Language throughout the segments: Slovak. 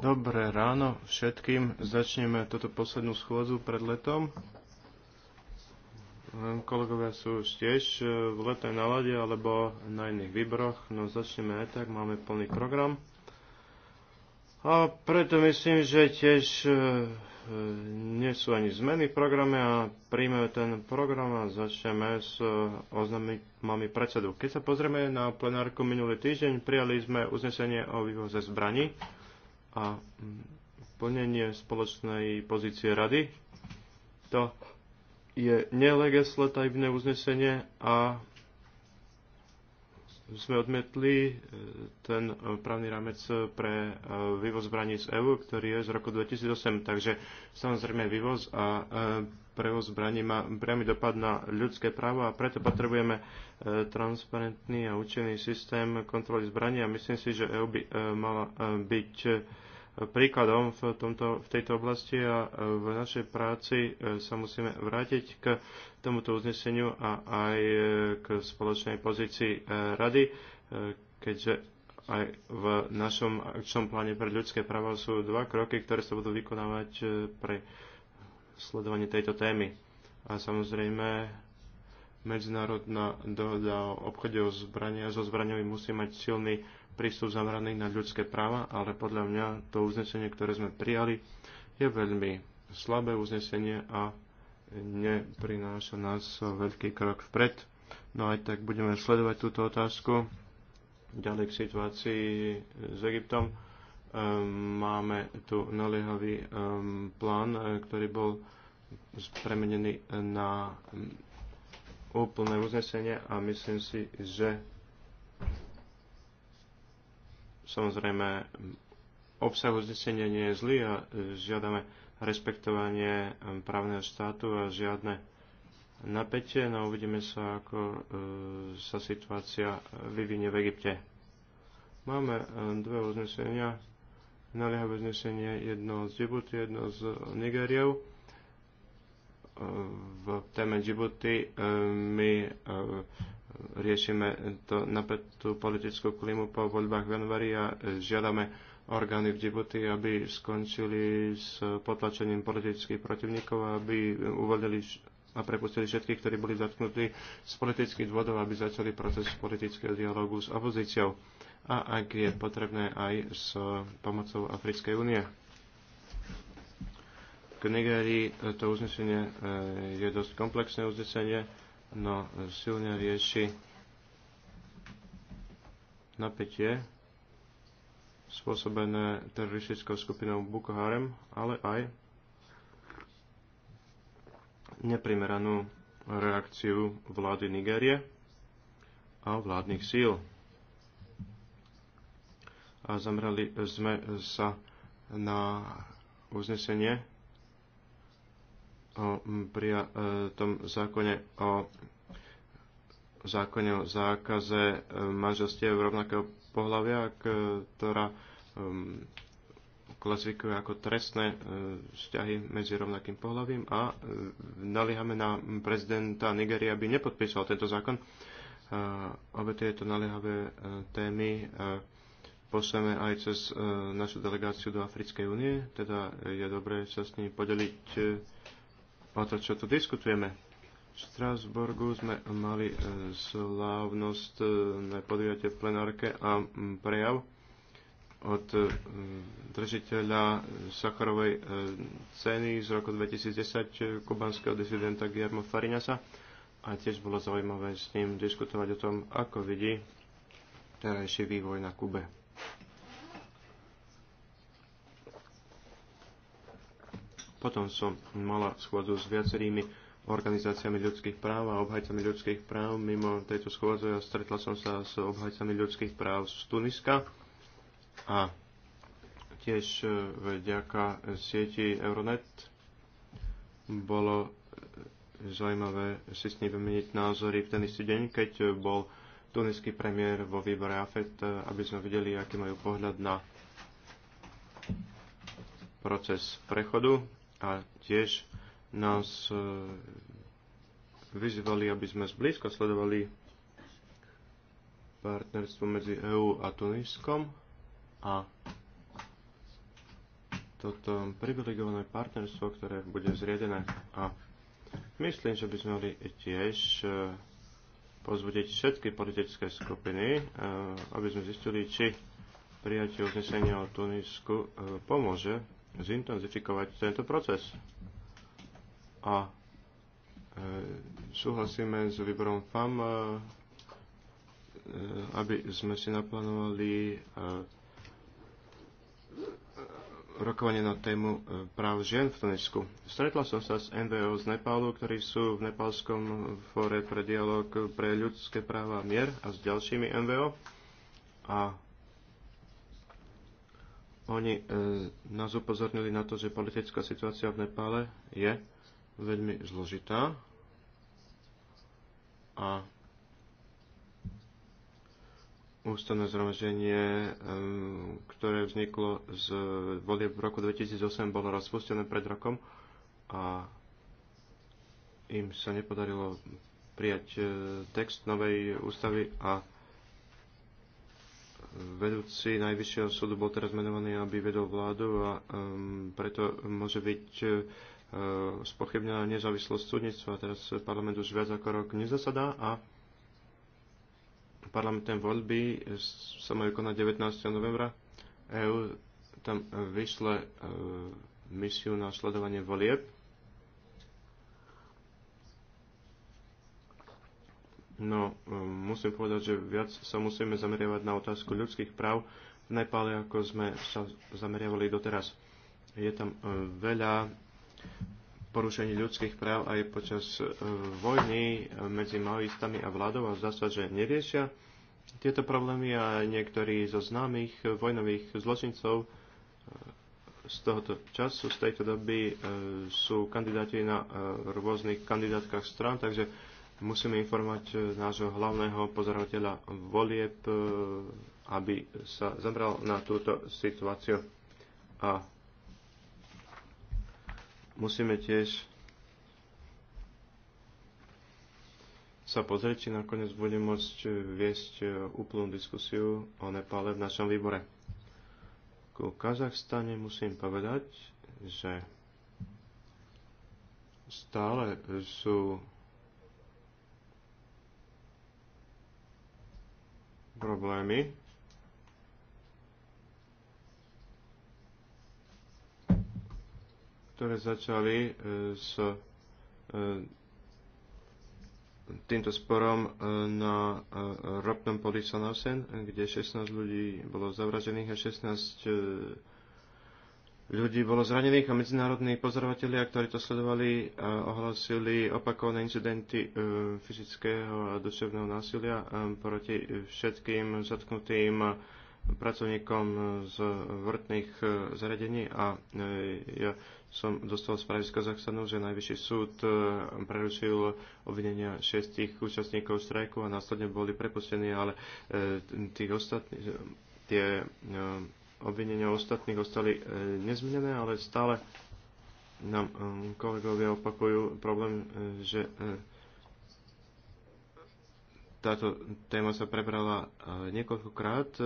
Dobré ráno všetkým. Začneme toto poslednú schôdzu pred letom. Kolegovia sú už tiež eh, v letnej nalade alebo na iných výboroch, no začneme aj tak, máme plný program. A preto myslím, že tiež e, e, nie sú ani zmeny v programe a príjme ten program a začneme s e, oznamami predsedu. Keď sa pozrieme na plenárku minulý týždeň, prijali sme uznesenie o vývoze zbraní a mm, plnenie spoločnej pozície rady. To je nelegislatívne uznesenie a sme odmietli e, ten e, právny rámec pre e, vývoz zbraní z EÚ, ktorý je z roku 2008. Takže samozrejme vývoz a prevoz zbraní má priamy dopad na ľudské práva a preto potrebujeme transparentný a účinný systém kontroly zbraní a myslím si, že EÚ by mala byť príkladom v, tomto, v tejto oblasti a e, v našej práci e, sa musíme vrátiť k tomuto uzneseniu a aj e, k spoločnej pozícii rady, keďže aj v našom akčnom pláne pre ľudské práva sú dva kroky, ktoré sa budú vykonávať pre sledovanie tejto témy. A samozrejme medzinárodná dohoda o obchode o zbrania so zbraniami musí mať silný prístup zameraný na ľudské práva, ale podľa mňa to uznesenie, ktoré sme prijali, je veľmi slabé uznesenie a neprináša nás veľký krok vpred. No aj tak budeme sledovať túto otázku. Ďalej k situácii s Egyptom. Ehm, máme tu naliehavý ehm, plán, ktorý bol premenený na úplné uznesenie a myslím si, že Samozrejme, obsah uznesenia nie je zlý a e, žiadame rešpektovanie e, právneho štátu a žiadne napätie, no uvidíme sa, ako e, sa situácia vyvinie v Egypte. Máme dve uznesenia, naliehavé uznesenie, jedno z Djibouti, jedno z Nigériou. V téme Djibouti my riešime to napätú politickú klimu po voľbách v januári a žiadame orgány v Djibouti, aby skončili s potlačením politických protivníkov, aby uvolili a prepustili všetkých, ktorí boli zatknutí z politických dôvodov, aby začali proces politického dialogu s opozíciou a ak je potrebné aj s pomocou Africkej únie. K Nigerii to uznesenie eh, je dosť komplexné uznesenie no silne rieši napätie spôsobené teroristickou skupinou Boko Harem, ale aj neprimeranú reakciu vlády Nigérie a vládnych síl. A zamrali sme sa na uznesenie o e, tom zákone o zákone o zákaze e, manželstiev rovnakého pohľavia, ktorá e, klasifikuje ako trestné vzťahy medzi rovnakým pohľavím a naliehame na prezidenta Nigerie, aby nepodpísal tento zákon. Obe tieto naliehavé témy posleme aj cez našu delegáciu do Africkej únie, teda je dobré sa s nimi podeliť o to, čo tu diskutujeme. V Strasburgu sme mali e, slávnosť e, na podujate v plenárke a prejav od e, držiteľa Sacharovej ceny z roku 2010 kubanského disidenta Guillermo Farinasa a tiež bolo zaujímavé s ním diskutovať o tom, ako vidí terajší vývoj na Kube. Potom som mala schôdzu s viacerými organizáciami ľudských práv a obhajcami ľudských práv. Mimo tejto schôdze ja stretla som sa s obhajcami ľudských práv z Tuniska a tiež e, vďaka sieti Euronet bolo e, zaujímavé si s ním vymeniť názory v ten istý deň, keď e, bol tuniský premiér vo výbore AFET, aby sme videli, aký majú pohľad na proces prechodu a tiež nás e, vyzvali, aby sme zblízka sledovali partnerstvo medzi EÚ a Tuniskom a toto privilegované partnerstvo, ktoré bude zriadené. A myslím, že by sme mali tiež e, pozvodiť všetky politické skupiny, e, aby sme zistili, či prijatie uznesenia o Tunisku pomôže zintenzifikovať tento proces. A e, súhlasíme s výborom FAM, e, e aby sme si naplánovali e, rokovanie na tému e, práv žien v Tunisku. Stretla som sa s NVO z Nepálu, ktorí sú v Nepálskom fóre pre dialog pre ľudské práva a mier a s ďalšími NVO. A oni e, nás upozornili na to, že politická situácia v Nepále je veľmi zložitá a ústavné e, ktoré vzniklo z volie v roku 2008, bolo rozpustené pred rokom a im sa nepodarilo prijať e, text novej ústavy a vedúci Najvyššieho súdu bol teraz menovaný, aby vedol vládu a um, preto môže byť uh, spochybnená nezávislosť súdnictva. Teraz parlament už viac ako rok nezasadá a parlamentné voľby sa majú konať 19. novembra. EU tam vyšle uh, misiu na sledovanie volieb No, e, musím povedať, že viac sa musíme zameriavať na otázku ľudských práv v Nepále, ako sme sa zameriavali doteraz. Je tam e, veľa porušení ľudských práv aj počas e, vojny medzi maoistami a vládou a zdá sa, že neriešia tieto problémy a niektorí zo známych vojnových zločincov z tohoto času, z tejto doby sú kandidáti na rôznych kandidátkach strán, takže musíme informovať e, nášho hlavného pozorovateľa volieb, e, aby sa zabral na túto situáciu. A musíme tiež sa pozrieť, či nakoniec bude môcť e, viesť úplnú diskusiu o Nepále v našom výbore. Ku Kazachstane musím povedať, že stále sú problémy. ktoré začali e, s e, týmto sporom e, na ropnom poli Sanosen, kde 16 ľudí bolo zavražených a 16 ľudí bolo zranených a medzinárodní pozorovatelia, ktorí to sledovali, e, ohlasili opakované incidenty e, fyzického a duševného násilia e, proti všetkým zatknutým pracovníkom z vrtných zariadení a ja som dostal správy z Kazachstanu, že Najvyšší súd prerušil obvinenia šestich účastníkov strajku a následne boli prepustení, ale tých ostatných tie obvinenia ostatných ostali e, nezmenené, ale stále nám e, kolegovia opakujú problém, e, že táto téma sa prebrala niekoľkokrát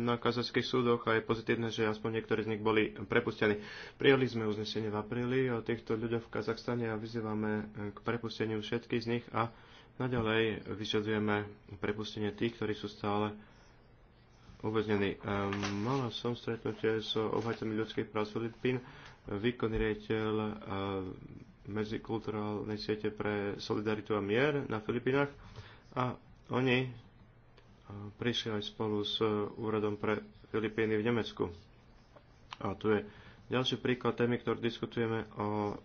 na kazachských súdoch a je pozitívne, že aspoň niektorí z nich boli prepustení. Prijali sme uznesenie v apríli o týchto ľuďoch v Kazachstane a vyzývame k prepusteniu všetkých z nich a naďalej vyžadujeme prepustenie tých, ktorí sú stále Um, Mala som stretnutie s obhajcami ľudských práv Filipín, výkonný riaditeľ medzikulturálnej siete pre solidaritu a mier na Filipínach a oni prišli aj spolu s úradom pre Filipíny v Nemecku. A tu je ďalší príklad témy, ktorú diskutujeme o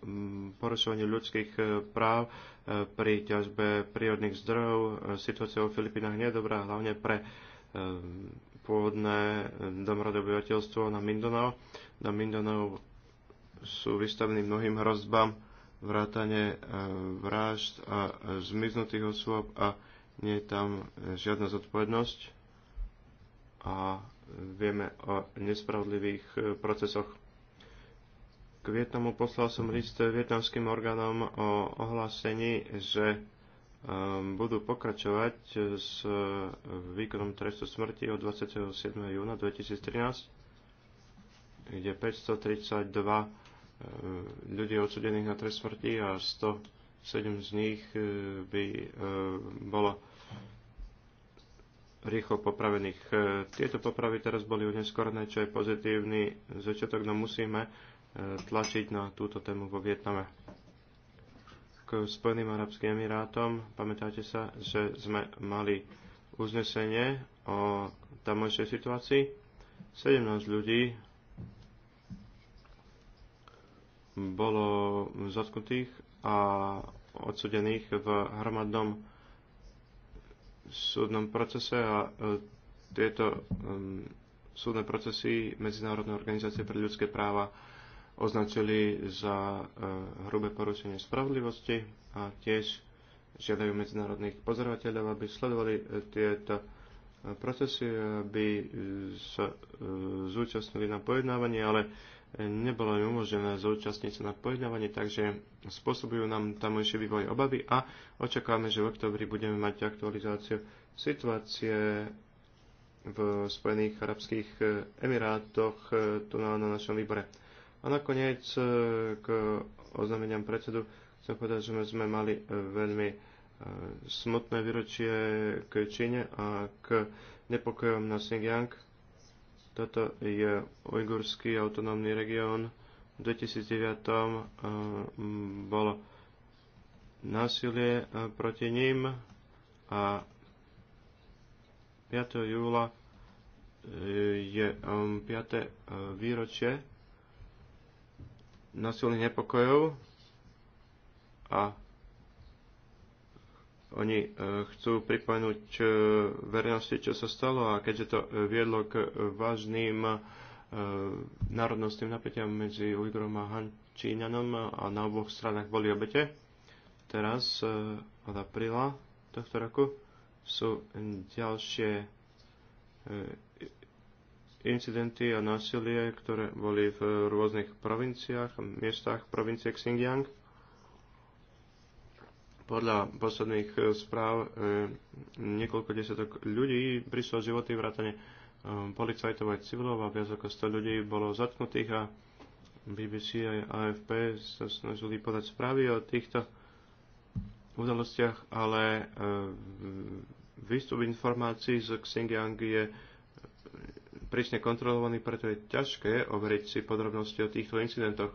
porušovaní ľudských e, práv e, pri ťažbe prírodných zdrojov. E, situácia vo Filipínach nie je dobrá, hlavne pre pôvodné eh, domorodé obyvateľstvo na Mindanao. Na Mindanao sú vystavení mnohým hrozbám vrátane eh, vražd a eh, zmiznutých osôb a nie je tam žiadna zodpovednosť a vieme o nespravodlivých procesoch. K Vietnamu poslal som list vietnamským orgánom o ohlásení, že Ehm, budú pokračovať s eh, výkonom trestu smrti od 27. júna 2013, kde 532 ľudí odsudených na trest smrti a 107 z nich eh, by eh, bolo rýchlo popravených. Tieto popravy teraz boli uneskorné, čo je pozitívny začiatok, no musíme tlačiť na túto tému vo Vietname k Spojeným Arabským Emirátom. Pamätáte sa, že sme mali uznesenie o tamojšej situácii. 17 ľudí bolo zatknutých a odsudených v hromadnom súdnom procese a e, tieto súdne procesy Medzinárodnej organizácie pre ľudské práva označili za e, hrubé porušenie spravodlivosti a tiež žiadajú medzinárodných pozorovateľov, aby sledovali e, tieto e, procesy, aby sa zúčastnili na pojednávanie, ale nebolo im umožnené zúčastniť sa na pojednávanie, takže spôsobujú nám tamojšie vývoj obavy a očakávame, že v oktobri budeme mať aktualizáciu situácie v Spojených Arabských Emirátoch tu na, na našom výbore. A nakoniec e, k oznameniam predsedu chcem povedať, že sme mali e, veľmi e, smutné výročie k Číne a k nepokojom na Xinjiang. Toto je ujgurský autonómny región. V 2009 bolo násilie proti ním a 5. júla je 5. výročie nasilných nepokojov a oni e, chcú pripomenúť e, verejnosti, čo sa stalo a keďže to e, viedlo k vážnym národnostným napätiam medzi Ujgrom a Hančíňanom a na oboch stranách boli obete. Teraz od apríla tohto roku sú ďalšie incidenty a násilie, ktoré boli v rôznych provinciách, miestach provincie Xinjiang. Podľa posledných eh, správ eh, niekoľko desiatok ľudí prišlo životy vrátane eh, policajtov aj civilov a viac ako 100 ľudí bolo zatknutých a BBC a AFP sa snažili podať správy o týchto udalostiach, ale výstup informácií z Xinjiang je prísne kontrolovaný, preto je ťažké overiť si podrobnosti o týchto incidentoch.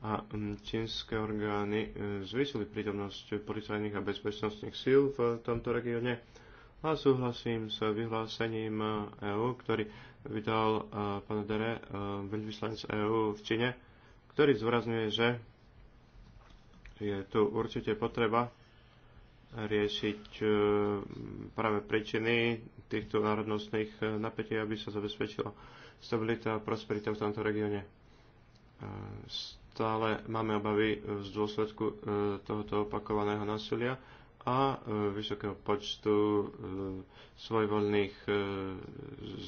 A mm, čínske orgány e, zvýšili prítomnosť policajných a bezpečnostných síl v tomto regióne a súhlasím s vyhlásením EÚ, e ktorý vydal e, pán Dere, veľvyslanec EÚ v Číne, ktorý zvrazňuje, že je tu určite potreba riešiť e, práve príčiny týchto národnostných e, napätí, aby sa zabezpečila stabilita a prosperita v tomto regióne. E, stále máme obavy z dôsledku tohoto opakovaného násilia a vysokého počtu svojvoľných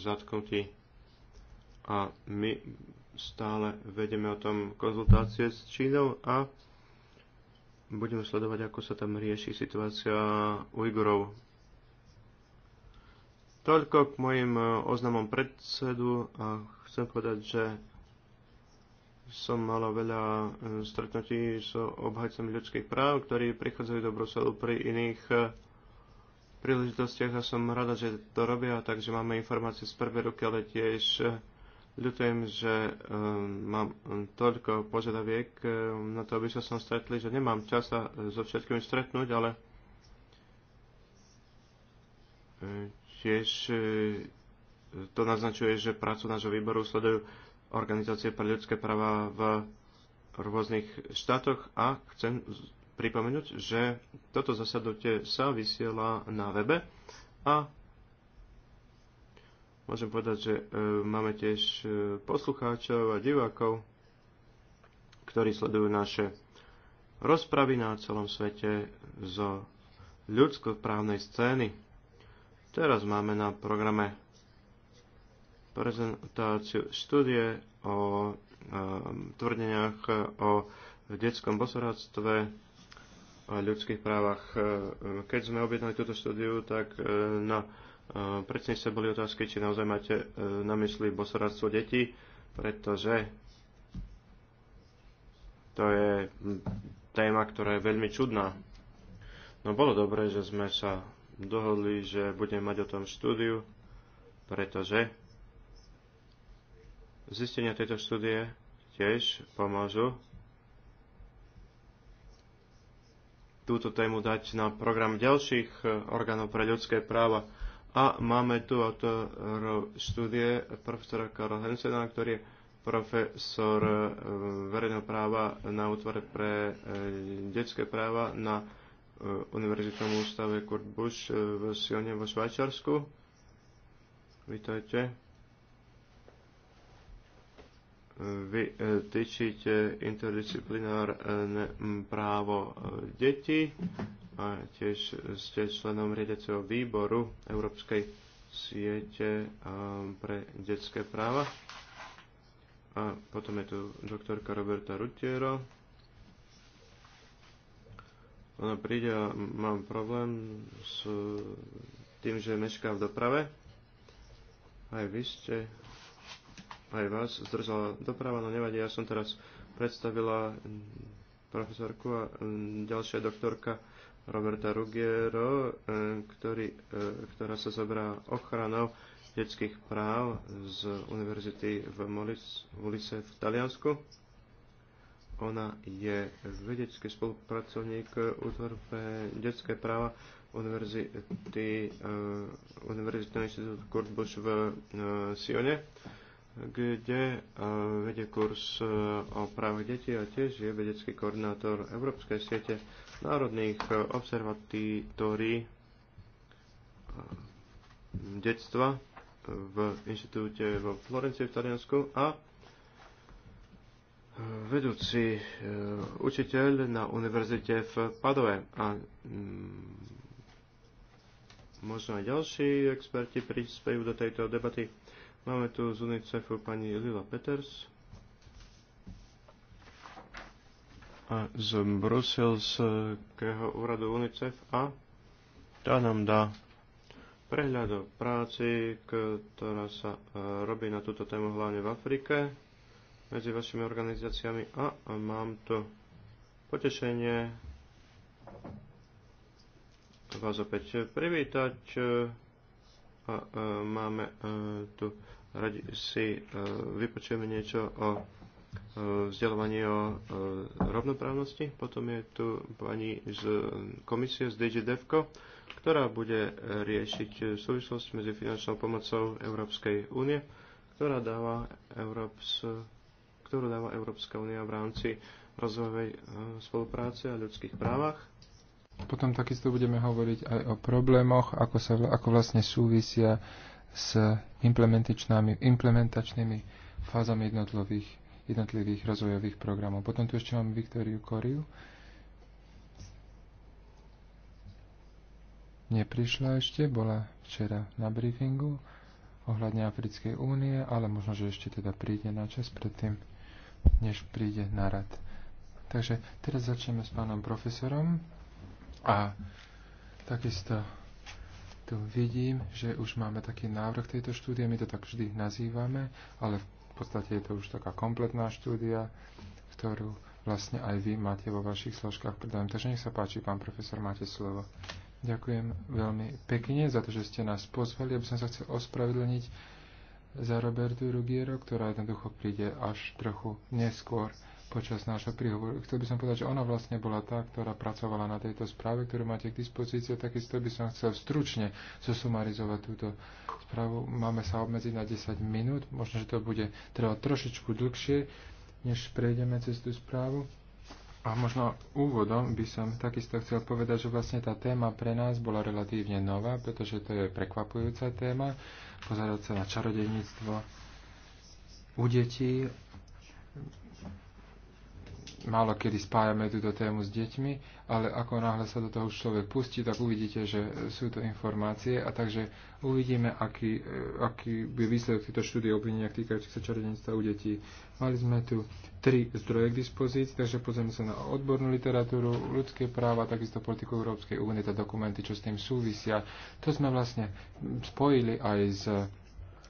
zatknutí. A my stále vedeme o tom konzultácie s Čínou a Budeme sledovať, ako sa tam rieši situácia Ujgurov. Toľko k mojim eh, oznamom predsedu a chcem povedať, že som mala veľa eh, stretnutí s obhajcami ľudských práv, ktorí prichádzajú do Bruselu pri iných eh, príležitostiach a som rada, že to robia, takže máme informácie z prvej ruky, ale tiež Ľutujem, že um, mám toľko požiadaviek um, na to, aby sa som stretli, že nemám čas e, so všetkými stretnúť, ale e, tiež e, to naznačuje, že prácu nášho výboru sledujú organizácie pre ľudské práva v rôznych štátoch a chcem pripomenúť, že toto zasadnutie sa vysiela na webe a Môžem povedať, že e, máme tiež e, poslucháčov a divákov, ktorí sledujú naše rozpravy na celom svete zo ľudskoprávnej scény. Teraz máme na programe prezentáciu štúdie o e, tvrdeniach o detskom bosoradstve a ľudských právach. Keď sme objednali túto štúdiu, tak na E, sa boli otázky, či naozaj máte e, na mysli bosoradstvo detí, pretože to je téma, ktorá je veľmi čudná. No bolo dobré, že sme sa dohodli, že budeme mať o tom štúdiu, pretože zistenia tejto štúdie tiež pomôžu túto tému dať na program ďalších e, orgánov pre ľudské práva. A máme tu autor štúdie profesora Karla Hensena, ktorý je profesor eh, verejného práva na útvare pre eh, detské práva na eh, Univerzitnom ústave Kurt Busch v Sione vo Švajčarsku. Vítajte. Vy tyčíte interdisciplinárne právo detí a tiež ste členom riadiaceho výboru Európskej siete ehm, pre detské práva. A potom je tu doktorka Roberta Rutiero. Ona príde a mám problém s tým, že mešká v doprave. Aj vy ste, aj vás zdržala doprava, no nevadí, ja som teraz predstavila profesorku a ďalšia doktorka Roberta Ruggiero, e, ktorý, e, ktorá sa zabrá ochranou detských práv z univerzity v Molise v Taliansku. Ona je vedecký spolupracovník útvaru pre detské práva univerzity, uh, Univerzitného inštitútu Kurt Busch v uh, Sione, kde uh, vedie kurz uh, o právach detí a tiež je vedecký koordinátor Európskej siete národných observatórií eh, detstva v inštitúte vo Florencii v Taliansku a eh, vedúci eh, učiteľ na univerzite v Padove a mm, možno aj ďalší experti prispejú do tejto debaty. Máme tu z UNICEFu pani Lila Peters z Bruselského úradu UNICEF a tá nám dá prehľad o práci, ktorá sa e, robí na túto tému hlavne v Afrike medzi vašimi organizáciami a mám tu potešenie vás opäť privítať e, a e, máme tu radi si vypočujeme niečo o Eh, vzdelávanie o eh, rovnoprávnosti. Potom je tu pani z eh, komisie z DigiDevco, ktorá bude riešiť súvislosť medzi finančnou pomocou Európskej únie, ktorá dáva Európs, ktorú dáva Európska únia v rámci rozvojovej spolupráce a ľudských právach. Potom takisto budeme hovoriť aj o problémoch, ako, sa, ako vlastne súvisia s implementačnými, implementačnými fázami jednotlivých jednotlivých rozvojových programov. Potom tu ešte máme Viktoriu Koriu. Neprišla ešte, bola včera na briefingu ohľadne Africkej únie, ale možno, že ešte teda príde na čas predtým, než príde na rad. Takže teraz začneme s pánom profesorom a takisto tu vidím, že už máme taký návrh tejto štúdie, my to tak vždy nazývame, ale v podstate je to už taká kompletná štúdia, ktorú vlastne aj vy máte vo vašich složkách predávam. Takže nech sa páči, pán profesor, máte slovo. Ďakujem veľmi pekne za to, že ste nás pozvali. aby som sa chcel ospravedlniť za Robertu Rugiero, ktorá jednoducho príde až trochu neskôr počas nášho príhovoru. Chcel by som povedať, že ona vlastne bola tá, ktorá pracovala na tejto správe, ktorú máte k dispozícii. Takisto by som chcel stručne zosumarizovať túto správu. Máme sa obmedziť na 10 minút, možno, že to bude trvať trošičku dlhšie, než prejdeme cez tú správu. A možno úvodom by som takisto chcel povedať, že vlastne tá téma pre nás bola relatívne nová, pretože to je prekvapujúca téma, pozerať sa na čarodejníctvo u detí, málo kedy spájame túto tému s deťmi, ale ako náhle sa do toho už človek pustí, tak uvidíte, že sú to informácie a takže uvidíme, aký, eh, aký by výsledok týchto štúdie obvinenia týkajúcich sa čarodenstva u detí. Mali sme tu tri zdroje k dispozícii, takže pozrieme sa na odbornú literatúru, ľudské práva, takisto politiku Európskej únie, a teda dokumenty, čo s tým súvisia. To sme vlastne spojili aj s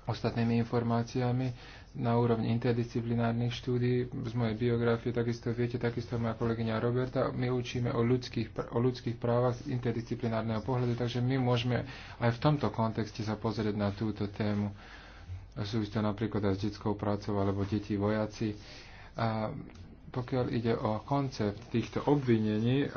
ostatnými informáciami na úrovni interdisciplinárnych štúdí. Z mojej biografie takisto viete, takisto moja kolegyňa Roberta, my učíme o ľudských, o ľudských právach z interdisciplinárneho pohľadu, takže my môžeme aj v tomto kontexte sa pozrieť na túto tému. Sú to napríklad aj s detskou prácou alebo deti vojaci. A pokiaľ ide o koncept týchto obvinení,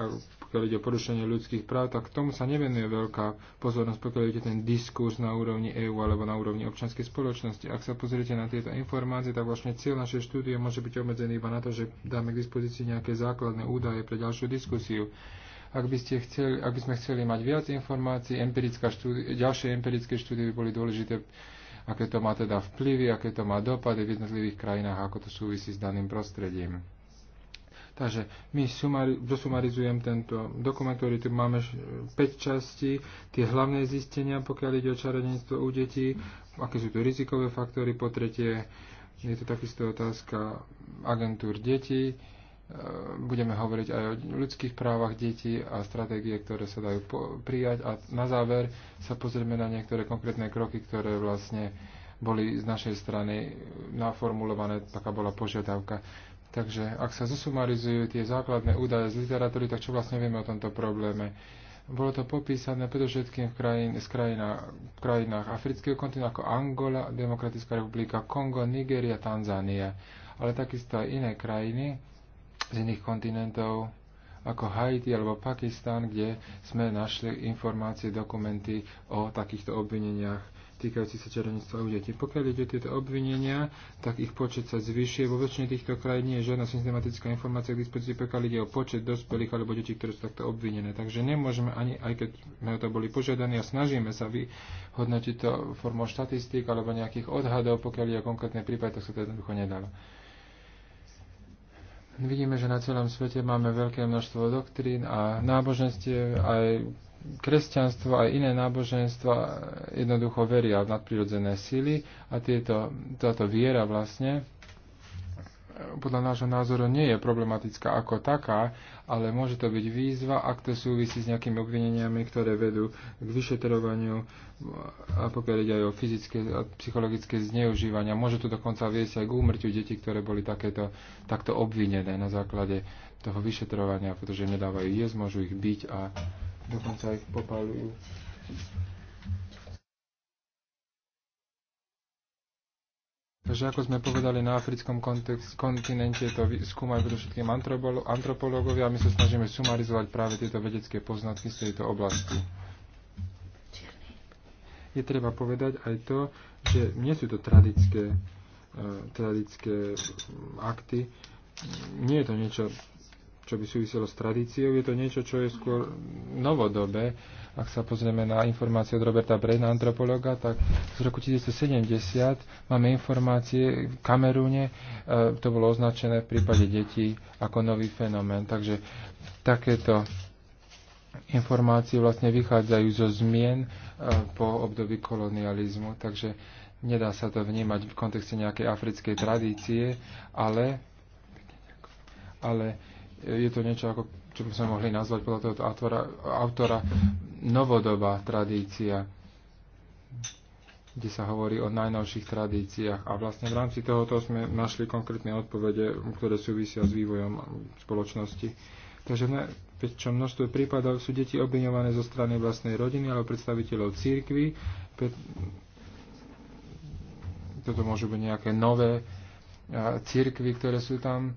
pokiaľ ide o porušenie ľudských práv, tak tomu sa nevenuje veľká pozornosť, pokiaľ ide ten diskurs na úrovni EÚ alebo na úrovni občianskej spoločnosti. Ak sa pozriete na tieto informácie, tak vlastne cieľ našej štúdie môže byť obmedzený iba na to, že dáme k dispozícii nejaké základné údaje pre ďalšiu diskusiu. Ak by, ste chceli, ak by sme chceli mať viac informácií, empirická štúdie, ďalšie empirické štúdie by boli dôležité, aké to má teda vplyvy, aké to má dopady v jednotlivých krajinách, ako to súvisí s daným prostredím. Takže my sumari- dosumarizujem tento dokument, ktorý tu máme 5 častí, tie hlavné zistenia, pokiaľ ide o čarodenstvo u detí, aké sú tu rizikové faktory, po tretie, je to takisto otázka agentúr detí, e, budeme hovoriť aj o ľudských právach detí a stratégie, ktoré sa dajú prijať a na záver sa pozrieme na niektoré konkrétne kroky, ktoré vlastne boli z našej strany naformulované, taká bola požiadavka. Takže ak sa zosumarizujú tie základné údaje z literatúry, tak čo vlastne vieme o tomto probléme? Bolo to popísané predovšetkým v krajín, z krajina, v krajinách afrického kontinentu ako Angola, Demokratická republika, Kongo, Nigeria, Tanzánia, ale takisto aj iné krajiny z iných kontinentov ako Haiti alebo Pakistan, kde sme našli informácie, dokumenty o takýchto obvineniach týkajúci sa čarodejníctva u detí. Pokiaľ ide o tieto obvinenia, tak ich počet sa zvyšuje. Vo väčšine týchto krajín nie je žiadna systematická informácia k dispozícii, pokiaľ ide o počet dospelých alebo detí, ktoré sú takto obvinené. Takže nemôžeme ani, aj keď sme o to boli požiadaní a snažíme sa vyhodnotiť to formou štatistík alebo nejakých odhadov, pokiaľ je o konkrétne prípad, tak sa to jednoducho nedalo. Vidíme, že na celom svete máme veľké množstvo doktrín a náboženstiev, aj kresťanstvo aj iné náboženstva jednoducho veria v nadprirodzené sily a tieto, táto viera vlastne podľa nášho názoru nie je problematická ako taká, ale môže to byť výzva, ak to súvisí s nejakými obvineniami, ktoré vedú k vyšetrovaniu, a pokiaľ ide aj o fyzické a psychologické zneužívania. Môže to dokonca viesť aj k úmrtiu detí, ktoré boli takéto, takto obvinené na základe toho vyšetrovania, pretože nedávajú jesť, môžu ich byť a dokonca ich popalujú. Takže ako sme povedali na africkom kontext, kontinente, to skúmajú predovšetkým antropológovia a my sa snažíme sumarizovať práve tieto vedecké poznatky z tejto oblasti. Je treba povedať aj to, že nie sú to tradické, eh, tradické akty, nie je to niečo čo by súviselo s tradíciou. Je to niečo, čo je skôr novodobé. Ak sa pozrieme na informácie od Roberta Brejna antropologa, tak z roku 1970 máme informácie v Kamerúne, e, to bolo označené v prípade detí ako nový fenomén. Takže takéto informácie vlastne vychádzajú zo zmien e, po období kolonializmu. Takže nedá sa to vnímať v kontexte nejakej africkej tradície, ale, ale je to niečo, ako, čo by sme mohli nazvať podľa tohoto autora, autora novodobá tradícia, kde sa hovorí o najnovších tradíciách. A vlastne v rámci tohoto sme našli konkrétne odpovede, ktoré súvisia s vývojom spoločnosti. Takže ne, čo množstvo prípadov sú deti obviňované zo strany vlastnej rodiny alebo predstaviteľov církvy. Toto môžu byť nejaké nové církvy, ktoré sú tam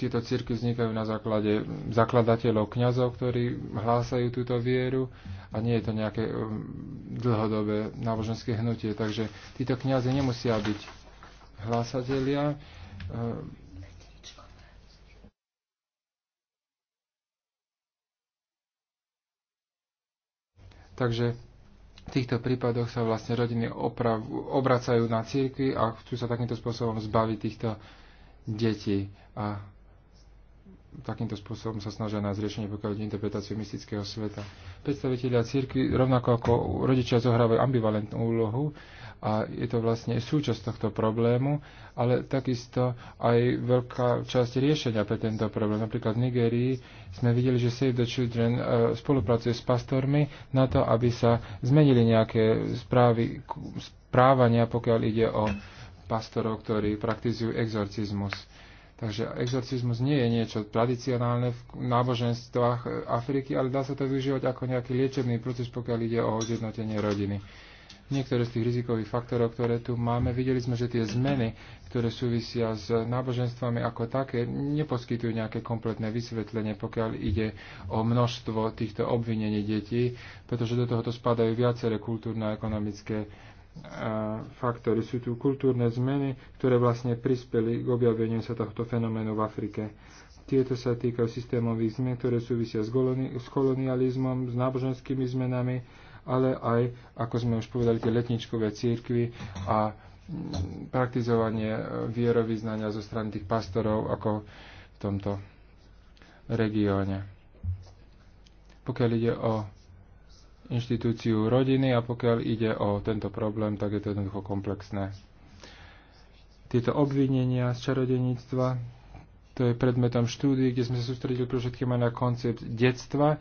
tieto círky vznikajú na základe zakladateľov kňazov, ktorí hlásajú túto vieru a nie je to nejaké um, dlhodobé náboženské hnutie. Takže títo kňazi nemusia byť hlásatelia. Um, takže v týchto prípadoch sa vlastne rodiny oprav, obracajú na círky a chcú sa takýmto spôsobom zbaviť týchto detí. A takýmto spôsobom sa snažia nájsť riešenie pokiaľ interpretáciu mystického sveta. Predstavitelia cirkvi rovnako ako rodičia zohrávajú ambivalentnú úlohu a je to vlastne súčasť tohto problému, ale takisto aj veľká časť riešenia pre tento problém. Napríklad v Nigerii sme videli, že Save the Children e, spolupracuje s pastormi na to, aby sa zmenili nejaké správy, správania, pokiaľ ide o pastorov, ktorí praktizujú exorcizmus Takže exorcizmus nie je niečo tradicionálne v náboženstvách Afriky, ale dá sa to využívať ako nejaký liečebný proces, pokiaľ ide o zjednotenie rodiny. Niektoré z tých rizikových faktorov, ktoré tu máme, videli sme, že tie zmeny, ktoré súvisia s náboženstvami ako také, neposkytujú nejaké kompletné vysvetlenie, pokiaľ ide o množstvo týchto obvinení detí, pretože do tohoto spadajú viaceré kultúrne a ekonomické faktory. Sú tu kultúrne zmeny, ktoré vlastne prispeli k objaveniu sa tohto fenoménu v Afrike. Tieto sa týkajú systémových zmien, ktoré súvisia s, koloni- s kolonializmom, s náboženskými zmenami, ale aj, ako sme už povedali, tie letničkové církvy a mm, praktizovanie e, vierovýznania zo strany tých pastorov ako v tomto regióne. Pokiaľ ide o inštitúciu rodiny a pokiaľ ide o tento problém, tak je to jednoducho komplexné. Tieto obvinenia z čarodeníctva, to je predmetom štúdie, kde sme sa sústredili pre všetkým aj na koncept detstva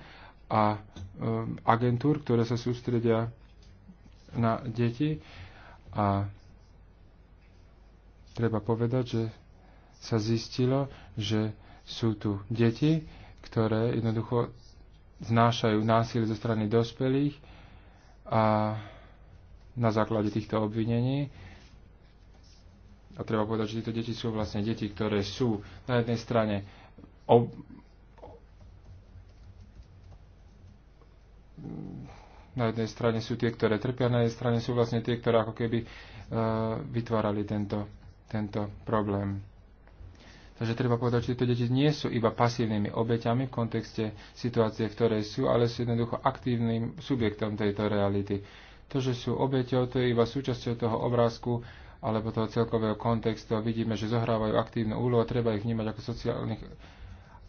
a um, agentúr, ktoré sa sústredia na deti. A treba povedať, že sa zistilo, že sú tu deti, ktoré jednoducho znášajú násilie zo strany dospelých a na základe týchto obvinení. A treba povedať, že tieto deti sú vlastne deti, ktoré sú na jednej strane ob... na jednej strane sú tie, ktoré trpia, na jednej strane sú vlastne tie, ktoré ako keby uh, vytvárali tento, tento problém. Takže treba povedať, že tieto deti nie sú iba pasívnymi obeťami v kontexte situácie, v ktorej sú, ale sú jednoducho aktívnym subjektom tejto reality. To, že sú obeťou, to je iba súčasťou toho obrázku alebo toho celkového kontextu a vidíme, že zohrávajú aktívnu úlohu a treba ich vnímať ako sociálnych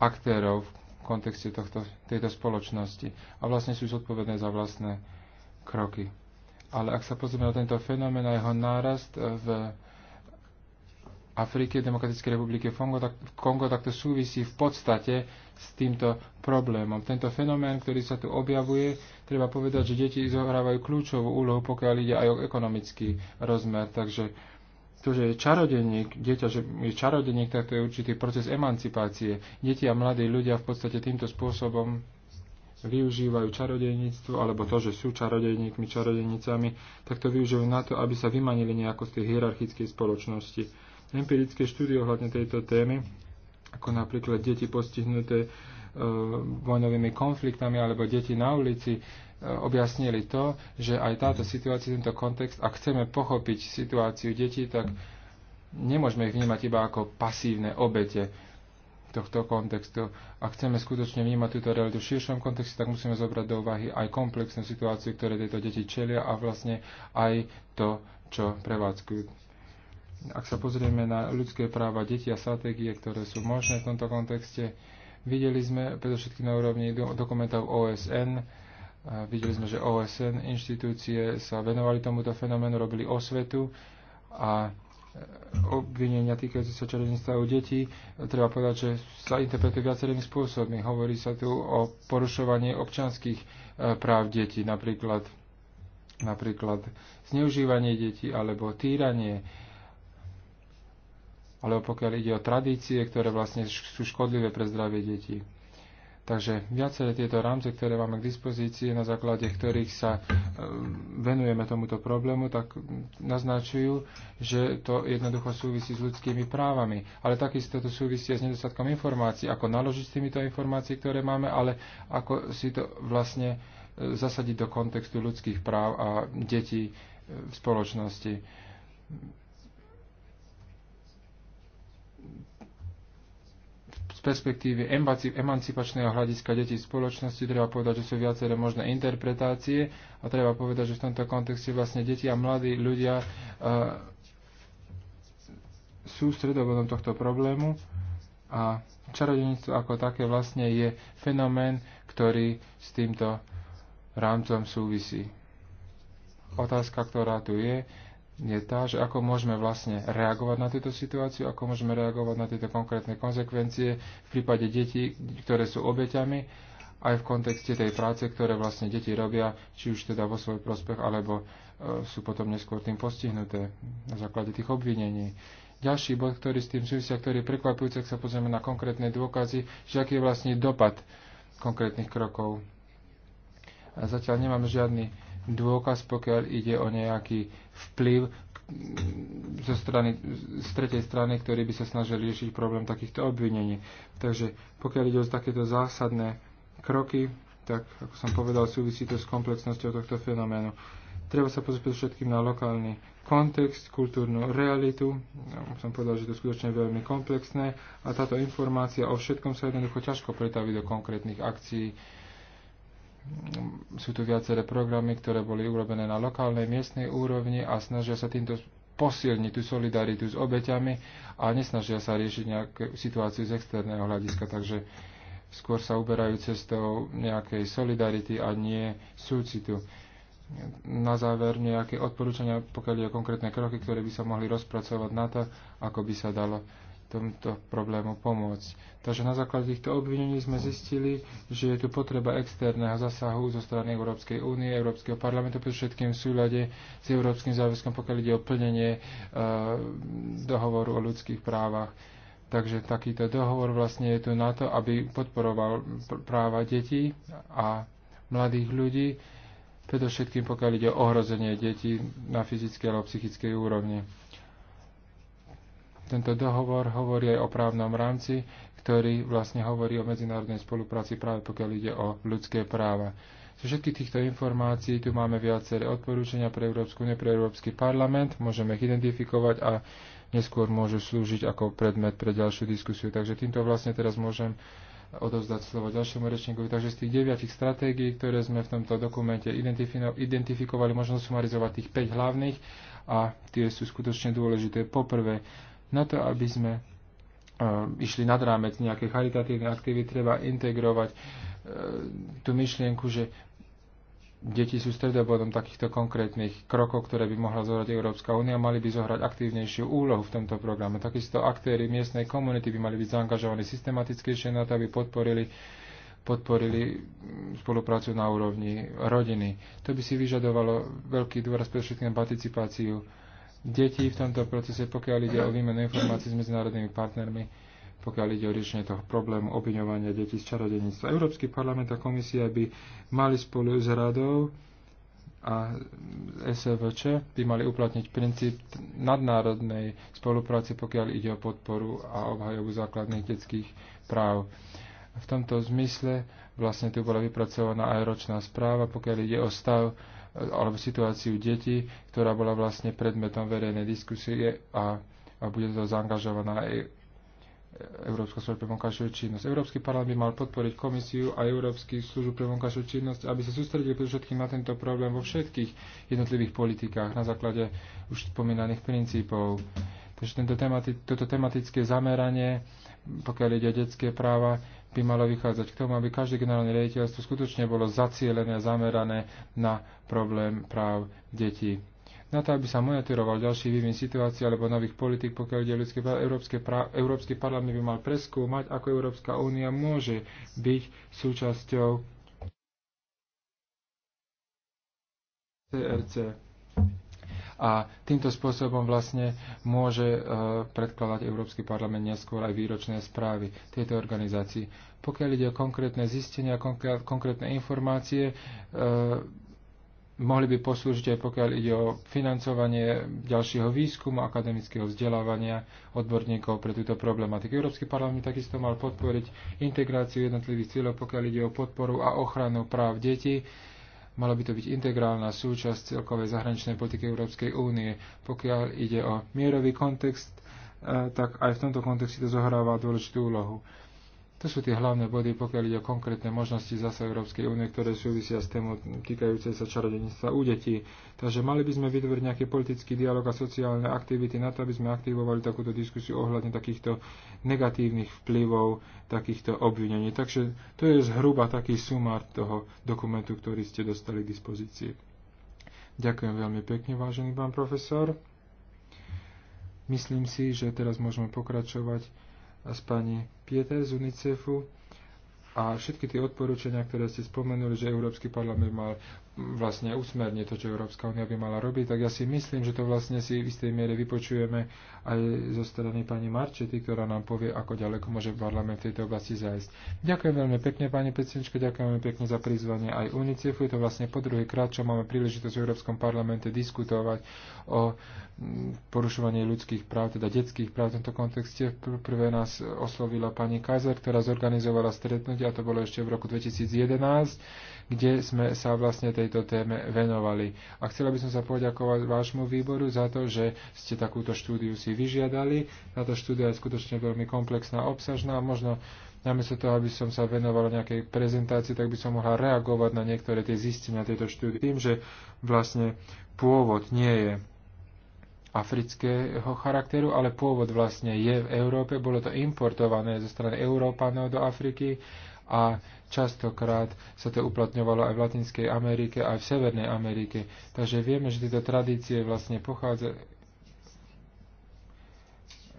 aktérov v kontexte tohto, tejto spoločnosti a vlastne sú zodpovedné za vlastné kroky. Ale ak sa pozrieme na tento fenomén a jeho nárast v Afrike, Demokratickej republiky Kongo, tak, Kongo, tak to súvisí v podstate s týmto problémom. Tento fenomén, ktorý sa tu objavuje, treba povedať, že deti zohrávajú kľúčovú úlohu, pokiaľ ide aj o ekonomický rozmer. Takže to, že je čarodenník, dieťa, že je čarodenník, tak to je určitý proces emancipácie. Deti a mladí ľudia v podstate týmto spôsobom využívajú čarodejníctvo, alebo to, že sú čarodejníkmi, čarodejnicami, tak to využívajú na to, aby sa vymanili nejako z tej hierarchickej spoločnosti empirické štúdie ohľadne tejto témy, ako napríklad deti postihnuté e, vojnovými konfliktami alebo deti na ulici, e, objasnili to, že aj táto situácia, tento kontext, ak chceme pochopiť situáciu detí, tak nemôžeme ich vnímať iba ako pasívne obete tohto kontextu. Ak chceme skutočne vnímať túto realitu v širšom kontexte, tak musíme zobrať do úvahy aj komplexnú situáciu, ktoré tieto deti čelia a vlastne aj to, čo prevádzkujú ak sa pozrieme na ľudské práva detí a stratégie, ktoré sú možné v tomto kontexte, videli sme predovšetkým na úrovni dokumentov OSN, videli sme, že OSN inštitúcie sa venovali tomuto fenoménu, robili osvetu a e, obvinenia týkajúce sa čarovných stavov detí, treba povedať, že sa interpretuje viacerými spôsobmi. Hovorí sa tu o porušovaní občanských e, práv detí, napríklad, napríklad zneužívanie detí alebo týranie alebo pokiaľ ide o tradície, ktoré vlastne sú škodlivé pre zdravie detí. Takže viaceré tieto rámce, ktoré máme k dispozícii, na základe ktorých sa e, venujeme tomuto problému, tak naznačujú, že to jednoducho súvisí s ľudskými právami. Ale takisto to súvisí aj s nedostatkom informácií, ako naložiť s týmito informácií, ktoré máme, ale ako si to vlastne e, zasadiť do kontextu ľudských práv a detí e, v spoločnosti perspektívy emancipačného hľadiska detí v spoločnosti treba povedať, že sú viaceré možné interpretácie a treba povedať, že v tomto kontexte vlastne deti a mladí ľudia uh, sú stredobodom tohto problému a čarodejníctvo ako také vlastne je fenomén, ktorý s týmto rámcom súvisí. Otázka, ktorá tu je, je tá, že ako môžeme vlastne reagovať na túto situáciu, ako môžeme reagovať na tieto konkrétne konsekvencie v prípade detí, ktoré sú obeťami, aj v kontexte tej práce, ktoré vlastne deti robia, či už teda vo svoj prospech, alebo e, sú potom neskôr tým postihnuté na základe tých obvinení. Ďalší bod, ktorý s tým súvisia, ktorý je prekvapujúci, ak sa pozrieme na konkrétne dôkazy, že aký je vlastne dopad konkrétnych krokov. A Zatiaľ nemáme žiadny dôkaz, pokiaľ ide o nejaký vplyv zo strany, z tretej strany, ktorý by sa snažili riešiť problém takýchto obvinení. Takže pokiaľ ide o takéto zásadné kroky, tak ako som povedal, súvisí to s komplexnosťou tohto fenoménu. Treba sa pozrieť všetkým na lokálny kontext, kultúrnu realitu. Ja som povedal, že to je skutočne veľmi komplexné a táto informácia o všetkom sa jednoducho ťažko pretaví do konkrétnych akcií sú tu viaceré programy, ktoré boli urobené na lokálnej, miestnej úrovni a snažia sa týmto posilniť tú solidaritu s obeťami a nesnažia sa riešiť nejakú situáciu z externého hľadiska. Takže skôr sa uberajú cestou nejakej solidarity a nie súcitu. Na záver nejaké odporúčania, pokiaľ je konkrétne kroky, ktoré by sa mohli rozpracovať na to, ako by sa dalo tomto problému pomôcť. Takže na základe týchto obvinení sme zistili, že je tu potreba externého zasahu zo strany Európskej únie, Európskeho parlamentu, všetkým v súľade s Európskym záväzkom, pokiaľ ide o plnenie e, dohovoru o ľudských právach. Takže takýto dohovor vlastne je tu na to, aby podporoval práva detí a mladých ľudí, predovšetkým pokiaľ ide o ohrozenie detí na fyzickej alebo psychickej úrovni. Tento dohovor hovorí aj o právnom rámci, ktorý vlastne hovorí o medzinárodnej spolupráci práve pokiaľ ide o ľudské práva. Zo všetkých týchto informácií tu máme viaceré odporúčania pre Európsku uniu, pre Európsky parlament, môžeme ich identifikovať a neskôr môžu slúžiť ako predmet pre ďalšiu diskusiu. Takže týmto vlastne teraz môžem odovzdať slovo ďalšiemu rečníkovi. Takže z tých deviatich stratégií, ktoré sme v tomto dokumente identifikovali, možno sumarizovať tých 5 hlavných a tie sú skutočne dôležité. Poprvé, na to, aby sme e, išli nad rámec nejaké charitatívne aktivity, treba integrovať e, tú myšlienku, že deti sú stredobodom takýchto konkrétnych krokov, ktoré by mohla zohrať Európska únia, mali by zohrať aktívnejšiu úlohu v tomto programe. Takisto aktéry miestnej komunity by mali byť zaangažovaní systematickejšie na to, aby podporili podporili spoluprácu na úrovni rodiny. To by si vyžadovalo veľký dôraz pre všetkým participáciu detí v tomto procese, pokiaľ ide o výmenu informácií s medzinárodnými partnermi, pokiaľ ide o riešenie toho problému obviňovania detí z čarodeníctva. Európsky parlament a komisia by mali spolu s radou a SVČ by mali uplatniť princíp nadnárodnej spolupráce, pokiaľ ide o podporu a obhajobu základných detských práv. V tomto zmysle vlastne tu bola vypracovaná aj ročná správa, pokiaľ ide o stav alebo situáciu detí, ktorá bola vlastne predmetom verejnej diskusie a, a bude to zaangažovaná aj Európska služba pre vonkajšiu činnosť. Európsky parlament by mal podporiť komisiu a Európsky službu pre vonkajšiu činnosť, aby sa sústredili predovšetkým na tento problém vo všetkých jednotlivých politikách na základe už spomínaných princípov. Takže tento temati- toto tematické zameranie, pokiaľ ide o detské práva, by malo vychádzať k tomu, aby každé generálne riaditeľstvo skutočne bolo zacielené a zamerané na problém práv detí. Na to, aby sa monitoroval ďalší vývin situácií alebo nových politik, pokiaľ ide ľudské práva, Európske práv, Európsky parlament by mal preskúmať, ako Európska únia môže byť súčasťou CRC a týmto spôsobom vlastne môže e, predkladať Európsky parlament neskôr aj výročné správy tejto organizácii. Pokiaľ ide o konkrétne zistenia, konkrétne informácie, e, mohli by poslúžiť aj pokiaľ ide o financovanie ďalšieho výskumu, akademického vzdelávania odborníkov pre túto problematiku. Európsky parlament takisto mal podporiť integráciu jednotlivých cieľov, pokiaľ ide o podporu a ochranu práv detí Malo by to byť integrálna súčasť celkovej zahraničnej politiky Európskej únie. Pokiaľ ide o mierový kontext, eh, tak aj v tomto kontexte to zohráva dôležitú úlohu. To sú tie hlavné body, pokiaľ ide o konkrétne možnosti zase Európskej únie, ktoré súvisia s témou týkajúcej sa čarodenictva u detí. Takže mali by sme vytvoriť nejaký politický dialog a sociálne aktivity na to, aby sme aktivovali takúto diskusiu ohľadne takýchto negatívnych vplyvov, takýchto obvinení. Takže to je zhruba taký sumár toho dokumentu, ktorý ste dostali k dispozícii. Ďakujem veľmi pekne, vážený pán profesor. Myslím si, že teraz môžeme pokračovať s pani Pieter z UNICEFu a všetky tie odporúčania, ktoré ste spomenuli, že Európsky parlament mal vlastne usmerne to, čo Európska únia by mala robiť, tak ja si myslím, že to vlastne si v istej miere vypočujeme aj zo strany pani Marčety, ktorá nám povie, ako ďaleko môže parlament v tejto oblasti zajsť. Ďakujem veľmi pekne, pani predsednička, ďakujem veľmi pekne za prizvanie aj Unicef. Je to vlastne po druhý krát, čo máme príležitosť v Európskom parlamente diskutovať o porušovaní ľudských práv, teda detských práv v tomto kontexte. Prvé nás oslovila pani Kaiser, ktorá zorganizovala stretnutie, a to bolo ešte v roku 2011 kde sme sa vlastne tejto téme venovali. A chcela by som sa poďakovať vášmu výboru za to, že ste takúto štúdiu si vyžiadali. Táto štúdia je skutočne veľmi komplexná, obsažná a možno namiesto toho, aby som sa venoval nejakej prezentácii, tak by som mohla reagovať na niektoré tie zistenia tejto štúdie tým, že vlastne pôvod nie je afrického charakteru, ale pôvod vlastne je v Európe, bolo to importované zo strany Európanov do Afriky a častokrát sa to uplatňovalo aj v Latinskej Amerike, aj v Severnej Amerike. Takže vieme, že tieto tradície vlastne pochádza,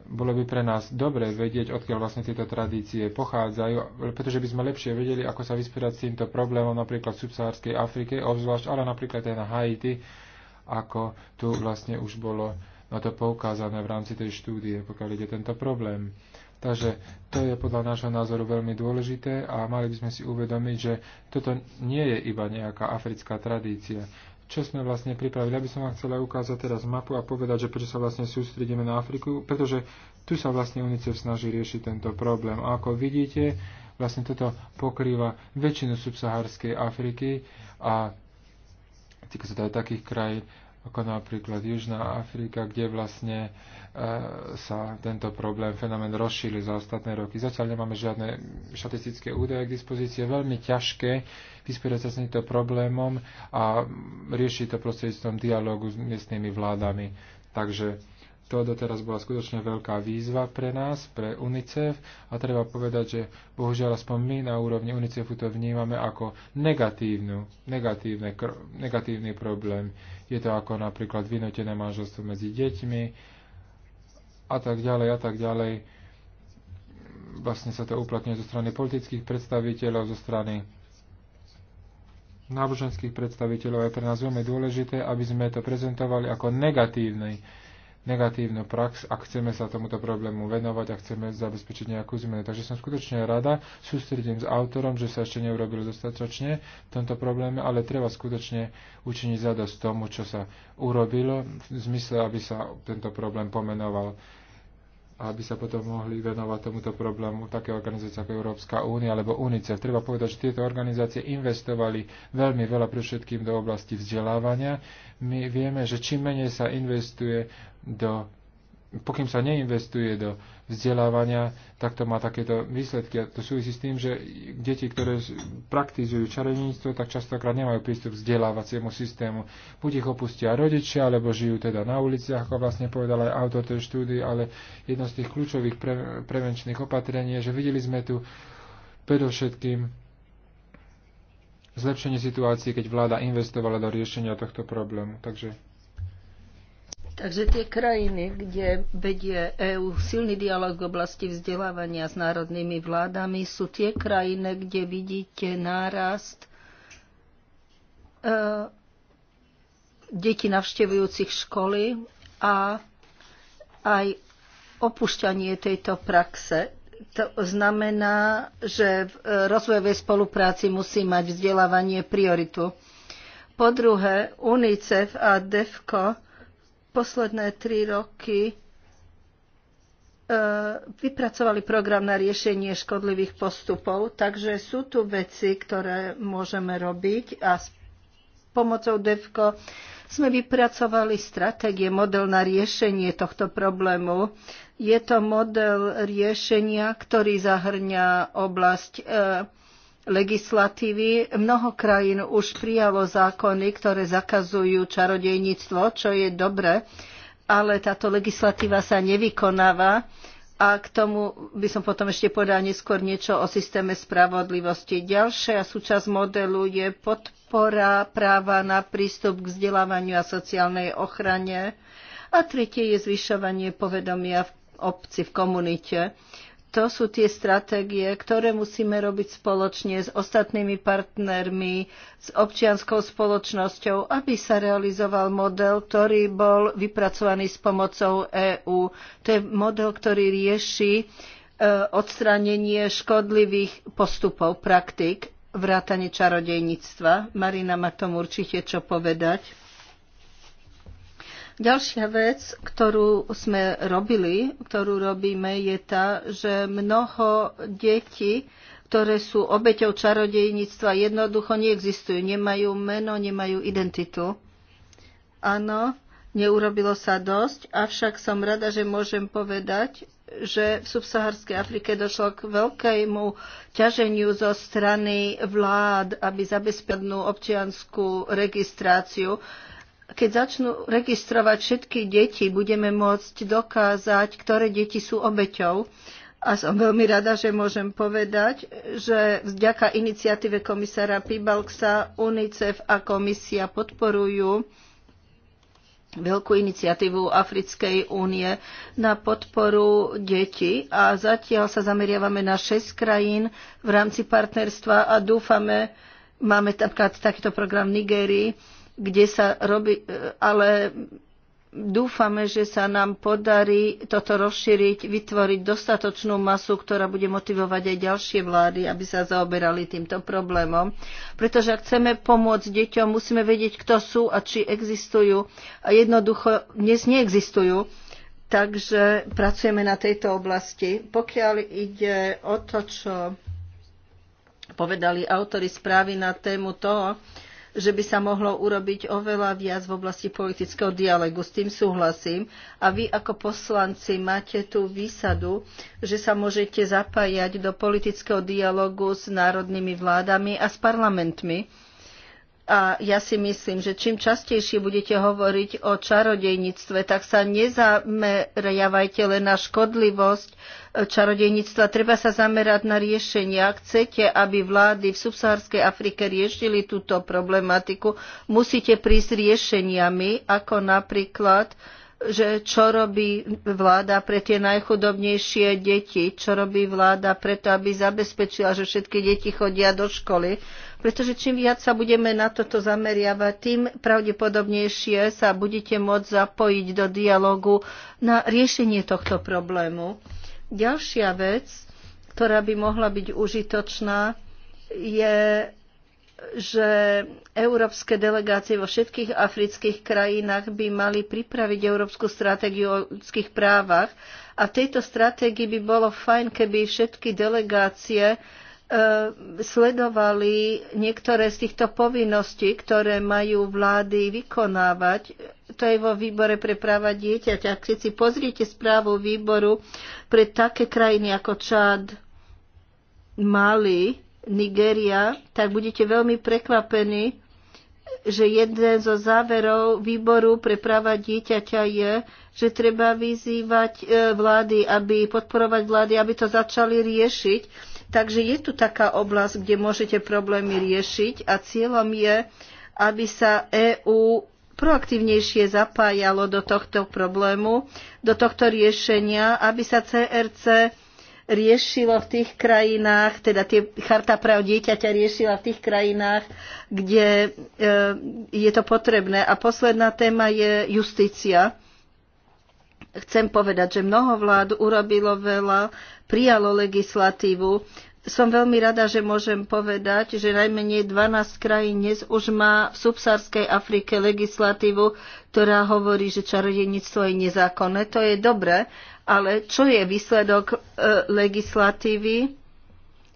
bolo by pre nás dobre vedieť, odkiaľ vlastne tieto tradície pochádzajú, pretože by sme lepšie vedeli, ako sa vysporiadať s týmto problémom napríklad v subsahárskej Afrike, obzvlášť, ale napríklad aj na Haiti, ako tu vlastne už bolo na to poukázané v rámci tej štúdie, pokiaľ ide tento problém. Takže to je podľa nášho názoru veľmi dôležité a mali by sme si uvedomiť, že toto nie je iba nejaká africká tradícia. Čo sme vlastne pripravili? Ja by som vám chcela ukázať teraz mapu a povedať, že prečo sa vlastne sústredíme na Afriku, pretože tu sa vlastne UNICEF snaží riešiť tento problém. A ako vidíte, vlastne toto pokrýva väčšinu subsahárskej Afriky a týka sa to aj takých krajín ako napríklad Južná Afrika, kde vlastne e, sa tento problém, fenomén rozšíril za ostatné roky. Zatiaľ nemáme žiadne štatistické údaje k dispozícii. Je veľmi ťažké vyspierať sa s týmto problémom a riešiť to prostredníctvom dialogu s miestnymi vládami. Takže to doteraz bola skutočne veľká výzva pre nás, pre UNICEF a treba povedať, že bohužiaľ aspoň my na úrovni UNICEFu to vnímame ako negatívnu, negatívne, negatívny problém. Je to ako napríklad vynotené manželstvo medzi deťmi a tak ďalej a tak ďalej. Vlastne sa to uplatňuje zo strany politických predstaviteľov, zo strany náboženských predstaviteľov. Je pre nás veľmi dôležité, aby sme to prezentovali ako negatívny negatívnu prax, ak chceme sa tomuto problému venovať a chceme zabezpečiť nejakú zmenu. Takže som skutočne rada, sústredím s autorom, že sa ešte neurobilo dostatočne v tomto probléme, ale treba skutočne učiniť zadosť tomu, čo sa urobilo, v zmysle, aby sa tento problém pomenoval aby sa potom mohli venovať tomuto problému také organizácie ako Európska únia alebo UNICEF. Treba povedať, že tieto organizácie investovali veľmi veľa pre všetkým do oblasti vzdelávania. My vieme, že čím menej sa investuje do pokým sa neinvestuje do vzdelávania, tak to má takéto výsledky. A to súvisí s tým, že deti, ktoré praktizujú čarovníctvo, tak častokrát nemajú prístup k vzdelávaciemu systému. Buď ich opustia rodičia, alebo žijú teda na uliciach, ako vlastne povedal aj autor tej štúdie, ale jedno z tých kľúčových pre, prevenčných opatrení je, že videli sme tu predovšetkým zlepšenie situácie, keď vláda investovala do riešenia tohto problému. Takže Takže tie krajiny, kde vedie EÚ silný dialog v oblasti vzdelávania s národnými vládami, sú tie krajiny, kde vidíte nárast e, detí navštevujúcich školy a aj opušťanie tejto praxe. To znamená, že v e, rozvojovej spolupráci musí mať vzdelávanie prioritu. Po druhé, UNICEF a DEFCO posledné tri roky e, vypracovali program na riešenie škodlivých postupov, takže sú tu veci, ktoré môžeme robiť a s pomocou DEVKO sme vypracovali stratégie, model na riešenie tohto problému. Je to model riešenia, ktorý zahrňa oblasť e, legislatívy. Mnoho krajín už prijalo zákony, ktoré zakazujú čarodejníctvo, čo je dobre, ale táto legislatíva sa nevykonáva. A k tomu by som potom ešte povedala neskôr niečo o systéme spravodlivosti. Ďalšia súčasť modelu je podpora práva na prístup k vzdelávaniu a sociálnej ochrane. A tretie je zvyšovanie povedomia v obci, v komunite to sú tie stratégie, ktoré musíme robiť spoločne s ostatnými partnermi, s občianskou spoločnosťou, aby sa realizoval model, ktorý bol vypracovaný s pomocou EÚ. To je model, ktorý rieši e, odstránenie škodlivých postupov, praktik, vrátanie čarodejníctva. Marina má k tomu určite čo povedať. Ďalšia vec, ktorú sme robili, ktorú robíme, je tá, že mnoho detí, ktoré sú obeťou čarodejníctva, jednoducho neexistujú. Nemajú meno, nemajú identitu. Áno, neurobilo sa dosť, avšak som rada, že môžem povedať, že v subsaharskej Afrike došlo k veľkému ťaženiu zo strany vlád, aby zabezpečnú občianskú registráciu keď začnú registrovať všetky deti, budeme môcť dokázať, ktoré deti sú obeťou. A som veľmi rada, že môžem povedať, že vďaka iniciatíve komisára Pibalksa UNICEF a komisia podporujú veľkú iniciatívu Africkej únie na podporu detí a zatiaľ sa zameriavame na 6 krajín v rámci partnerstva a dúfame, máme napríklad takýto program v Nigérii, kde sa robí, e, ale dúfame, že sa nám podarí toto rozšíriť, vytvoriť dostatočnú masu, ktorá bude motivovať aj ďalšie vlády, aby sa zaoberali týmto problémom. Pretože ak chceme pomôcť deťom, musíme vedieť, kto sú a či existujú. A jednoducho dnes neexistujú. Takže pracujeme na tejto oblasti. Pokiaľ ide o to, čo povedali autory správy na tému toho, že by sa mohlo urobiť oveľa viac v oblasti politického dialogu. S tým súhlasím. A vy ako poslanci máte tú výsadu, že sa môžete zapájať do politického dialogu s národnými vládami a s parlamentmi a ja si myslím, že čím častejšie budete hovoriť o čarodejníctve, tak sa nezameriavajte len na škodlivosť e, čarodejníctva. Treba sa zamerať na riešenia. Ak chcete, aby vlády v subsahárskej Afrike riešili túto problematiku, musíte prísť riešeniami, ako napríklad že čo robí vláda pre tie najchudobnejšie deti, čo robí vláda preto, aby zabezpečila, že všetky deti chodia do školy pretože čím viac sa budeme na toto zameriavať, tým pravdepodobnejšie sa budete môcť zapojiť do dialogu na riešenie tohto problému. Ďalšia vec, ktorá by mohla byť užitočná, je že európske delegácie vo všetkých afrických krajinách by mali pripraviť európsku stratégiu o ľudských právach a v tejto stratégii by bolo fajn, keby všetky delegácie E, sledovali niektoré z týchto povinností, ktoré majú vlády vykonávať. To je vo výbore pre práva dieťaťa. Ak si pozriete správu výboru pre také krajiny ako Čad, Mali, Nigeria, tak budete veľmi prekvapení, že jeden zo záverov výboru pre práva dieťaťa je, že treba vyzývať e, vlády, aby podporovať vlády, aby to začali riešiť Takže je tu taká oblasť, kde môžete problémy riešiť a cieľom je, aby sa EÚ proaktívnejšie zapájalo do tohto problému, do tohto riešenia, aby sa CRC riešilo v tých krajinách, teda tie charta práv dieťaťa riešila v tých krajinách, kde e, je to potrebné. A posledná téma je justícia. Chcem povedať, že mnoho vlád urobilo veľa prijalo legislatívu. Som veľmi rada, že môžem povedať, že najmenej 12 krajín dnes už má v subsárskej Afrike legislatívu, ktorá hovorí, že čarodejníctvo je nezákonné. To je dobre, ale čo je výsledok e, legislatívy,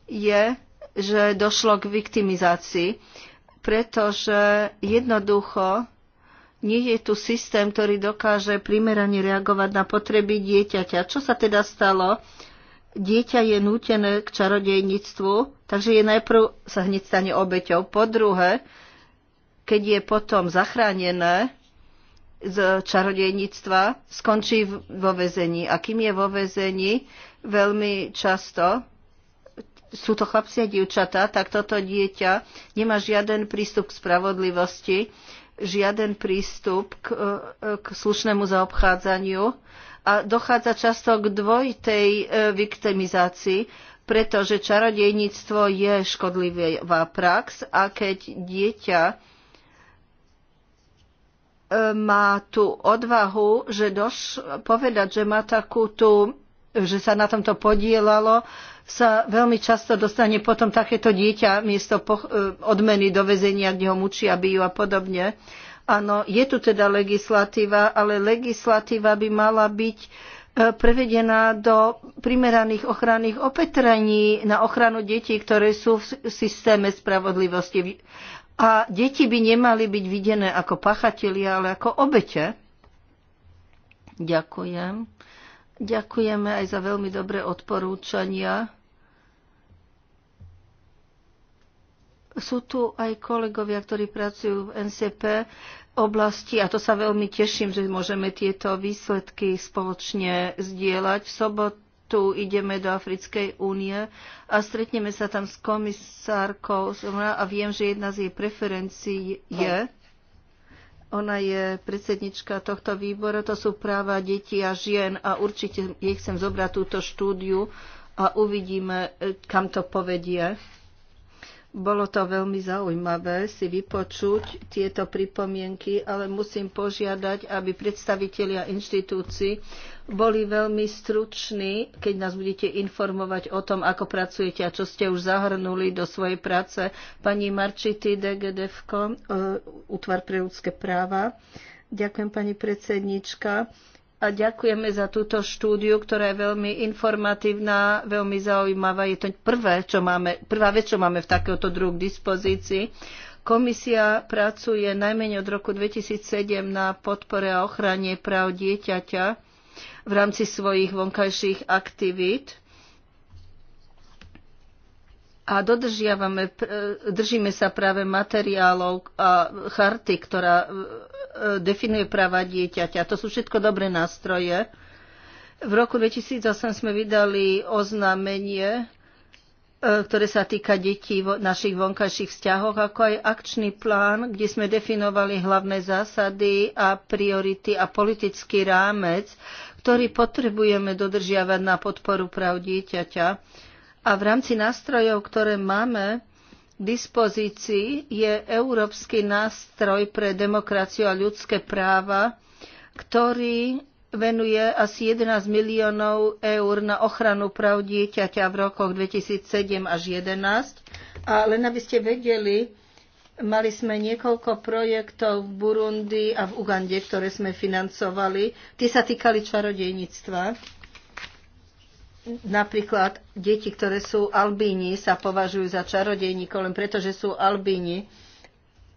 je, že došlo k viktimizácii, pretože jednoducho nie je tu systém, ktorý dokáže primerane reagovať na potreby dieťaťa. Čo sa teda stalo? dieťa je nútené k čarodejníctvu, takže je najprv sa hneď stane obeťou. Po druhé, keď je potom zachránené z čarodejníctva, skončí vo väzení. A kým je vo väzení, veľmi často sú to chlapci a dievčatá, tak toto dieťa nemá žiaden prístup k spravodlivosti, žiaden prístup k, k slušnému zaobchádzaniu a dochádza často k dvojitej e, viktimizácii, pretože čarodejníctvo je škodlivá prax a keď dieťa e, má tú odvahu, že doš, povedať, že má takú tú, že sa na tomto podielalo, sa veľmi často dostane potom takéto dieťa miesto po, e, odmeny do väzenia, kde ho mučia, bijú a podobne. Áno, je tu teda legislatíva, ale legislatíva by mala byť e, prevedená do primeraných ochranných opetrení na ochranu detí, ktoré sú v systéme spravodlivosti. A deti by nemali byť videné ako pachatelia, ale ako obete. Ďakujem. Ďakujeme aj za veľmi dobré odporúčania. Sú tu aj kolegovia, ktorí pracujú v NCP oblasti a to sa veľmi teším, že môžeme tieto výsledky spoločne zdieľať. V sobotu ideme do Africkej únie a stretneme sa tam s komisárkou a viem, že jedna z jej preferencií je ona je predsednička tohto výboru, to sú práva detí a žien a určite jej chcem zobrať túto štúdiu a uvidíme, kam to povedie. Bolo to veľmi zaujímavé si vypočuť tieto pripomienky, ale musím požiadať, aby predstavitelia inštitúcií boli veľmi struční, keď nás budete informovať o tom, ako pracujete a čo ste už zahrnuli do svojej práce. Pani Marčity, DGDFko, e, Útvar pre ľudské práva. Ďakujem, pani predsednička a ďakujeme za túto štúdiu, ktorá je veľmi informatívna, veľmi zaujímavá. Je to prvé, čo máme, prvá vec, čo máme v takéhoto druhu k dispozícii. Komisia pracuje najmenej od roku 2007 na podpore a ochrane práv dieťaťa v rámci svojich vonkajších aktivít a dodržiavame, e, držíme sa práve materiálov a charty, ktorá e, e, definuje práva dieťaťa. To sú všetko dobré nástroje. V roku 2008 sme vydali oznámenie, ktoré sa týka detí v našich vonkajších vzťahoch, ako aj akčný plán, kde sme definovali hlavné zásady a priority a politický rámec, ktorý potrebujeme dodržiavať na podporu práv dieťaťa a v rámci nástrojov, ktoré máme k dispozícii, je Európsky nástroj pre demokraciu a ľudské práva, ktorý venuje asi 11 miliónov eur na ochranu práv dieťaťa v rokoch 2007 až 2011. A len aby ste vedeli, Mali sme niekoľko projektov v Burundi a v Ugande, ktoré sme financovali. Tie sa týkali čarodejníctva napríklad deti, ktoré sú albíni, sa považujú za čarodejníkov len preto, že sú albíni.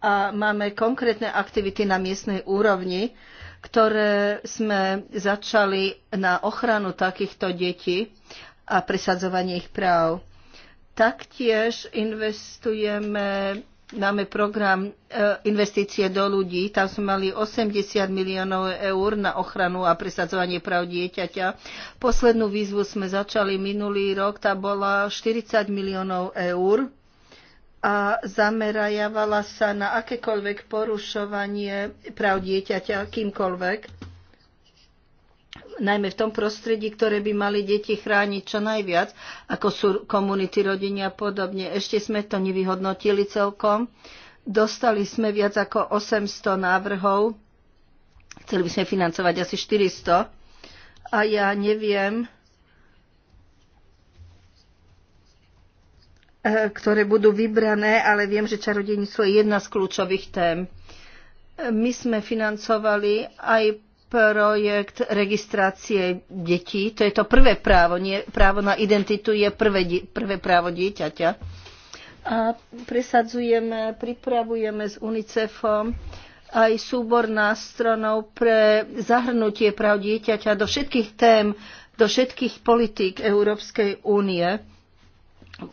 A máme konkrétne aktivity na miestnej úrovni, ktoré sme začali na ochranu takýchto detí a presadzovanie ich práv. Taktiež investujeme máme program e, investície do ľudí. Tam sme mali 80 miliónov eur na ochranu a presadzovanie práv dieťaťa. Poslednú výzvu sme začali minulý rok, tá bola 40 miliónov eur a zamerajavala sa na akékoľvek porušovanie práv dieťaťa kýmkoľvek najmä v tom prostredí, ktoré by mali deti chrániť čo najviac, ako sú komunity, rodiny a podobne. Ešte sme to nevyhodnotili celkom. Dostali sme viac ako 800 návrhov. Chceli by sme financovať asi 400. A ja neviem, eh, ktoré budú vybrané, ale viem, že čarodejníctvo je jedna z kľúčových tém. My sme financovali aj projekt registrácie detí. To je to prvé právo. Nie, právo na identitu je prvé, prvé právo dieťaťa. A presadzujeme, pripravujeme s UNICEFom aj súbor nástronov pre zahrnutie práv dieťaťa do všetkých tém, do všetkých politík Európskej únie.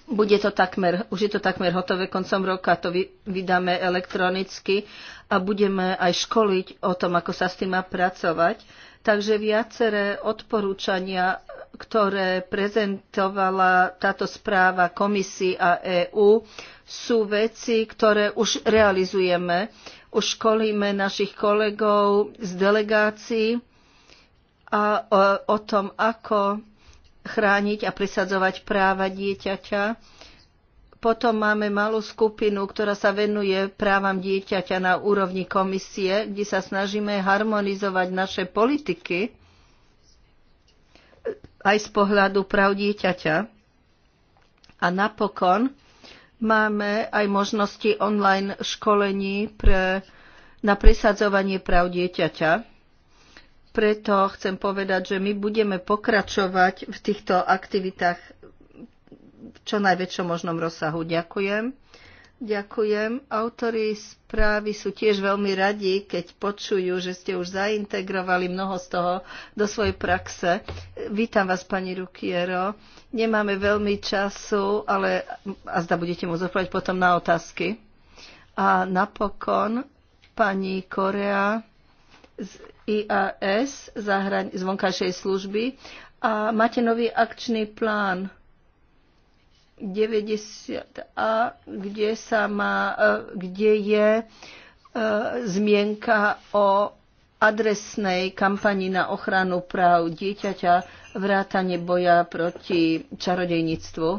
Bude to takmer, už je to takmer hotové, koncom roka to vydáme elektronicky a budeme aj školiť o tom, ako sa s tým má pracovať. Takže viaceré odporúčania, ktoré prezentovala táto správa komisii a EÚ, sú veci, ktoré už realizujeme. Už školíme našich kolegov z delegácií a o, e, o tom, ako chrániť a presadzovať práva dieťaťa potom máme malú skupinu, ktorá sa venuje právam dieťaťa na úrovni komisie, kde sa snažíme harmonizovať naše politiky aj z pohľadu práv dieťaťa. A napokon máme aj možnosti online školení pre, na presadzovanie práv dieťaťa. Preto chcem povedať, že my budeme pokračovať v týchto aktivitách v čo najväčšom možnom rozsahu. Ďakujem. Ďakujem. Autori správy sú tiež veľmi radi, keď počujú, že ste už zaintegrovali mnoho z toho do svojej praxe. Vítam vás, pani Rukiero. Nemáme veľmi času, ale a zda budete môcť odpovedať potom na otázky. A napokon pani Korea z IAS z vonkajšej služby a máte nový akčný plán 90a, kde, sa má, e, kde je e, zmienka o adresnej kampani na ochranu práv dieťaťa vrátane boja proti čarodejnictvu.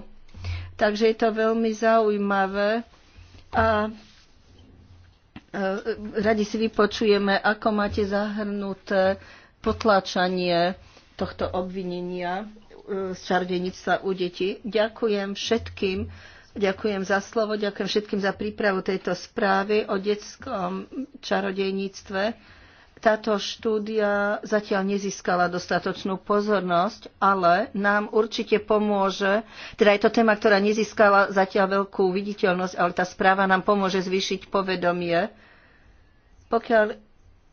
Takže je to veľmi zaujímavé a e, radi si vypočujeme, ako máte zahrnuté potláčanie tohto obvinenia z čarodejníctva u detí. Ďakujem všetkým, ďakujem za slovo, ďakujem všetkým za prípravu tejto správy o detskom čarodejníctve. Táto štúdia zatiaľ nezískala dostatočnú pozornosť, ale nám určite pomôže, teda je to téma, ktorá nezískala zatiaľ veľkú viditeľnosť, ale tá správa nám pomôže zvýšiť povedomie. Pokiaľ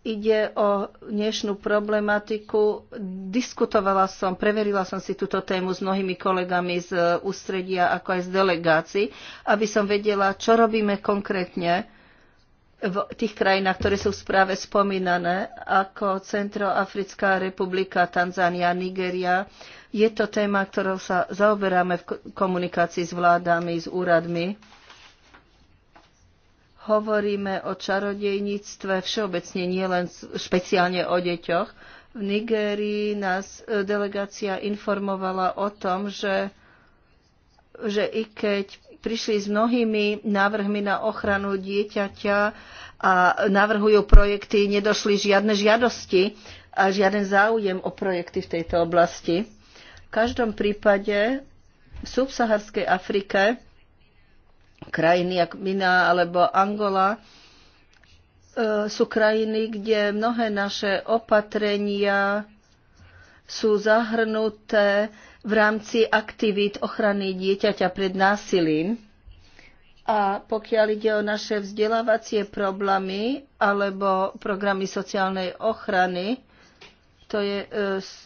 ide o dnešnú problematiku. Diskutovala som, preverila som si túto tému s mnohými kolegami z e, ústredia, ako aj z delegácií, aby som vedela, čo robíme konkrétne v tých krajinách, ktoré sú v správe spomínané, ako Centroafrická republika, Tanzania, Nigeria. Je to téma, ktorou sa zaoberáme v komunikácii s vládami, s úradmi hovoríme o čarodejníctve všeobecne, nielen špeciálne o deťoch. V Nigérii nás e, delegácia informovala o tom, že, že i keď prišli s mnohými návrhmi na ochranu dieťaťa a navrhujú projekty, nedošli žiadne žiadosti a žiaden záujem o projekty v tejto oblasti. V každom prípade v subsaharskej Afrike Krajiny ako Mina alebo Angola e, sú krajiny, kde mnohé naše opatrenia sú zahrnuté v rámci aktivít ochrany dieťaťa pred násilím. A pokiaľ ide o naše vzdelávacie problémy alebo programy sociálnej ochrany, to je e,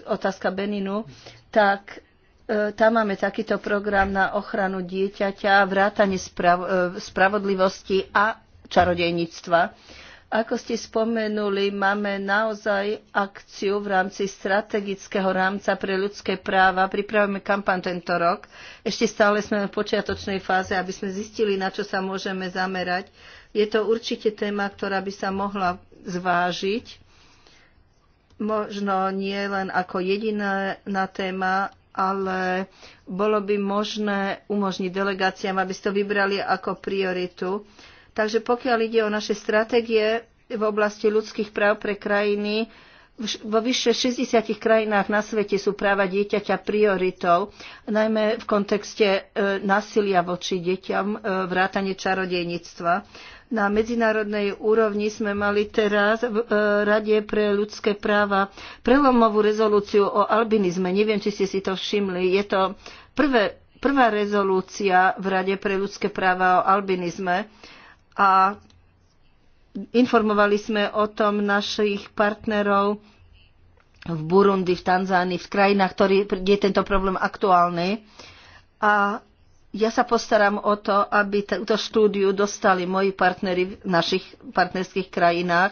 otázka Beninu, tak E, tam máme takýto program na ochranu dieťaťa, vrátanie sprav- e, spravodlivosti a čarodejníctva. Ako ste spomenuli, máme naozaj akciu v rámci strategického rámca pre ľudské práva. Pripravujeme kampan tento rok. Ešte stále sme v počiatočnej fáze, aby sme zistili, na čo sa môžeme zamerať. Je to určite téma, ktorá by sa mohla zvážiť. Možno nie len ako jediná téma, ale bolo by možné umožniť delegáciám, aby si to vybrali ako prioritu. Takže pokiaľ ide o naše stratégie v oblasti ľudských práv pre krajiny, vo vyše 60 krajinách na svete sú práva dieťaťa prioritou, najmä v kontexte e, násilia voči deťam, e, vrátane čarodejníctva. Na medzinárodnej úrovni sme mali teraz v e, Rade pre ľudské práva prelomovú rezolúciu o albinizme. Neviem, či ste si to všimli. Je to prvé, prvá rezolúcia v Rade pre ľudské práva o albinizme a informovali sme o tom našich partnerov v Burundi, v Tanzánii, v krajinách, ktorý, kde je tento problém aktuálny. A ja sa postaram o to, aby túto štúdiu dostali moji partnery v našich partnerských krajinách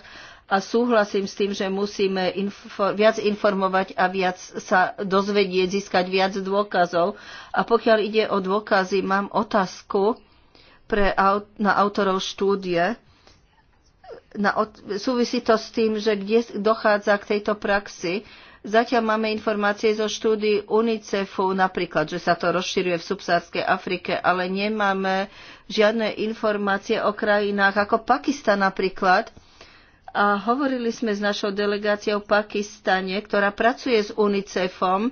a súhlasím s tým, že musíme info- viac informovať a viac sa dozvedieť, získať viac dôkazov. A pokiaľ ide o dôkazy, mám otázku pre, na autorov štúdie. Na, súvisí to s tým, že kde dochádza k tejto praxi Zatiaľ máme informácie zo štúdií UNICEFu, napríklad, že sa to rozširuje v subsárskej Afrike, ale nemáme žiadne informácie o krajinách ako Pakistan napríklad. A hovorili sme s našou delegáciou v Pakistane, ktorá pracuje s UNICEFom,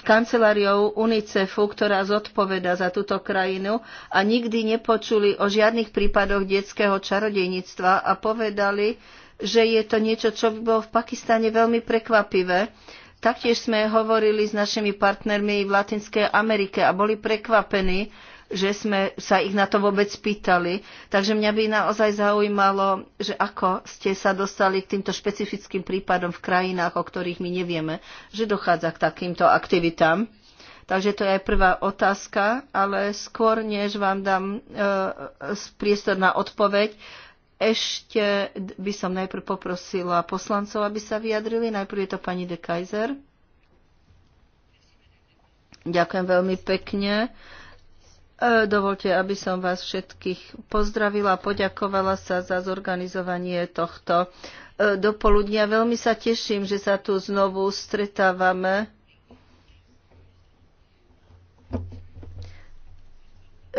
kanceláriou UNICEFu, ktorá zodpoveda za túto krajinu a nikdy nepočuli o žiadnych prípadoch detského čarodejníctva a povedali, že je to niečo, čo by bolo v Pakistane veľmi prekvapivé. Taktiež sme hovorili s našimi partnermi v Latinskej Amerike a boli prekvapení, že sme sa ich na to vôbec pýtali. Takže mňa by naozaj zaujímalo, že ako ste sa dostali k týmto špecifickým prípadom v krajinách, o ktorých my nevieme, že dochádza k takýmto aktivitám. Takže to je aj prvá otázka, ale skôr než vám dám e, e priestor na odpoveď, ešte by som najprv poprosila poslancov, aby sa vyjadrili. Najprv je to pani de Kaiser. Ďakujem veľmi pekne. E, dovolte, aby som vás všetkých pozdravila a poďakovala sa za zorganizovanie tohto e, dopoludnia. Veľmi sa teším, že sa tu znovu stretávame.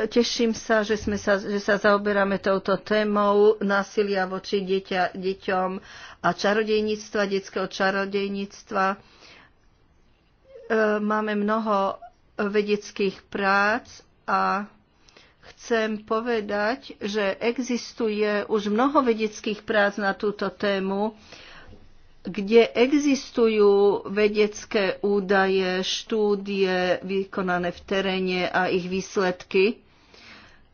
Teším sa, že, sme sa, že sa zaoberáme touto témou násilia voči deťa, deťom a čarodejníctva, detského čarodejníctva. E, máme mnoho vedeckých prác a chcem povedať, že existuje už mnoho vedeckých prác na túto tému, kde existujú vedecké údaje, štúdie vykonané v teréne a ich výsledky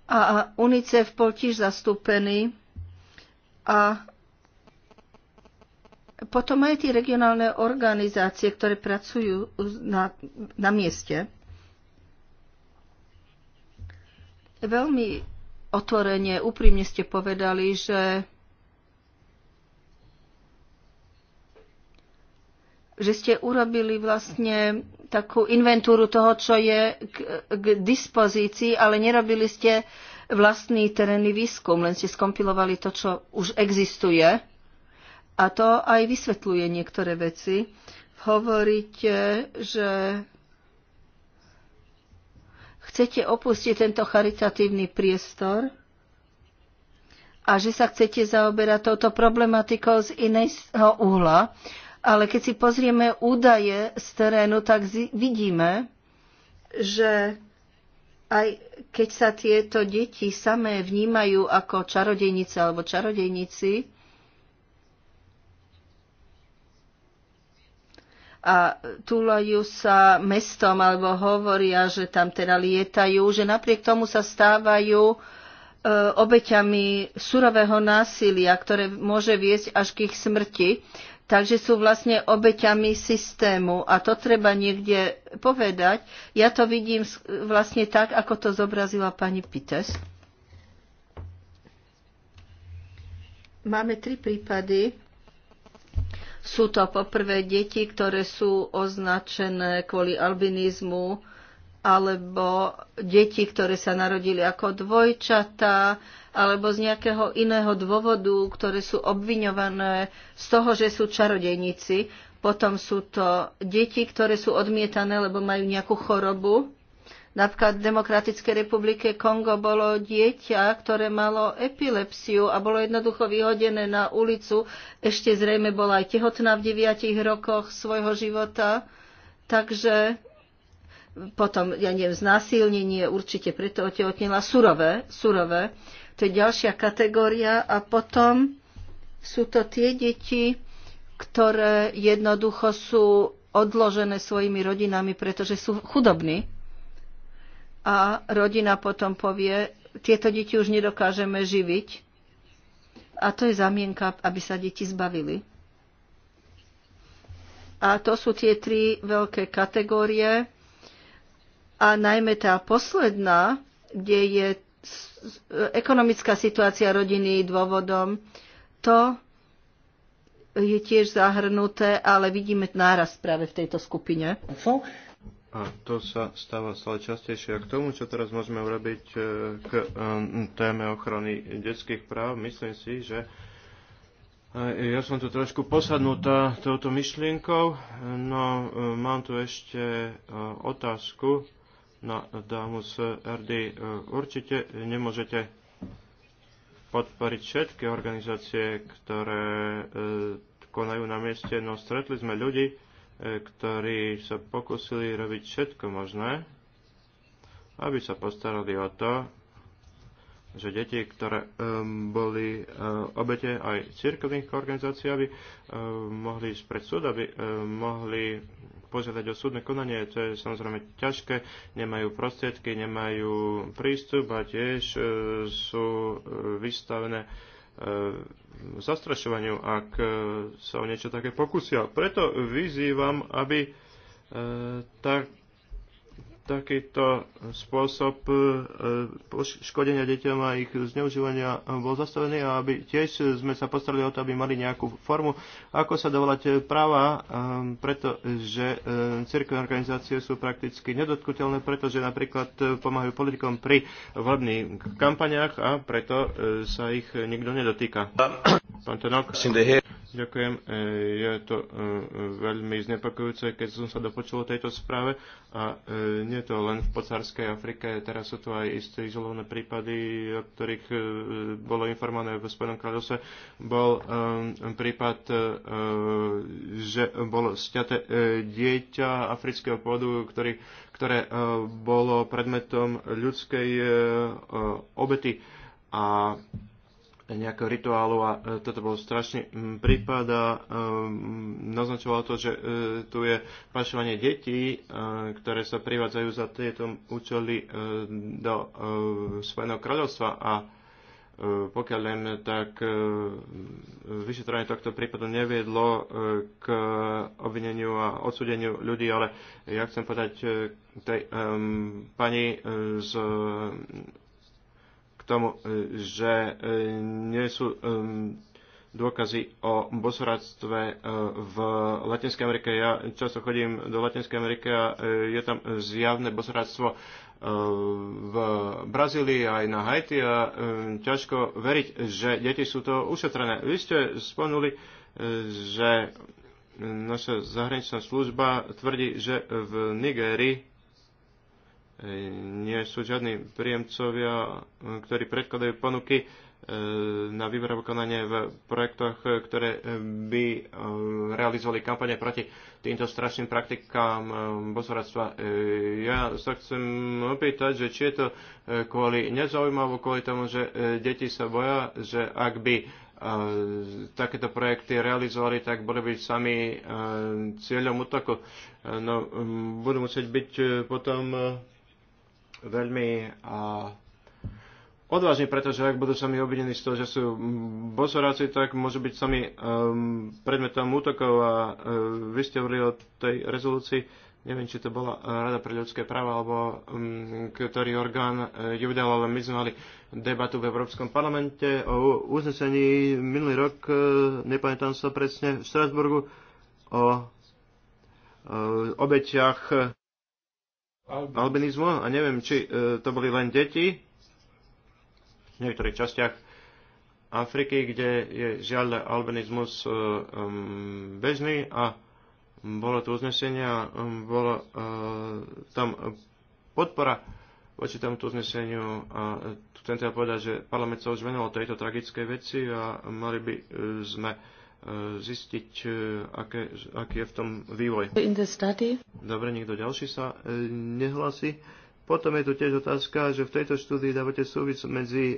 a UNICEF bol tiež zastúpený a potom aj tie regionálne organizácie, ktoré pracujú na, na mieste, veľmi otvorene, úprimne ste povedali, že že ste urobili vlastne takú inventúru toho, čo je k, k dispozícii, ale nerobili ste vlastný terénny výskum, len ste skompilovali to, čo už existuje. A to aj vysvetľuje niektoré veci. Hovoríte, že chcete opustiť tento charitatívny priestor a že sa chcete zaoberať touto problematikou z iného uhla. Ale keď si pozrieme údaje z terénu, tak vidíme, že aj keď sa tieto deti samé vnímajú ako čarodejnice alebo čarodejníci, a túlajú sa mestom alebo hovoria, že tam teda lietajú, že napriek tomu sa stávajú e, obeťami surového násilia, ktoré môže viesť až k ich smrti takže sú vlastne obeťami systému a to treba niekde povedať. Ja to vidím vlastne tak, ako to zobrazila pani Pites. Máme tri prípady. Sú to poprvé deti, ktoré sú označené kvôli albinizmu, alebo deti, ktoré sa narodili ako dvojčatá, alebo z nejakého iného dôvodu, ktoré sú obviňované z toho, že sú čarodejníci. Potom sú to deti, ktoré sú odmietané, lebo majú nejakú chorobu. Napríklad v Demokratickej republike Kongo bolo dieťa, ktoré malo epilepsiu a bolo jednoducho vyhodené na ulicu. Ešte zrejme bola aj tehotná v deviatich rokoch svojho života. Takže potom, ja neviem, znásilnenie určite preto otehotnila surové, surové to je ďalšia kategória. A potom sú to tie deti, ktoré jednoducho sú odložené svojimi rodinami, pretože sú chudobní. A rodina potom povie, tieto deti už nedokážeme živiť. A to je zamienka, aby sa deti zbavili. A to sú tie tri veľké kategórie. A najmä tá posledná, kde je ekonomická situácia rodiny dôvodom, to je tiež zahrnuté, ale vidíme náraz práve v tejto skupine. A to sa stáva stále častejšie. A k tomu, čo teraz môžeme urobiť e, k e, téme ochrany detských práv, myslím si, že e, ja som tu trošku posadnutá touto myšlienkou, no mám tu ešte otázku na Damus RD. E, určite nemôžete podporiť všetky organizácie, ktoré e, konajú na mieste, no stretli sme ľudí, e, ktorí sa pokusili robiť všetko možné, aby sa postarali o to, že deti, ktoré um, boli uh, obete aj cirkevných organizácií, aby uh, mohli ísť pred súd, aby uh, mohli požiadať o súdne konanie, to je samozrejme ťažké, nemajú prostriedky, nemajú prístup a tiež e, sú e, vystavené e, zastrašovaniu, ak sa o niečo také pokusia. Preto vyzývam, aby tak takýto spôsob e, škodenia deťom a ich zneužívania bol zastavený a aby tiež sme sa postarali o to, aby mali nejakú formu, ako sa dovolať práva, e, pretože e, cirkevné organizácie sú prakticky nedotkutelné, pretože napríklad pomáhajú politikom pri volebných kampaniách a preto sa ich nikto nedotýka. Pán Tenok. Ďakujem. E, je to e, veľmi znepokojúce, keď som sa dopočul o tejto správe. A e, nie je to len v pocárskej Afrike, teraz sú tu aj isté izolované prípady, o ktorých bolo informované v Spojenom kráľovstve. Bol prípad, že bolo sťaté dieťa afrického pôdu, ktorý, ktoré bolo predmetom ľudskej obety. A nejakého rituálu a e, toto bolo strašný prípad a e, naznačovalo to, že e, tu je pašovanie detí, ktoré sa privádzajú za tieto účely do svojho kráľovstva a pokiaľ len tak vyšetrovanie tohto prípadu neviedlo k obvineniu a odsudeniu ľudí, ale ja chcem povedať tej um, pani z tomu, e, že e, nie sú dôkazy o bosoradstve e, v Latinskej Amerike. Ja často chodím do Latinskej Ameriky a je tam zjavné bosoradstvo v Brazílii aj na Haiti a ťažko veriť, že deti sú to ušetrené. Vy ste spomenuli, že naša zahraničná služba tvrdí, že v Nigérii nie sú žiadni príjemcovia, ktorí predkladajú ponuky e, na výber vykonanie v projektoch, ktoré by e, realizovali kampane proti týmto strašným praktikám e, bosoradstva. Ja sa chcem opýtať, že či je to kvôli nezaujímavo, kvôli tomu, že deti sa boja, že ak by takéto projekty realizovali, tak boli byť sami cieľom útoku. No, budú musieť byť potom veľmi a odvážni, pretože ak budú sami obvinení z toho, že sú bosoráci, tak môžu byť sami um, predmetom útokov a uh, vy ste hovorili o tej rezolúcii, neviem, či to bola Rada pre ľudské práva alebo um, ktorý orgán uh, ju vydal, ale my sme mali debatu v Európskom parlamente o uznesení minulý rok, uh, nepamätám sa presne, v Strasburgu o uh, albinizmu a neviem, či e, to boli len deti v niektorých častiach Afriky, kde je žiaľ albinizmus e, bežný a bolo tu uznesenie a bolo e, tam podpora voči tomuto uzneseniu a chcem teda povedať, že parlament sa už venoval tejto tragickej veci a mali by sme zistiť, e, aké, aký je v tom vývoj. Dobre, niekto ďalší sa e, nehlasí. Potom je tu tiež otázka, že v tejto štúdii dávate súvis medzi e,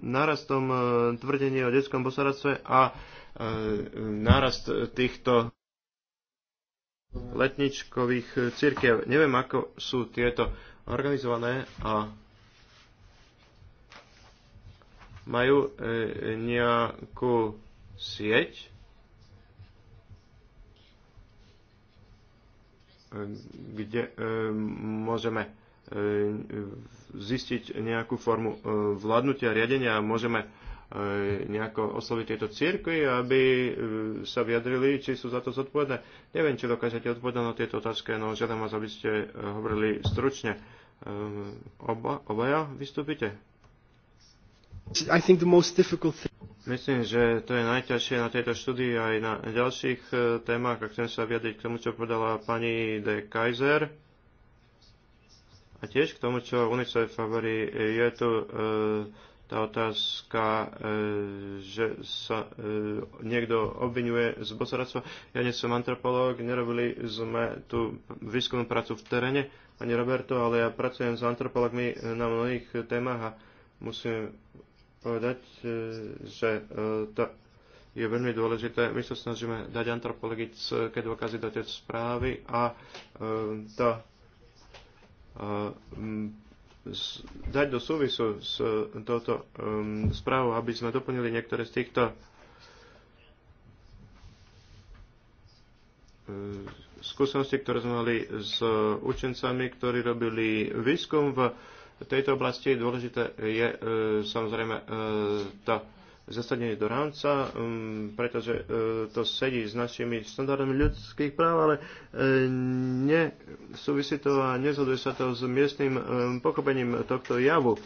nárastom e, tvrdenia o detskom posaradstve a e, nárast týchto letničkových církev. Neviem, ako sú tieto organizované a majú e, nejakú sieť kde e, môžeme e, zistiť nejakú formu e, vládnutia, riadenia a môžeme nejako osloviť tieto cirkvi, aby sa vyjadrili, či sú za to zodpovedné. Neviem, či dokážete odpovedať na tieto otázky, no žiadam vás, aby ste hovorili stručne. Oba, obaja vystúpite? I think the most difficult thing... Myslím, že to je najťažšie na tejto štúdii aj na ďalších e, témach a chcem sa vyjadriť k tomu, čo povedala pani de Kaiser. A tiež k tomu, čo UNICEF hovorí, je tu e, tá otázka, e, že sa e, niekto obvinuje z bosoradstva. Ja nie som antropológ, nerobili sme tú výskumnú prácu v teréne, pani Roberto, ale ja pracujem s antropologmi na mnohých témach a musím povedať, e, že e, to je veľmi dôležité. My sa snažíme dať antropologické dôkazy do tej správy a e, to dať do súvisu s touto správou, aby sme doplnili niektoré z týchto skúsenosti, ktoré sme mali s učencami, ktorí robili výskum v v tejto oblasti. Dôležité je e, samozrejme e, to zasadenie do rámca, um, pretože e, to sedí s našimi štandardami ľudských práv, ale uh, nesúvisí to a nezhoduje sa to s miestnym e, pochopením tohto javu.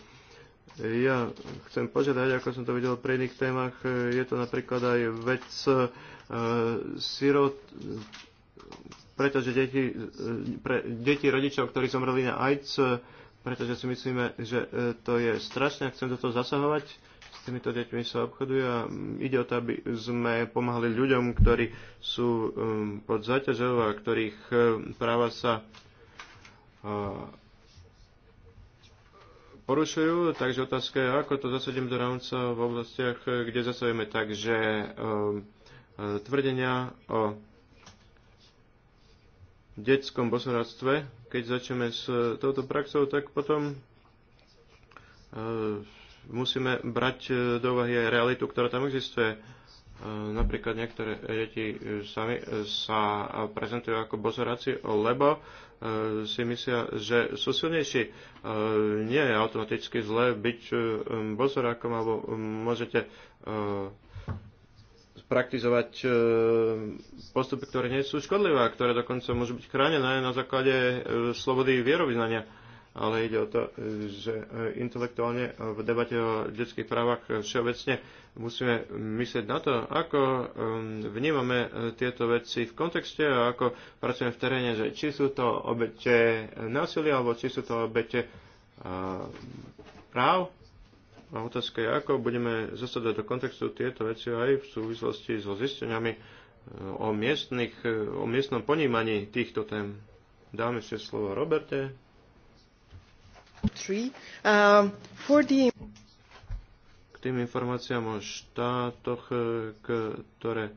Ja chcem požiadať, ako som to videl pri iných témach, je to napríklad aj vec e, sirot, pretože deti, pre deti rodičov, ktorí zomreli na AIDS, e, pretože si myslíme, že e, to je strašné, chcem do toho zasahovať. S týmito deťmi sa obchodujú a ide o to, aby sme pomáhali ľuďom, ktorí sú um, pod zaťažou a ktorých e, práva sa porušujú, takže otázka je, ako to zasadím do rámca v oblastiach, kde zasahujeme. Takže um, e, tvrdenia o detskom bosoradstve, keď začneme s e, touto praxou, tak potom e, musíme brať e, do úvahy aj realitu, ktorá tam existuje. Napríklad niektoré deti sami sa prezentujú ako bosoráci, lebo si myslia, že sú silnejší. Nie je automaticky zlé byť bosorákom, alebo môžete praktizovať e, postupy, ktoré nie sú škodlivé a ktoré dokonca môžu byť chránené na základe e, slobody vierovýznania. Ale ide o to, že e, intelektuálne v debate o detských právach všeobecne musíme myslieť na to, ako vnímame tieto veci v kontexte a ako pracujeme v teréne, že či sú to obete násilia alebo či sú to obete práv a otázka je, ako budeme zasadať do kontextu tieto veci aj v súvislosti so zisteniami e, o, miestnych, e, o miestnom ponímaní týchto tém. Dáme si slovo Roberte. Um, k tým informáciám o štátoch, e, ktoré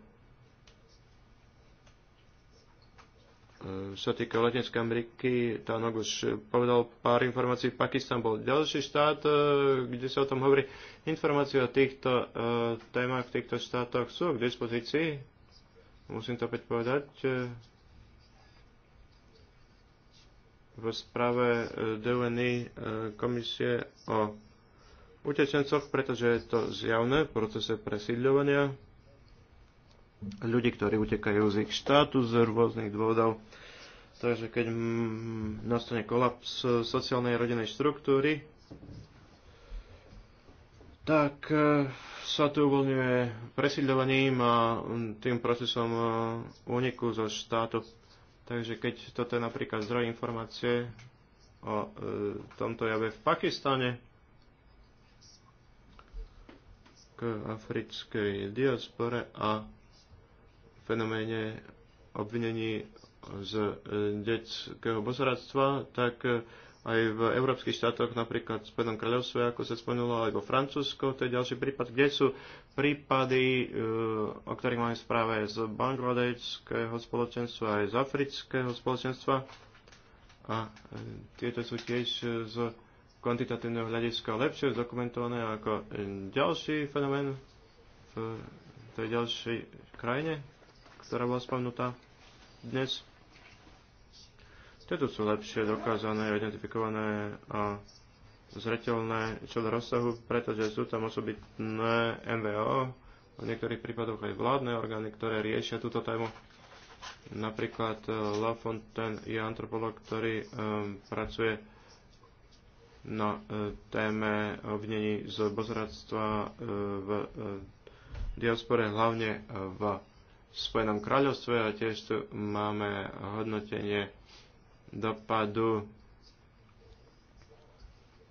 E, sa týka Latinskej Ameriky, tá už povedal pár informácií, Pakistan bol ďalší štát, e, kde sa o tom hovorí. Informácie o týchto e, témach v týchto štátoch sú k dispozícii. Musím to opäť povedať. V správe DUNI komisie o utečencoch, pretože je to zjavné v procese presídľovania ľudí, ktorí utekajú z ich štátu z rôznych dôvodov. Takže keď nastane kolaps e, sociálnej rodinnej štruktúry, tak e, sa to uvoľňuje presídľovaním a tým procesom e, úniku zo štátu. Takže keď toto je napríklad zdroj informácie o tomto jave v Pakistane, k africkej diaspore a fenoméne obvinení z e, detského bosoradstva, tak e, aj v európskych štátoch, napríklad v Spojenom kráľovstve, ako sa spomenulo, alebo Francúzsko, to je ďalší prípad, kde sú prípady, e, o ktorých máme správe z bangladejského spoločenstva, aj z afrického spoločenstva. A tieto sú tiež z kvantitatívneho hľadiska lepšie zdokumentované ako ďalší fenomén v tej ďalšej krajine, ktorá bola spomenutá dnes. Tieto sú lepšie dokázané, identifikované a zreteľné čo do rozsahu, pretože sú tam osobitné MVO, v niektorých prípadoch aj vládne orgány, ktoré riešia túto tému. Napríklad eh, La Fontaine je antropolog, ktorý um, pracuje na uh, téme obvinení z bozradstva uh, v uh, diaspore, hlavne v Spojenom kráľovstve a tiež tu máme hodnotenie dopadu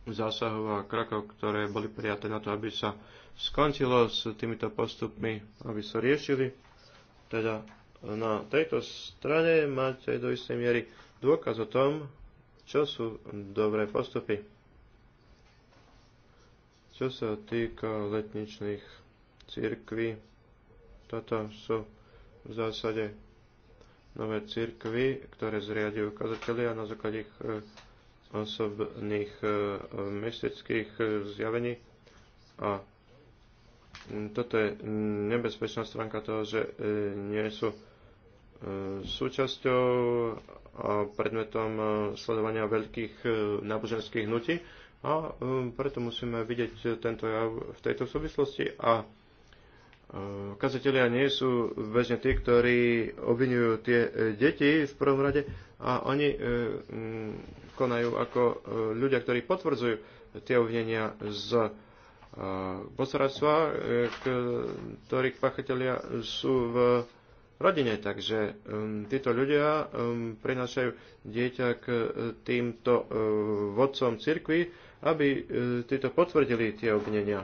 zásahov a krokov, ktoré boli prijaté na to, aby sa skončilo s týmito postupmi, aby sa riešili. Teda na tejto strane máte do istej miery dôkaz o tom, čo sú dobré postupy. Čo sa týka letničných církví, toto sú v zásade nové církvy, ktoré zriadujú kazatelia na základe ich e, osobných e, mystických e, zjavení. A toto je nebezpečná stránka toho, že nie sú súčasťou a predmetom sledovania veľkých náboženských hnutí a preto musíme vidieť tento jav v tejto súvislosti a Eh, kazatelia nie sú bežne tí, ktorí obvinujú tie eh, deti v prvom rade a oni eh, mm, konajú ako ľudia, ktorí potvrdzujú tie obvinenia z posradstva, ktorých pachatelia sú v rodine. Takže mm, títo ľudia mm, prinášajú dieťa k týmto vodcom cirkvi, aby títo potvrdili tie obvinenia.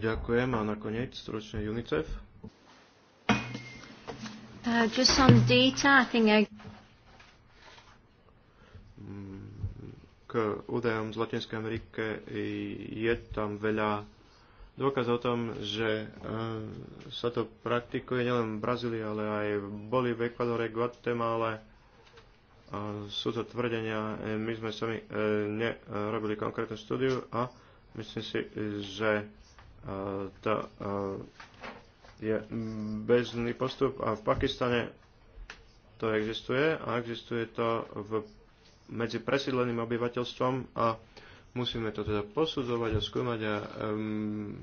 Ďakujem a nakoniec stručne UNICEF. Uh, K údajom z Latinskej Amerike je tam veľa dôkazov o tom, že uh, sa to praktikuje nielen v Brazílii, ale aj boli v Ekvadore, Guatemala. Sú to tvrdenia, eh, my sme sami eh, nerobili konkrétnu štúdiu a Myslím si, že e, to e, je bežný postup a v Pakistane to existuje a existuje to v, medzi presídleným obyvateľstvom a musíme to teda posudzovať a skúmať a um,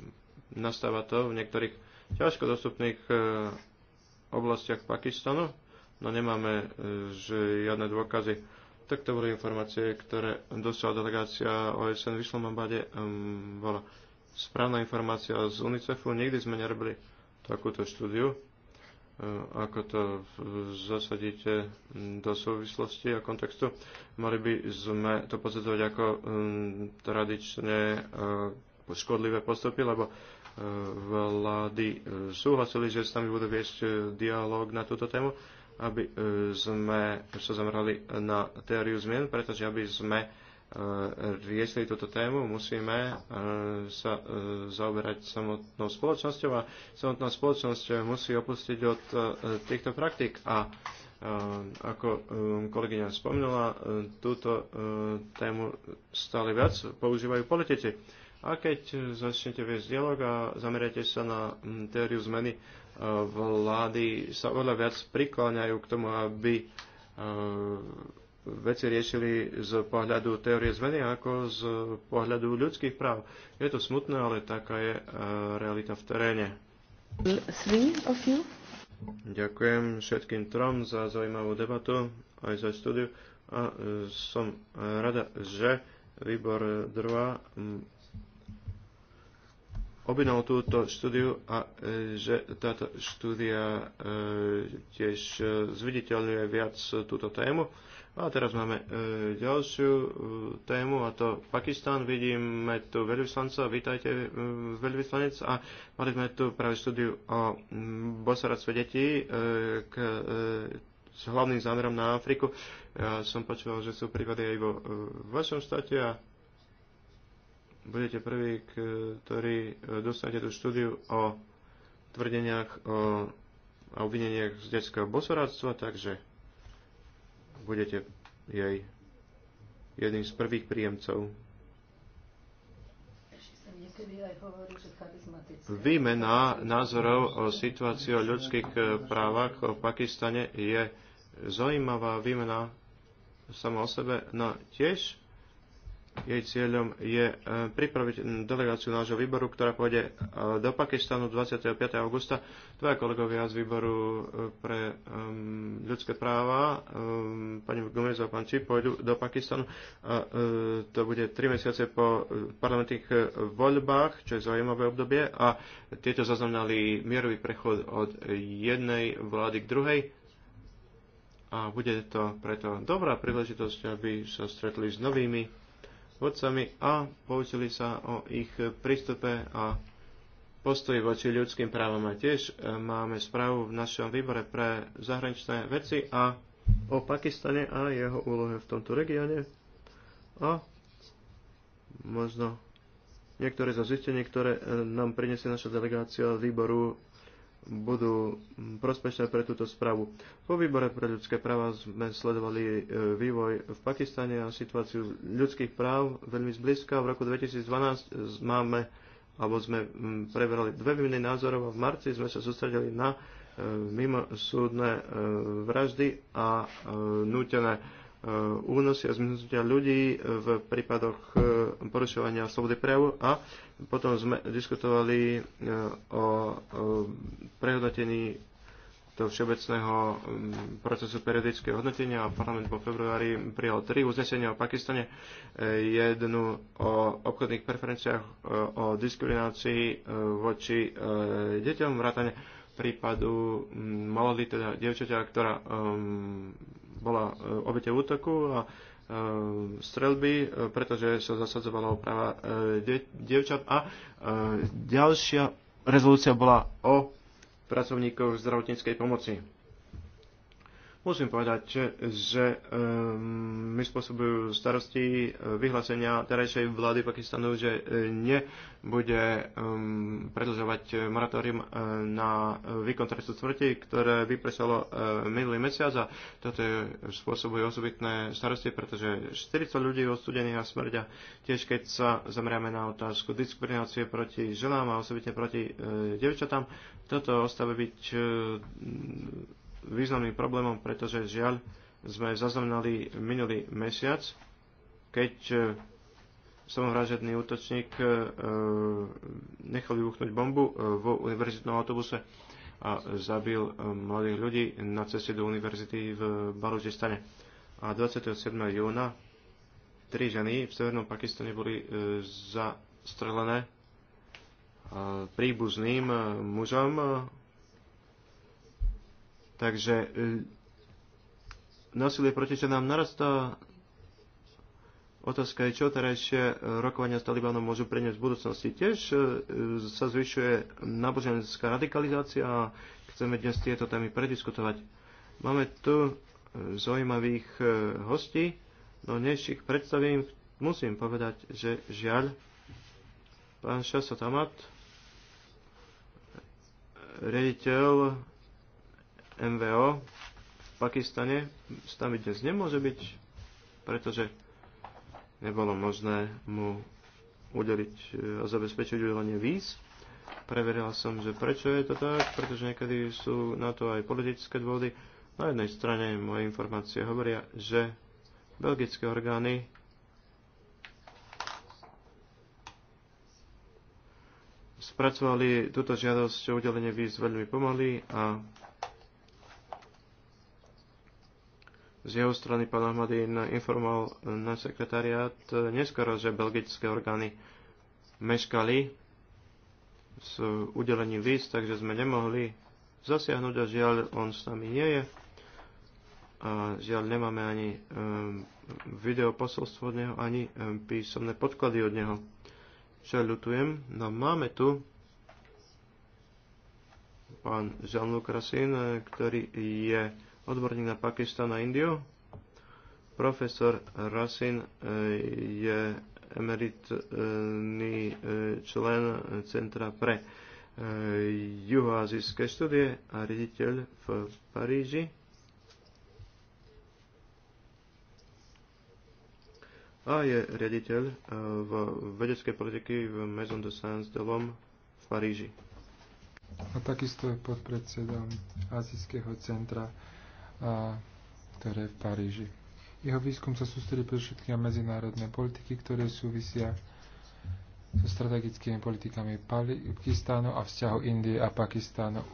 nastáva to v niektorých ťažko dostupných uh, oblastiach Pakistanu, no nemáme uh, žiadne dôkazy tak to boli informácie, ktoré dostala delegácia OSN v Vyšlom Bade. Um, bola správna informácia z UNICEFu. Nikdy sme nerobili takúto štúdiu. Ako to zasadíte do súvislosti a kontextu? Mali by sme to pozitovať ako tradične škodlivé postupy, lebo vlády súhlasili, že s nami budú viesť dialog na túto tému aby e, sme sa zamerali na teóriu zmien, pretože aby sme e, riešili túto tému, musíme e, sa zaoberať samotnou spoločnosťou a samotná spoločnosť musí opustiť od týchto praktik. A ako kolegyňa spomínala, túto tému stále viac používajú politici. A keď začnete viesť dialog a zameriate sa na teóriu zmeny vlády sa oveľa viac prikláňajú k tomu, aby e, veci riešili z pohľadu teórie zmeny ako z pohľadu ľudských práv. Je to smutné, ale taká je e, realita v teréne. Ďakujem všetkým trom za zaujímavú debatu aj za štúdiu a e, som rada, že výbor 2 objednal túto štúdiu a e, že táto štúdia e, tiež e, zviditeľňuje viac túto tému. A teraz máme ďalšiu tému a to Pakistan. Vidíme tu veľvyslanca, vítajte veľvyslanec a mali sme tu práve štúdiu o mm, Bosaracve detí k s hlavným zámerom na Afriku. Ja som počúval, že sú prípady aj vo vašom štáte a budete prví, ktorí e, dostanete tú štúdiu o tvrdeniach o a obvineniach z detského bosoradstva, takže budete jej jedným z prvých príjemcov. Výmena názorov o situácii o ľudských e, právach v Pakistane je zaujímavá výmena sama o sebe, no tiež jej cieľom je e, pripraviť delegáciu nášho výboru, ktorá pôjde e, do Pakistanu 25. augusta. Dva kolegovia z výboru e, pre ľudské práva, pani Gomez a pán Čip, pôjdu do Pakistanu. to bude 3 mesiace po parlamentných voľbách, čo je zaujímavé obdobie. A tieto zaznamenali mierový prechod od jednej vlády k druhej a bude to preto dobrá príležitosť, aby sa stretli s novými vodcami a poučili sa o ich prístupe a postoji voči ľudským právom. A tiež e, máme správu v našom výbore pre zahraničné veci a o Pakistane a jeho úlohe v tomto regióne a možno niektoré zo zistení, ktoré e, nám priniesie naša delegácia výboru budú prospešné pre túto správu. Po výbore pre ľudské práva sme sledovali e, vývoj v Pakistane a situáciu ľudských práv veľmi zblízka. V roku 2012 máme, alebo sme preberali dve výmeny názorov a v marci sme sa sústredili na e, mimo súdne e, vraždy a nútené E, únosy a zmiznutia ľudí v prípadoch e, porušovania slobody prejavu a potom sme diskutovali e, o prehodnotení toho všeobecného mm, procesu periodického hodnotenia a parlament po februári prijal tri uznesenia o Pakistane, jednu o obchodných preferenciách, o diskriminácii voči deťom, vrátane prípadu mm, malody, teda dievčaťa, ktorá um, bola e, obete útoku a e, strelby, e, pretože sa zasadzovala práva dievčat a ďalšia rezolúcia bola o pracovníkov zdravotníckej pomoci. Musím povedať, že um, mi spôsobujú starosti e, vyhlásenia terajšej vlády Pakistanu, že e, nebude um, predlžovať e, moratórium na výkon trestu smrti, ktoré vypresalo uh, minulý mesiac a toto spôsobuje osobitné starosti, pretože 40 ľudí odsudených na smrť a tiež keď sa zameriame na otázku diskriminácie proti ženám a osobitne proti uh, devčatám, toto ostáva byť uh, významným problémom, pretože žiaľ sme zaznamenali minulý mesiac, keď e, samovražedný útočník e, e, nechal vybuchnúť bombu vo univerzitnom autobuse a zabil mladých ľudí na ceste do univerzity v Baružistane. A 27. júna tri ženy v severnom Pakistane boli zastrelené príbuzným mužom Takže e, násilie proti ženám narastá. Otázka je, čo terajšie e, rokovania s Talibanom môžu priniesť v budúcnosti. Tiež e, sa zvyšuje náboženská radikalizácia a chceme dnes tieto témy prediskutovať. Máme tu zaujímavých hostí, no než ich predstavím, musím povedať, že žiaľ, pán Šasatamat, riaditeľ MVO v Pakistane tam dnes nemôže byť, pretože nebolo možné mu udeliť e, a zabezpečiť udelenie víz. Preverila som, že prečo je to tak, pretože niekedy sú na to aj politické dôvody. Na jednej strane moje informácie hovoria, že belgické orgány spracovali túto žiadosť o udelenie víz veľmi pomaly a z jeho strany pán Ahmadín informoval na sekretariát e, neskoro, že belgické orgány meškali s udelením víz, takže sme nemohli zasiahnuť a žiaľ on s nami nie je. A žiaľ nemáme ani um, e, video posolstvo od neho, ani um, písomné podklady od neho. Čo ľutujem, no máme tu pán Jean-Luc Racine, ktorý je odborník na Pakistan a Indiu. Profesor Rasin eh, je emeritný eh, člen Centra pre eh, juhoazijské štúdie a riaditeľ v Paríži. A je riaditeľ v vedeckej politiky v Maison de Sciences de Lom v Paríži. A takisto je podpredsedom Azijského centra a, ktoré v Paríži. Jeho výskum sa sústredí pre všetky a medzinárodné politiky, ktoré súvisia so strategickými politikami Pakistánu a vzťahu Indie a Pakistánu.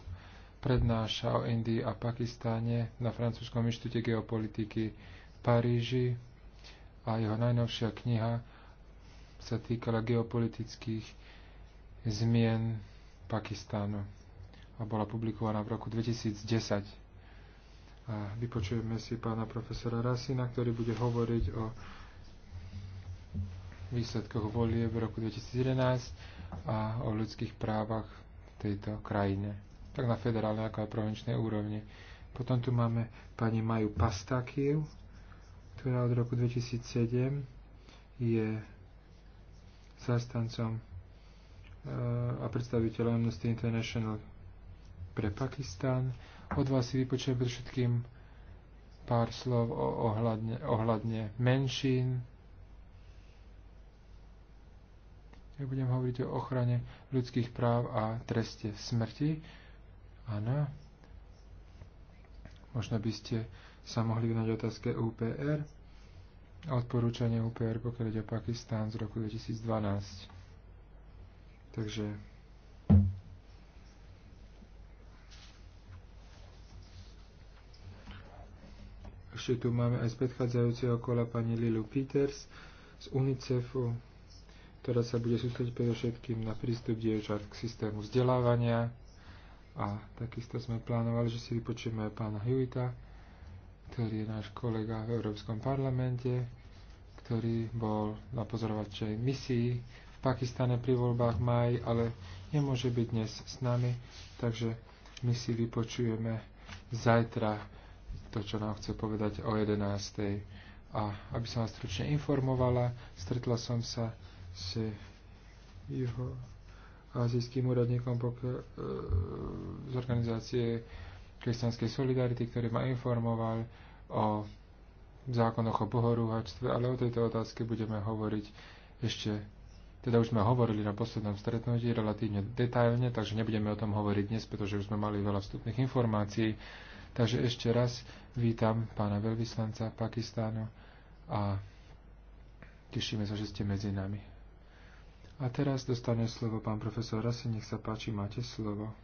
Prednáša o Indii a Pakistáne na Francúzskom inštitúte geopolitiky v Paríži a jeho najnovšia kniha sa týkala geopolitických zmien Pakistánu a bola publikovaná v roku 2010 a vypočujeme si pána profesora Rasina, ktorý bude hovoriť o výsledkoch volie v roku 2011 a o ľudských právach v tejto krajine, tak na federálnej ako aj provinčnej úrovni. Potom tu máme pani Maju Pastakiev, ktorá od roku 2007 je zastancom e, a predstaviteľom Amnesty International pre Pakistán. Od vás si vypočujem všetkým pár slov o, ohľadne, ohľadne menšín. Ja budem hovoriť o ochrane ľudských práv a treste smrti. Áno. Možno by ste sa mohli vynať otázke UPR a odporúčanie UPR, pokiaľ ide o Pakistán z roku 2012. Takže Ešte tu máme aj z predchádzajúceho kola pani Lilu Peters z UNICEFu, ktorá sa bude sústrediť predovšetkým na prístup dievčat k systému vzdelávania. A takisto sme plánovali, že si vypočujeme pána Hewita, ktorý je náš kolega v Európskom parlamente, ktorý bol na pozorovačej misii v Pakistane pri voľbách maj, ale nemôže byť dnes s nami, takže my si vypočujeme zajtra to, čo nám chce povedať o 11. A aby som vás stručne informovala, stretla som sa s jeho azijským úradníkom e, z organizácie kresťanskej solidarity, ktorý ma informoval o zákonoch o bohorúhačstve, ale o tejto otázke budeme hovoriť ešte teda už sme hovorili na poslednom stretnutí relatívne detailne, takže nebudeme o tom hovoriť dnes, pretože už sme mali veľa vstupných informácií. Takže ešte raz vítam pána veľvyslanca Pakistánu a tešíme sa, že ste medzi nami. A teraz dostane slovo pán profesor Rasi, nech sa páči, máte slovo.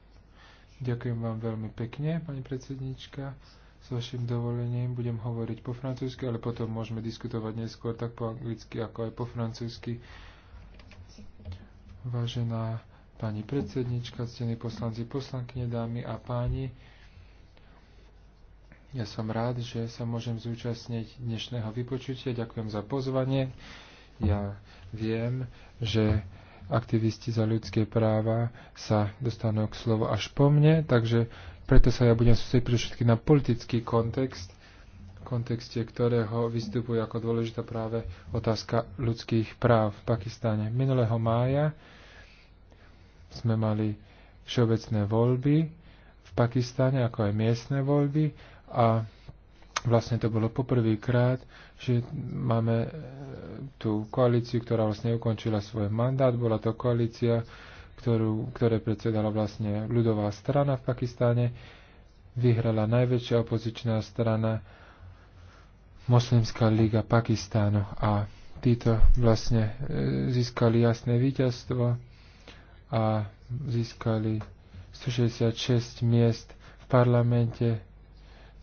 Ďakujem vám veľmi pekne, pani predsednička. S vašim dovolením budem hovoriť po francúzsky, ale potom môžeme diskutovať neskôr tak po anglicky, ako aj po francúzsky. Vážená pani predsednička, ctení poslanci, poslankyne, dámy a páni, ja som rád, že sa môžem zúčastniť dnešného vypočutia. Ďakujem za pozvanie. Ja viem, že aktivisti za ľudské práva sa dostanú k slovu až po mne, takže preto sa ja budem sústrediť pre všetky na politický kontext, v kontexte ktorého vystupuje ako dôležitá práve otázka ľudských práv v Pakistane. Minulého mája sme mali všeobecné voľby v Pakistane, ako aj miestne voľby a vlastne to bolo poprvýkrát, že máme e, tú koalíciu, ktorá vlastne ukončila svoj mandát. Bola to koalícia, ktorú, ktoré predsedala vlastne ľudová strana v Pakistáne. Vyhrala najväčšia opozičná strana Moslimská liga Pakistánu a títo vlastne e, získali jasné víťazstvo a získali 166 miest v parlamente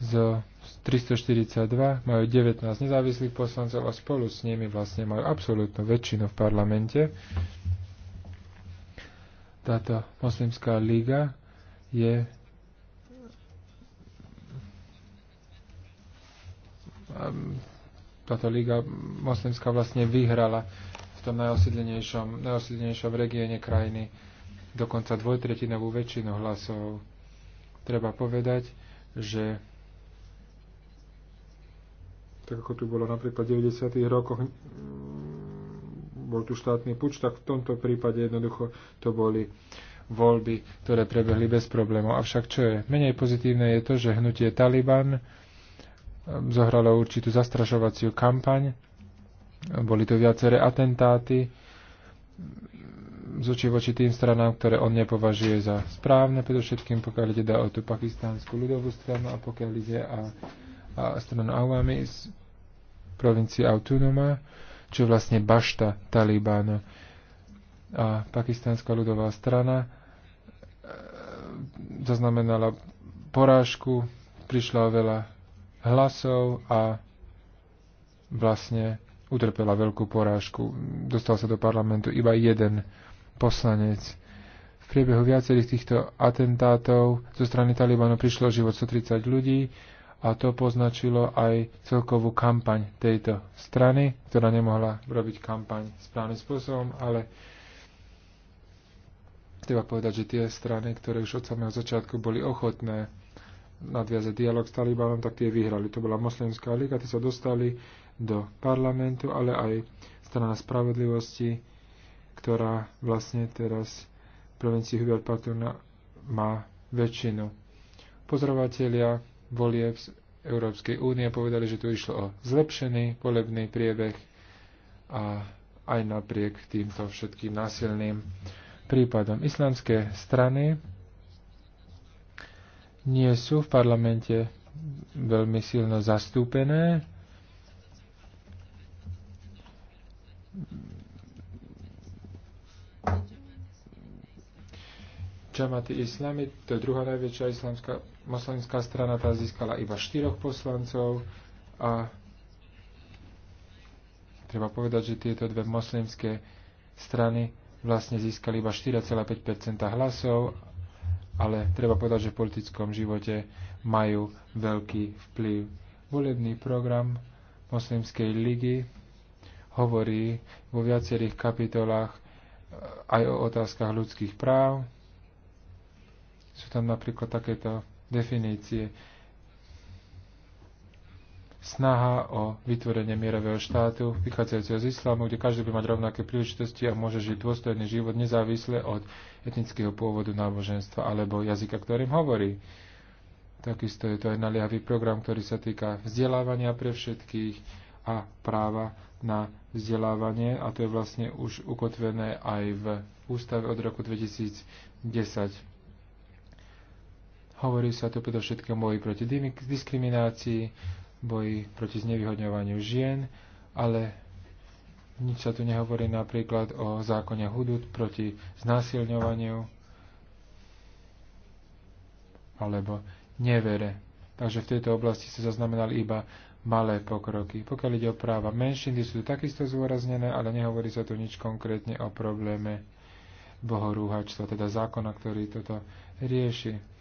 z 342 majú 19 nezávislých poslancov a spolu s nimi vlastne majú absolútnu väčšinu v parlamente. Táto moslimská liga je táto liga moslimská vlastne vyhrala v tom najosídlenejšom, najosídlenejšom regióne krajiny dokonca dvojtretinovú väčšinu hlasov. Treba povedať, že tak ako tu bolo napríklad v 90. rokoch, bol tu štátny puč, tak v tomto prípade jednoducho to boli voľby, ktoré prebehli bez problémov. Avšak čo je menej pozitívne je to, že hnutie Taliban zohralo určitú zastrašovaciu kampaň, boli to viaceré atentáty z očí voči tým stranám, ktoré on nepovažuje za správne, predovšetkým pokiaľ ide o tú pakistánsku ľudovú stranu a pokiaľ ide a stranu Awami z provincie Autonoma, čo je vlastne bašta Talibána. A pakistánska ľudová strana e, zaznamenala porážku, prišla veľa hlasov a vlastne utrpela veľkú porážku. Dostal sa do parlamentu iba jeden poslanec. V priebehu viacerých týchto atentátov zo strany Talibanu prišlo život 130 ľudí a to poznačilo aj celkovú kampaň tejto strany, ktorá nemohla robiť kampaň správnym spôsobom, ale treba povedať, že tie strany, ktoré už od samého začiatku boli ochotné nadviazať dialog s Talibanom, tak tie vyhrali. To bola Moslimská liga, tie sa dostali do parlamentu, ale aj strana spravodlivosti, ktorá vlastne teraz v provincii Hubert Patuna má väčšinu. Pozorovatelia volieb Európskej únie povedali, že tu išlo o zlepšený volebný priebeh a aj napriek týmto všetkým násilným prípadom. Islamské strany nie sú v parlamente veľmi silno zastúpené. Čamaty islami, to je druhá najväčšia islamská moslimská strana tá získala iba štyroch poslancov a treba povedať, že tieto dve moslimské strany vlastne získali iba 4,5 hlasov, ale treba povedať, že v politickom živote majú veľký vplyv. Volebný program Moslimskej ligy hovorí vo viacerých kapitolách eh, aj o otázkach ľudských práv. Sú tam napríklad takéto definície. Snaha o vytvorenie mierového štátu vychádzajúceho z islámu, kde každý by mať rovnaké príležitosti a môže žiť dôstojný život nezávisle od etnického pôvodu náboženstva alebo jazyka, ktorým hovorí. Takisto je to aj naliehavý program, ktorý sa týka vzdelávania pre všetkých a práva na vzdelávanie a to je vlastne už ukotvené aj v ústave od roku 2010. Hovorí sa tu predovšetkým boji proti diskriminácii, boji proti znevýhodňovaniu žien, ale nič sa tu nehovorí napríklad o zákone hudud proti znásilňovaniu alebo nevere. Takže v tejto oblasti sa zaznamenali iba malé pokroky. Pokiaľ ide o práva menšiny, sú tu takisto zúraznené, ale nehovorí sa tu nič konkrétne o probléme bohorúhačstva, teda zákona, ktorý toto rieši.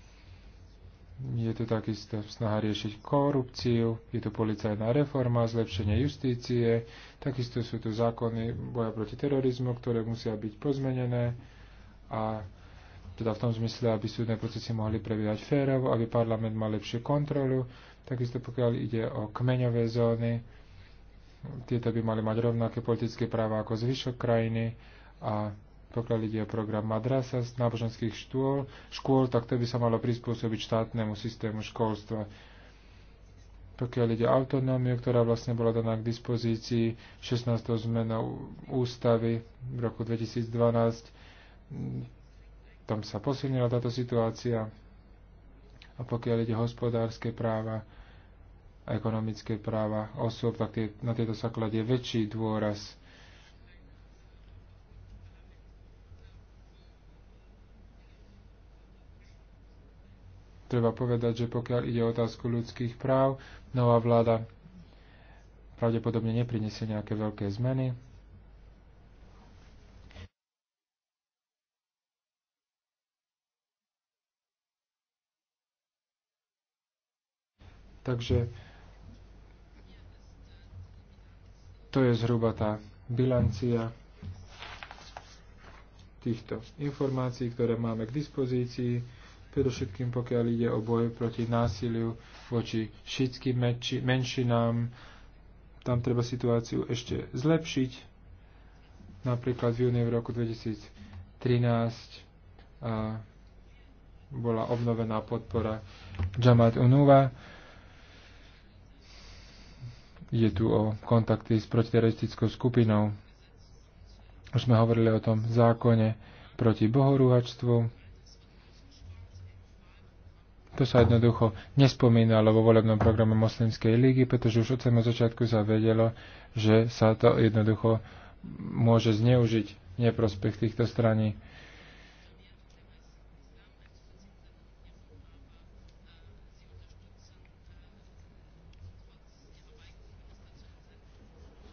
Je tu takisto snaha riešiť korupciu, je tu policajná reforma, zlepšenie justície, takisto sú tu zákony boja proti terorizmu, ktoré musia byť pozmenené a teda v tom zmysle, aby súdne procesy mohli prebiehať férovo, aby parlament mal lepšiu kontrolu, takisto pokiaľ ide o kmeňové zóny, tieto by mali mať rovnaké politické práva ako zvyšok krajiny a pokiaľ ide o program madrasa z náboženských štôl, škôl, tak to by sa malo prispôsobiť štátnemu systému školstva. Pokiaľ ide o autonómiu, ktorá vlastne bola daná k dispozícii 16. zmenou ústavy v roku 2012, tam sa posilnila táto situácia. A pokiaľ ide o hospodárske práva, a ekonomické práva osôb, tak tie, na tieto sa kladie väčší dôraz treba povedať, že pokiaľ ide o otázku ľudských práv, nová vláda pravdepodobne neprinesie nejaké veľké zmeny. Takže to je zhruba tá bilancia týchto informácií, ktoré máme k dispozícii predovšetkým pokiaľ ide o boj proti násiliu voči všetkým menšinám. Tam treba situáciu ešte zlepšiť. Napríklad v júni v roku 2013 bola obnovená podpora Jamat Unuva. Je tu o kontakty s protiteroristickou skupinou. Už sme hovorili o tom zákone proti bohorúhačstvu to sa jednoducho nespomínalo vo volebnom programe Moslimskej ligy, pretože už od samého začiatku sa vedelo, že sa to jednoducho môže zneužiť neprospech týchto straní.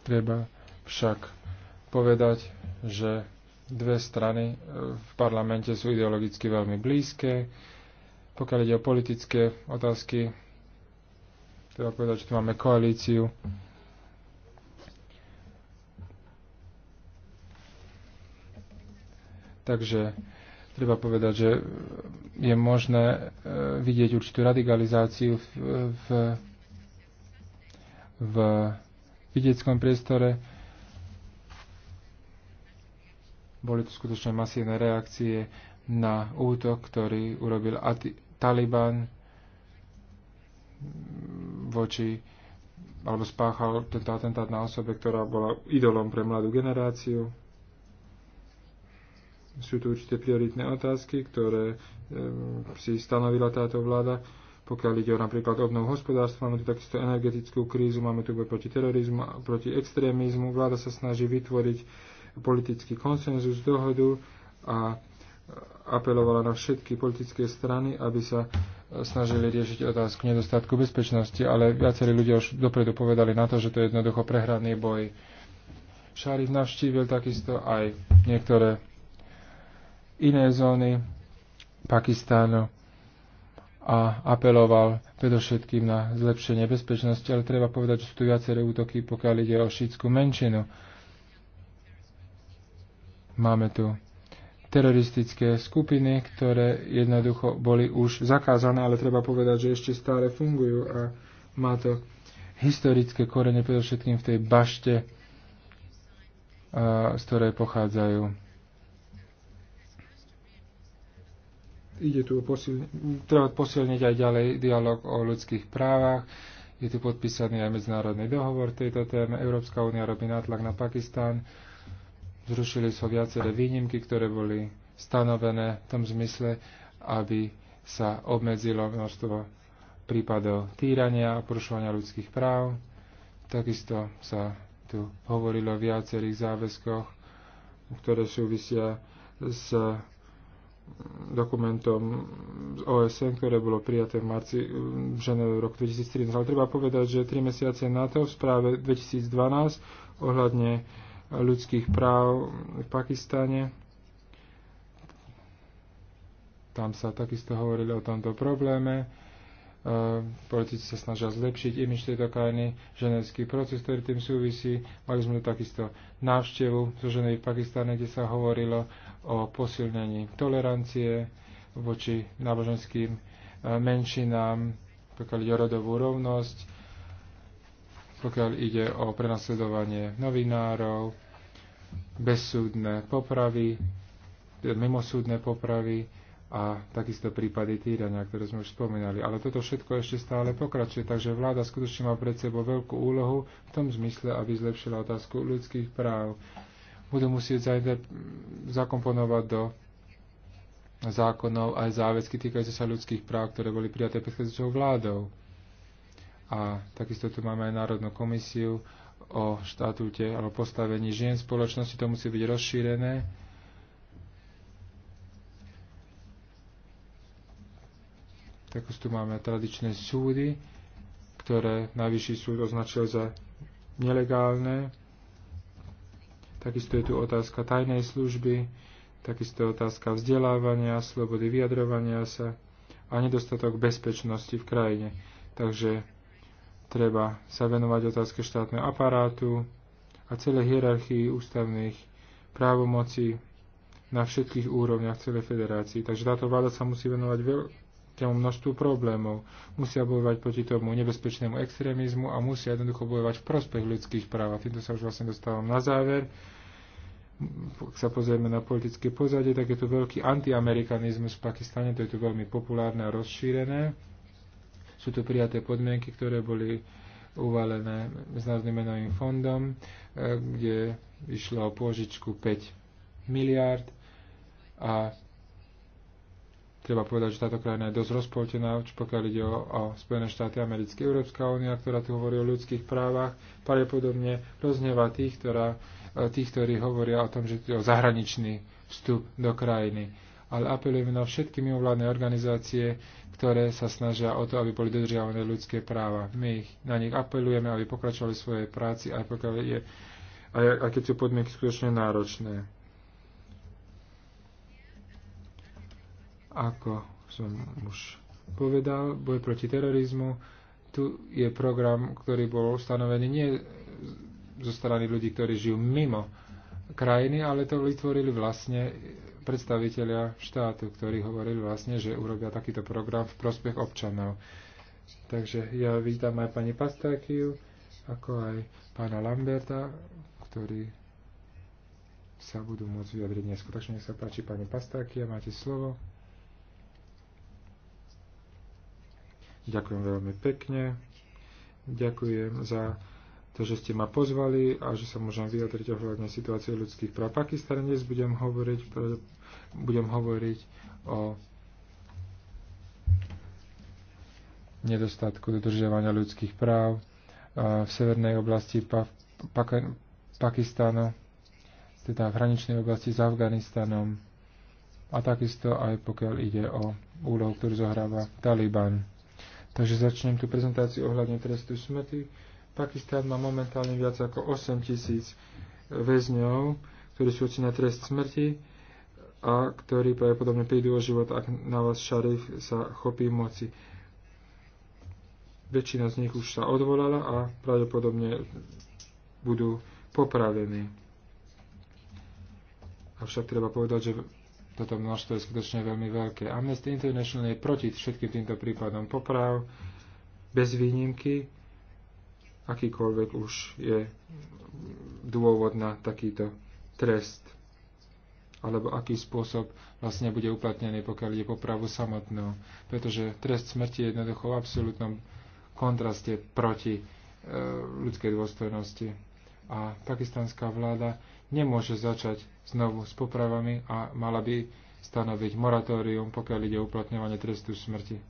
Treba však povedať, že dve strany eh, v parlamente sú ideologicky veľmi blízke pokiaľ ide o politické otázky, treba povedať, že tu máme koalíciu. Takže treba povedať, že je možné e, vidieť určitú radikalizáciu v, v, v vidieckom priestore. Boli tu skutočne masívne reakcie na útok, ktorý urobil Ati- Taliban voči alebo spáchal tento atentát na osobe, ktorá bola idolom pre mladú generáciu. Sú tu určité prioritné otázky, ktoré e, si stanovila táto vláda. Pokiaľ ide o napríklad obnovu hospodárstva, máme tu takisto energetickú krízu, máme tu boj proti terorizmu, proti extrémizmu. Vláda sa snaží vytvoriť politický konsenzus, dohodu a apelovala na všetky politické strany, aby sa e, snažili riešiť otázku nedostatku bezpečnosti, ale viacerí ľudia už dopredu povedali na to, že to je jednoducho prehraný boj. Šarif navštívil takisto aj niektoré iné zóny Pakistánu a apeloval predovšetkým na zlepšenie bezpečnosti, ale treba povedať, že sú tu viaceré útoky, pokiaľ ide o šítsku menšinu. Máme tu teroristické skupiny, ktoré jednoducho boli už zakázané, ale treba povedať, že ešte stále fungujú a má to historické korene, predovšetkým v tej bašte, z ktorej pochádzajú. Ide tu posilne treba posilniť aj ďalej dialog o ľudských právach. Je tu podpísaný aj medzinárodný dohovor tejto téme. Európska únia robí nátlak na Pakistán Zrušili sa so viaceré výnimky, ktoré boli stanovené v tom zmysle, aby sa obmedzilo množstvo prípadov týrania a porušovania ľudských práv. Takisto sa tu hovorilo o viacerých záväzkoch, ktoré súvisia s dokumentom z OSN, ktoré bolo prijaté v marci v Ženeve roku 2013. Ale treba povedať, že tri mesiace na to v správe 2012 ohľadne ľudských práv v Pakistane. Tam sa takisto hovorili o tomto probléme. E, politici sa snažia zlepšiť imič tejto krajiny, ženevský proces, ktorý tým súvisí. Mali sme tu takisto návštevu zo ženej v Pakistane, kde sa hovorilo o posilnení tolerancie voči náboženským e, menšinám, pokiaľ ide o rodovú rovnosť, pokiaľ ide o prenasledovanie novinárov, bezsúdne popravy, mimosúdne popravy a takisto prípady týrania, ktoré sme už spomínali. Ale toto všetko ešte stále pokračuje, takže vláda skutočne má pred sebou veľkú úlohu v tom zmysle, aby zlepšila otázku ľudských práv. Budú musieť zakomponovať do zákonov aj záväzky týkajúce sa ľudských práv, ktoré boli prijaté predchádzajúcou vládou a takisto tu máme aj Národnú komisiu o štatúte alebo postavení žien spoločnosti, to musí byť rozšírené. Takisto tu máme tradičné súdy, ktoré najvyšší súd označil za nelegálne. Takisto je tu otázka tajnej služby, takisto otázka vzdelávania, slobody vyjadrovania sa a nedostatok bezpečnosti v krajine. Takže treba sa venovať otázke štátneho aparátu a celej hierarchii ústavných právomocí na všetkých úrovniach celej federácii. Takže táto vláda sa musí venovať veľkému množstvu problémov. Musia bojovať proti tomu nebezpečnému extrémizmu a musia jednoducho bojovať v prospech ľudských práv. A týmto sa už vlastne dostávam na záver. Ak sa pozrieme na politické pozadie, tak je tu veľký antiamerikanizmus v Pakistane, to je tu veľmi populárne a rozšírené sú tu prijaté podmienky, ktoré boli uvalené Medzinárodným menovým fondom, e, kde išlo o pôžičku 5 miliárd a treba povedať, že táto krajina je dosť rozpoltená, pokiaľ ide o, o Spojené štáty americké. Európska únia, ktorá tu hovorí o ľudských právach, pravdepodobne rozhneva tých, ktorá, e, tých, ktorí hovoria o tom, že to je o zahraničný vstup do krajiny ale apelujeme na všetky mimovládne organizácie, ktoré sa snažia o to, aby boli dodržiavané ľudské práva. My ich, na nich apelujeme, aby pokračovali svojej práci, aj, pokiaľ je, aj, aj keď sú podmienky skutočne náročné. Ako som už povedal, boj proti terorizmu, tu je program, ktorý bol ustanovený nie zo strany ľudí, ktorí žijú mimo krajiny, ale to vytvorili vlastne predstavitelia štátu, ktorí hovorili vlastne, že urobia takýto program v prospech občanov. Takže ja vítam aj pani Pastakiu, ako aj pána Lamberta, ktorí sa budú môcť vyjadriť neskôr. Takže nech sa páči pani Pastakia, máte slovo. Ďakujem veľmi pekne. Ďakujem za to, že ste ma pozvali a že sa môžem vyjadriť ohľadne situácie ľudských práv v Pakistane. Dnes budem hovoriť, budem hovoriť o nedostatku dodržiavania ľudských práv v severnej oblasti pa, pa, Pakistanu, teda v hraničnej oblasti s Afganistanom a takisto aj pokiaľ ide o úlohu, ktorú zohráva Taliban. Takže začnem tú prezentáciu ohľadne trestu smrti Pakistán má momentálne viac ako 8 tisíc väzňov, ktorí sú na trest smrti a ktorí pravdepodobne prídu o život, ak na vás Šarif sa chopí moci. Väčšina z nich už sa odvolala a pravdepodobne budú popravení. Avšak treba povedať, že toto množstvo je skutočne veľmi veľké. Amnesty International je proti všetkým týmto prípadom poprav, bez výnimky akýkoľvek už je dôvod na takýto trest alebo aký spôsob vlastne bude uplatnený, pokiaľ ide popravu samotnú. Pretože trest smrti je jednoducho v absolútnom kontraste proti e, ľudskej dôstojnosti. A pakistanská vláda nemôže začať znovu s popravami a mala by stanoviť moratórium, pokiaľ ide o uplatňovanie trestu smrti.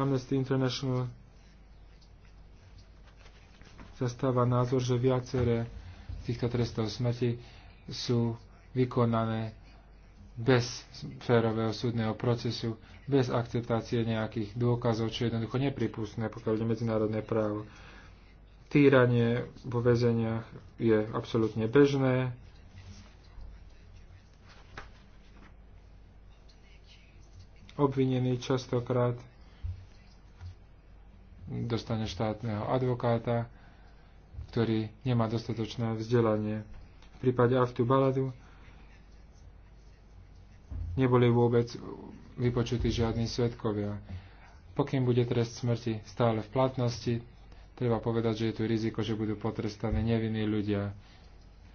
Amnesty International zastáva názor, že viaceré z týchto trestov smrti sú vykonané bez férového súdneho procesu, bez akceptácie nejakých dôkazov, čo je jednoducho nepripustné, pokiaľ ide medzinárodné právo. Týranie vo väzeniach je absolútne bežné, obvinený častokrát dostane štátneho advokáta, ktorý nemá dostatočné vzdelanie. V prípade Aftu Baladu neboli vôbec vypočutí žiadni svetkovia. Pokým bude trest smrti stále v platnosti, treba povedať, že je tu riziko, že budú potrestané nevinní ľudia.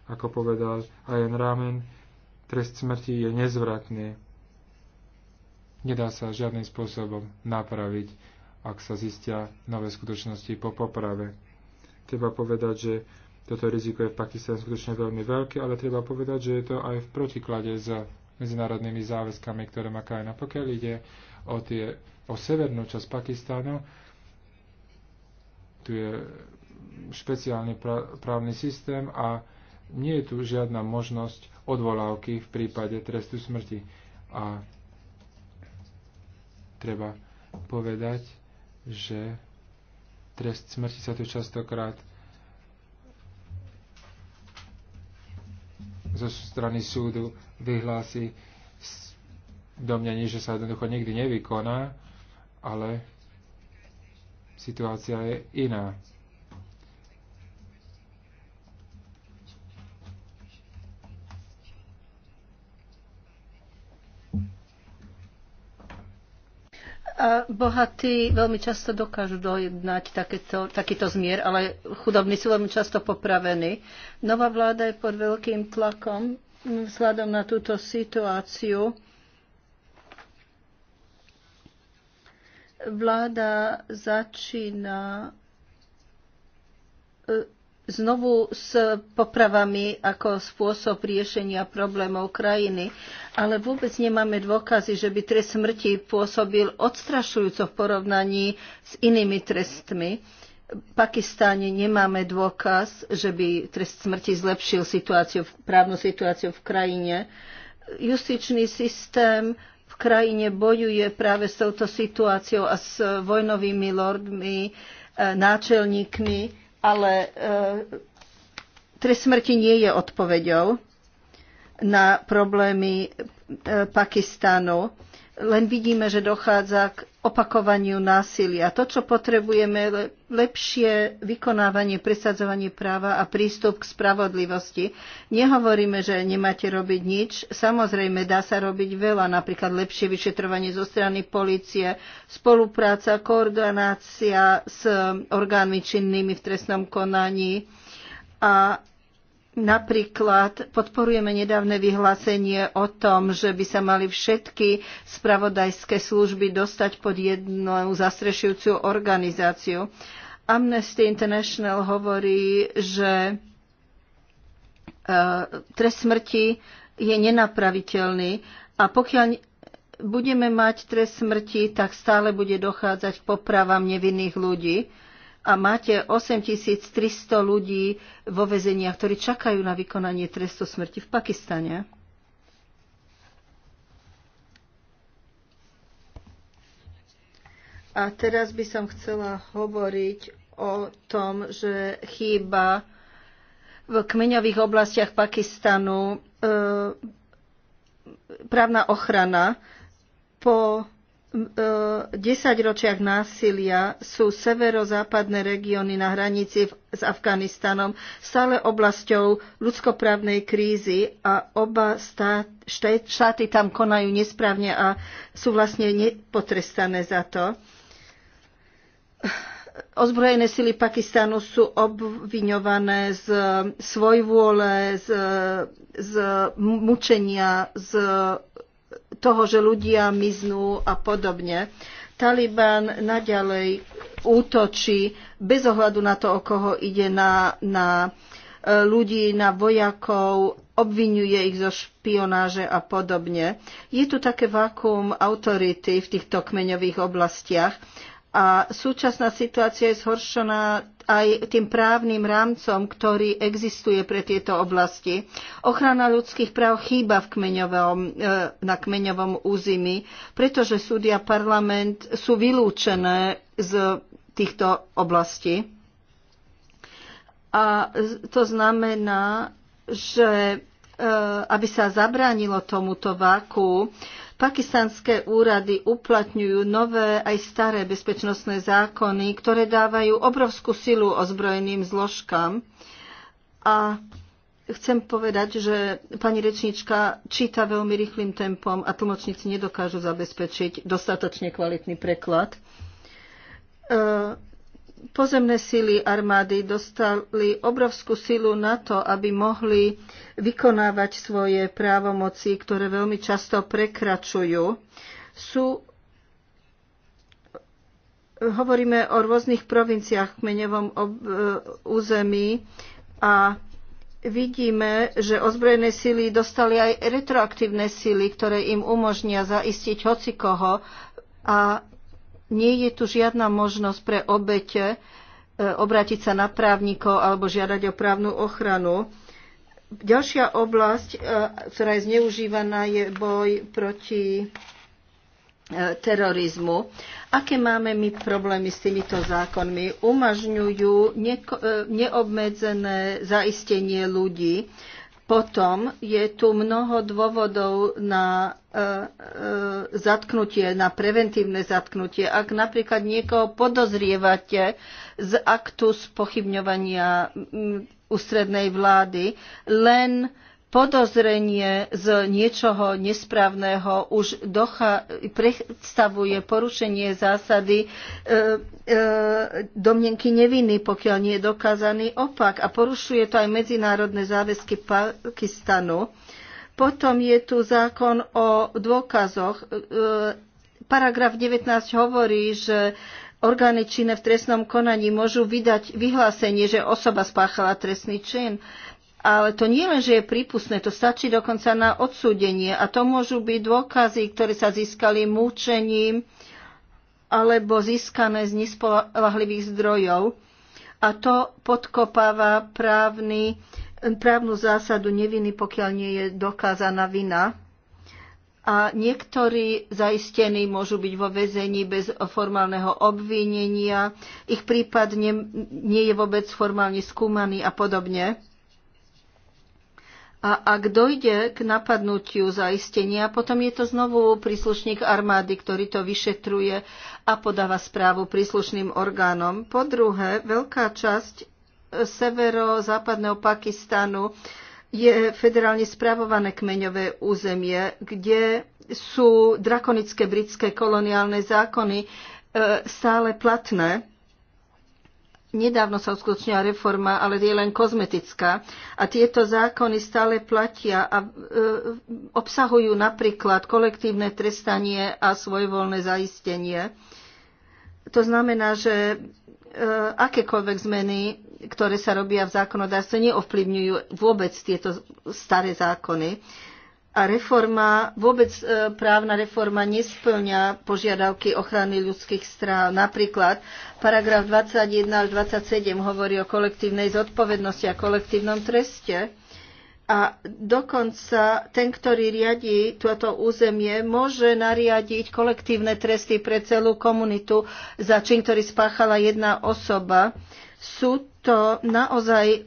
Ako povedal Ayan Ramen, trest smrti je nezvratný. Nedá sa žiadnym spôsobom napraviť, ak sa zistia nové skutočnosti po poprave. Treba povedať, že toto riziko je v Pakistane skutočne veľmi veľké, ale treba povedať, že je to aj v protiklade s medzinárodnými záväzkami, ktoré má krajina. Pokiaľ ide o, tie, o severnú časť Pakistánu, tu je špeciálny právny systém a nie je tu žiadna možnosť odvolávky v prípade trestu smrti. A treba povedať, že Trest smrti sa tu častokrát zo strany súdu vyhlási domnenie, že sa jednoducho nikdy nevykoná, ale situácia je iná. A bohatí veľmi často dokážu dojednať takéto, takýto zmier, ale chudobní sú veľmi často popravení. Nová vláda je pod veľkým tlakom vzhľadom na túto situáciu. Vláda začína e, znovu s popravami ako spôsob riešenia problémov krajiny, ale vôbec nemáme dôkazy, že by trest smrti pôsobil odstrašujúco v porovnaní s inými trestmi. V Pakistáne nemáme dôkaz, že by trest smrti zlepšil situáciu, právnu situáciu v krajine. Justičný systém v krajine bojuje práve s touto situáciou a s vojnovými lordmi, e, náčelníkmi ale e, trest smrti nie je odpoveďou na problémy e, Pakistanu len vidíme, že dochádza k opakovaniu násilia. To, čo potrebujeme, je lepšie vykonávanie, presadzovanie práva a prístup k spravodlivosti. Nehovoríme, že nemáte robiť nič. Samozrejme, dá sa robiť veľa, napríklad lepšie vyšetrovanie zo strany policie, spolupráca, koordinácia s orgánmi činnými v trestnom konaní a Napríklad podporujeme nedávne vyhlásenie o tom, že by sa mali všetky spravodajské služby dostať pod jednu zastrešujúcu organizáciu. Amnesty International hovorí, že e, trest smrti je nenapraviteľný a pokiaľ budeme mať trest smrti, tak stále bude dochádzať k popravám nevinných ľudí a máte 8300 ľudí vo vezeniach, ktorí čakajú na vykonanie trestu smrti v Pakistane. A teraz by som chcela hovoriť o tom, že chýba v kmeňových oblastiach Pakistanu e, právna ochrana po E, desaťročiach násilia sú severozápadné regióny na hranici s Afganistanom stále oblasťou ľudskoprávnej krízy a oba štáty tam konajú nesprávne a sú vlastne nepotrestané za to. Ozbrojené sily Pakistanu sú obviňované z svojvôle, z, z mučenia, z toho, že ľudia miznú a podobne. Taliban naďalej útočí bez ohľadu na to, o koho ide na, na e, ľudí, na vojakov, obvinuje ich zo špionáže a podobne. Je tu také vákuum autority v týchto kmeňových oblastiach a súčasná situácia je zhoršená aj tým právnym rámcom, ktorý existuje pre tieto oblasti. Ochrana ľudských práv chýba v kmeňovom, e, na kmeňovom území, pretože súdy a parlament sú vylúčené z týchto oblastí. A to znamená, že e, aby sa zabránilo tomuto váku, Pakistanské úrady uplatňujú nové aj staré bezpečnostné zákony, ktoré dávajú obrovskú silu ozbrojeným zložkám. A chcem povedať, že pani rečnička číta veľmi rýchlým tempom a tlmočníci nedokážu zabezpečiť dostatočne kvalitný preklad. E, pozemné síly armády dostali obrovskú silu na to, aby mohli vykonávať svoje právomoci, ktoré veľmi často prekračujú. Sú hovoríme o rôznych provinciách v kmeňovom e, území a vidíme, že ozbrojené sily dostali aj retroaktívne sily, ktoré im umožnia zaistiť hocikoho a nie je tu žiadna možnosť pre obete e, obrátiť sa na právnikov alebo žiadať o právnu ochranu. Ďalšia oblasť, e, ktorá je zneužívaná, je boj proti e, terorizmu. Aké máme my problémy s týmito zákonmi? Umažňujú neobmedzené zaistenie ľudí potom je tu mnoho dôvodov na e, e, zatknutie, na preventívne zatknutie. Ak napríklad niekoho podozrievate z aktu spochybňovania ústrednej vlády, len e, podozrenie z niečoho nesprávneho už docha- predstavuje porušenie zásady e, e, domnenky neviny, pokiaľ nie je dokázaný opak. A porušuje to aj medzinárodné záväzky Pakistanu. Potom je tu zákon o dôkazoch. E, paragraf 19 hovorí, že orgány činné v trestnom konaní môžu vydať vyhlásenie, že osoba spáchala trestný čin. Ale to nie len, že je prípustné, to stačí dokonca na odsúdenie. A to môžu byť dôkazy, ktoré sa získali múčením alebo získané z nespolahlivých zdrojov. A to podkopáva právny, právnu zásadu neviny, pokiaľ nie je dokázaná vina. A niektorí zaistení môžu byť vo väzení bez formálneho obvinenia, ich prípad nie, nie je vôbec formálne skúmaný a podobne. A ak dojde k napadnutiu zaistenia, potom je to znovu príslušník armády, ktorý to vyšetruje a podáva správu príslušným orgánom. Po druhé, veľká časť e, severo-západného Pakistanu je federálne správované kmeňové územie, kde sú drakonické britské koloniálne zákony e, stále platné Nedávno sa uskutočnila reforma, ale je len kozmetická. A tieto zákony stále platia a e, obsahujú napríklad kolektívne trestanie a svojvoľné zaistenie. To znamená, že e, akékoľvek zmeny, ktoré sa robia v zákonodárstve, neovplyvňujú vôbec tieto staré zákony a reforma, vôbec e, právna reforma nesplňa požiadavky ochrany ľudských stráv. Napríklad paragraf 21 až 27 hovorí o kolektívnej zodpovednosti a kolektívnom treste. A dokonca ten, ktorý riadi toto územie, môže nariadiť kolektívne tresty pre celú komunitu za čin, ktorý spáchala jedna osoba. Sú to naozaj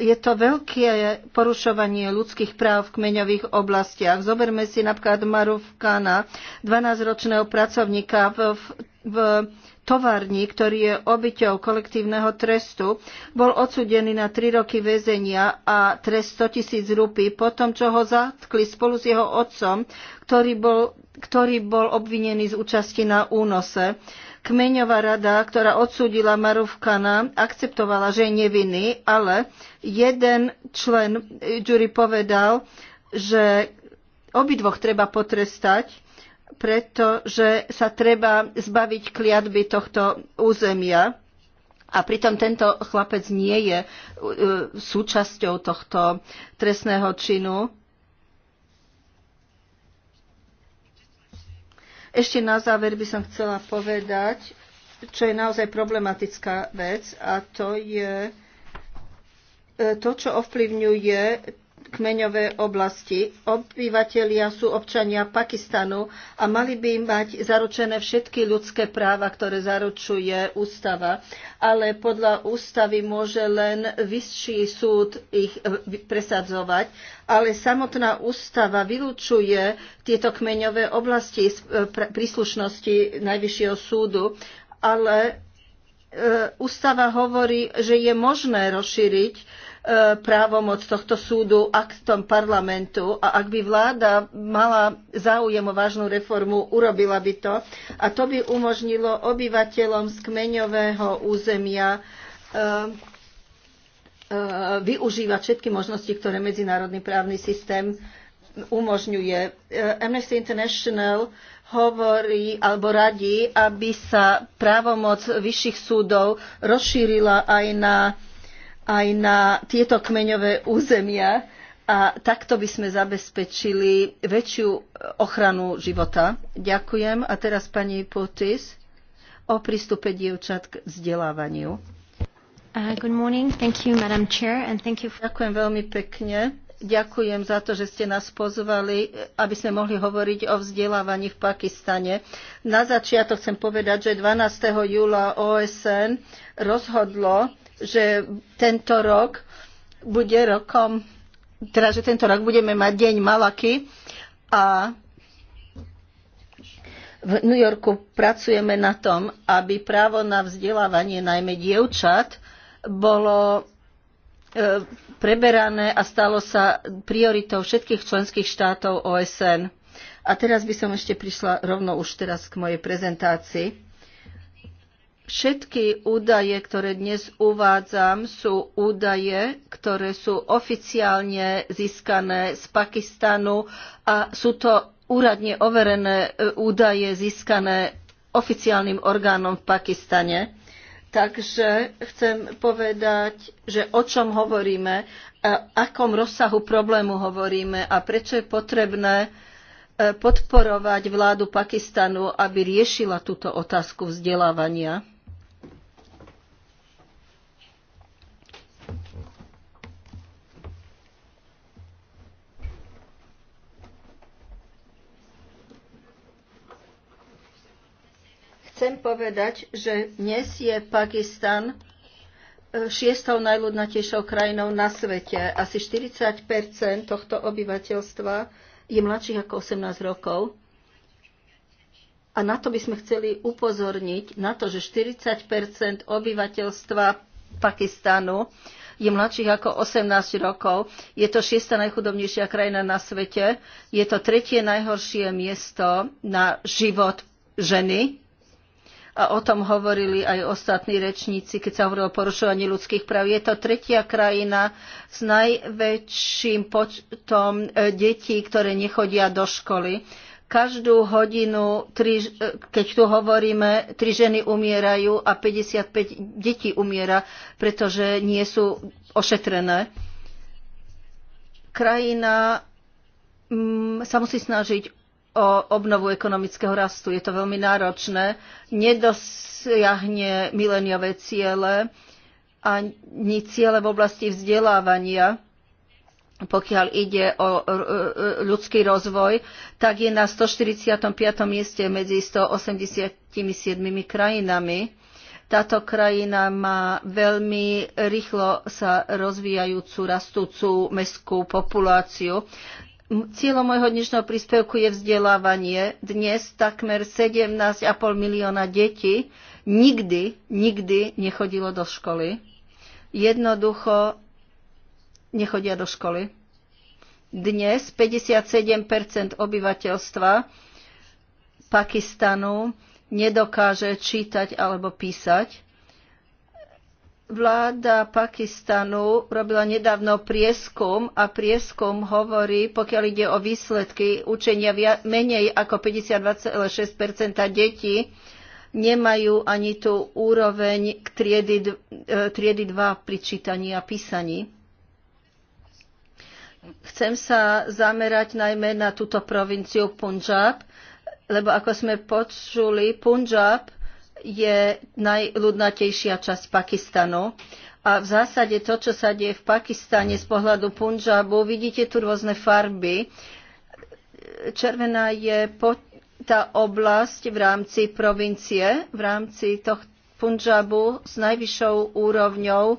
je to veľké porušovanie ľudských práv v kmeňových oblastiach. Zoberme si napríklad Kana, 12-ročného pracovníka v, v, v továrni, ktorý je obyťou kolektívneho trestu. Bol odsudený na 3 roky väzenia a trest 100 tisíc rupí potom, čo ho zatkli spolu s jeho otcom, ktorý bol, ktorý bol obvinený z účasti na únose. Kmeňová rada, ktorá odsúdila Marufkana, akceptovala, že je nevinný, ale jeden člen jury povedal, že obidvoch treba potrestať, pretože sa treba zbaviť kliatby tohto územia. A pritom tento chlapec nie je e, súčasťou tohto trestného činu Ešte na záver by som chcela povedať, čo je naozaj problematická vec a to je e, to, čo ovplyvňuje kmeňové oblasti. Obyvatelia sú občania Pakistanu a mali by im mať zaručené všetky ľudské práva, ktoré zaručuje ústava. Ale podľa ústavy môže len vyšší súd ich presadzovať. Ale samotná ústava vylúčuje tieto kmeňové oblasti z e, príslušnosti Najvyššieho súdu. Ale e, ústava hovorí, že je možné rozšíriť E, právomoc tohto súdu aktom parlamentu a ak by vláda mala záujem o vážnu reformu, urobila by to a to by umožnilo obyvateľom z kmeňového územia e, e, využívať všetky možnosti, ktoré medzinárodný právny systém umožňuje. Amnesty International hovorí alebo radí, aby sa právomoc vyšších súdov rozšírila aj na aj na tieto kmeňové územia a takto by sme zabezpečili väčšiu ochranu života. Ďakujem. A teraz pani Putis o prístupe dievčat k vzdelávaniu. Uh, good morning. Thank you, Madam Chair, and thank you for... Ďakujem veľmi pekne. Ďakujem za to, že ste nás pozvali, aby sme mohli hovoriť o vzdelávaní v Pakistane. Na začiatok chcem povedať, že 12. júla OSN rozhodlo, že tento rok bude rokom, teda, že tento rok budeme mať deň Malaky a v New Yorku pracujeme na tom, aby právo na vzdelávanie najmä dievčat bolo e, preberané a stalo sa prioritou všetkých členských štátov OSN. A teraz by som ešte prišla rovno už teraz k mojej prezentácii. Všetky údaje, ktoré dnes uvádzam, sú údaje, ktoré sú oficiálne získané z Pakistanu a sú to úradne overené e, údaje získané oficiálnym orgánom v Pakistane. Takže chcem povedať, že o čom hovoríme, a akom rozsahu problému hovoríme a prečo je potrebné e, podporovať vládu Pakistanu, aby riešila túto otázku vzdelávania. chcem povedať, že dnes je Pakistan e, šiestou najľudnatejšou krajinou na svete. Asi 40 tohto obyvateľstva je mladších ako 18 rokov. A na to by sme chceli upozorniť, na to, že 40 obyvateľstva Pakistanu je mladších ako 18 rokov. Je to šiesta najchudobnejšia krajina na svete. Je to tretie najhoršie miesto na život ženy a o tom hovorili aj ostatní rečníci, keď sa hovorilo o porušovaní ľudských práv. Je to tretia krajina s najväčším počtom e, detí, ktoré nechodia do školy. Každú hodinu, tri, e, keď tu hovoríme, tri ženy umierajú a 55 detí umiera, pretože nie sú ošetrené. Krajina mm, sa musí snažiť o obnovu ekonomického rastu. Je to veľmi náročné, nedosiahne mileniové ciele ani ciele v oblasti vzdelávania, pokiaľ ide o ľudský rozvoj, tak je na 145. mieste medzi 187 krajinami. Táto krajina má veľmi rýchlo sa rozvíjajúcu, rastúcu mestskú populáciu. Cieľom môjho dnešného príspevku je vzdelávanie. Dnes takmer 17,5 milióna detí nikdy, nikdy nechodilo do školy. Jednoducho nechodia do školy. Dnes 57 obyvateľstva Pakistanu nedokáže čítať alebo písať Vláda Pakistanu robila nedávno prieskum a prieskum hovorí, pokiaľ ide o výsledky učenia menej ako 52,6 detí, nemajú ani tú úroveň k triedy, e, triedy 2 pri čítaní a písaní. Chcem sa zamerať najmä na túto provinciu Punjab, lebo ako sme počuli, Punjab je najľudnatejšia časť Pakistanu. A v zásade to, čo sa deje v Pakistane z pohľadu Punjabu, vidíte tu rôzne farby. Červená je tá oblasť v rámci provincie, v rámci tohto Punjabu s najvyššou úrovňou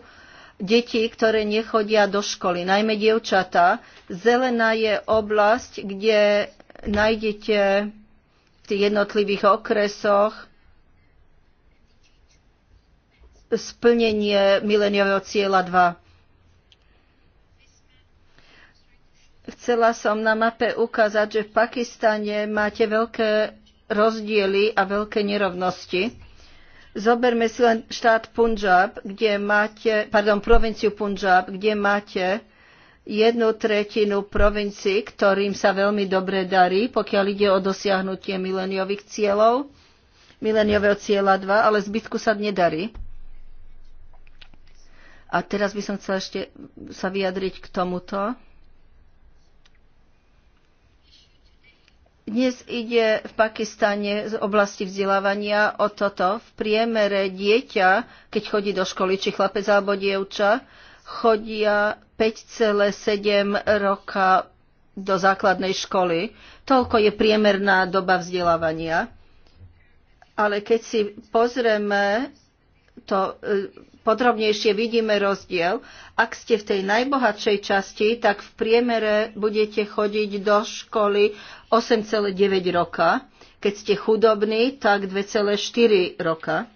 detí, ktoré nechodia do školy, najmä dievčatá. Zelená je oblasť, kde nájdete v tých jednotlivých okresoch splnenie mileniového cieľa 2. Chcela som na mape ukázať, že v Pakistane máte veľké rozdiely a veľké nerovnosti. Zoberme si len štát Punjab, kde máte, pardon, provinciu Punjab, kde máte jednu tretinu provincií, ktorým sa veľmi dobre darí, pokiaľ ide o dosiahnutie mileniových cieľov, mileniového cieľa 2, ale zbytku sa nedarí. A teraz by som chcela ešte sa vyjadriť k tomuto. Dnes ide v Pakistane z oblasti vzdelávania o toto. V priemere dieťa, keď chodí do školy, či chlapec alebo dievča, chodia 5,7 roka do základnej školy. Toľko je priemerná doba vzdelávania. Ale keď si pozrieme to e, podrobnejšie vidíme rozdiel. Ak ste v tej najbohatšej časti, tak v priemere budete chodiť do školy 8,9 roka. Keď ste chudobní, tak 2,4 roka.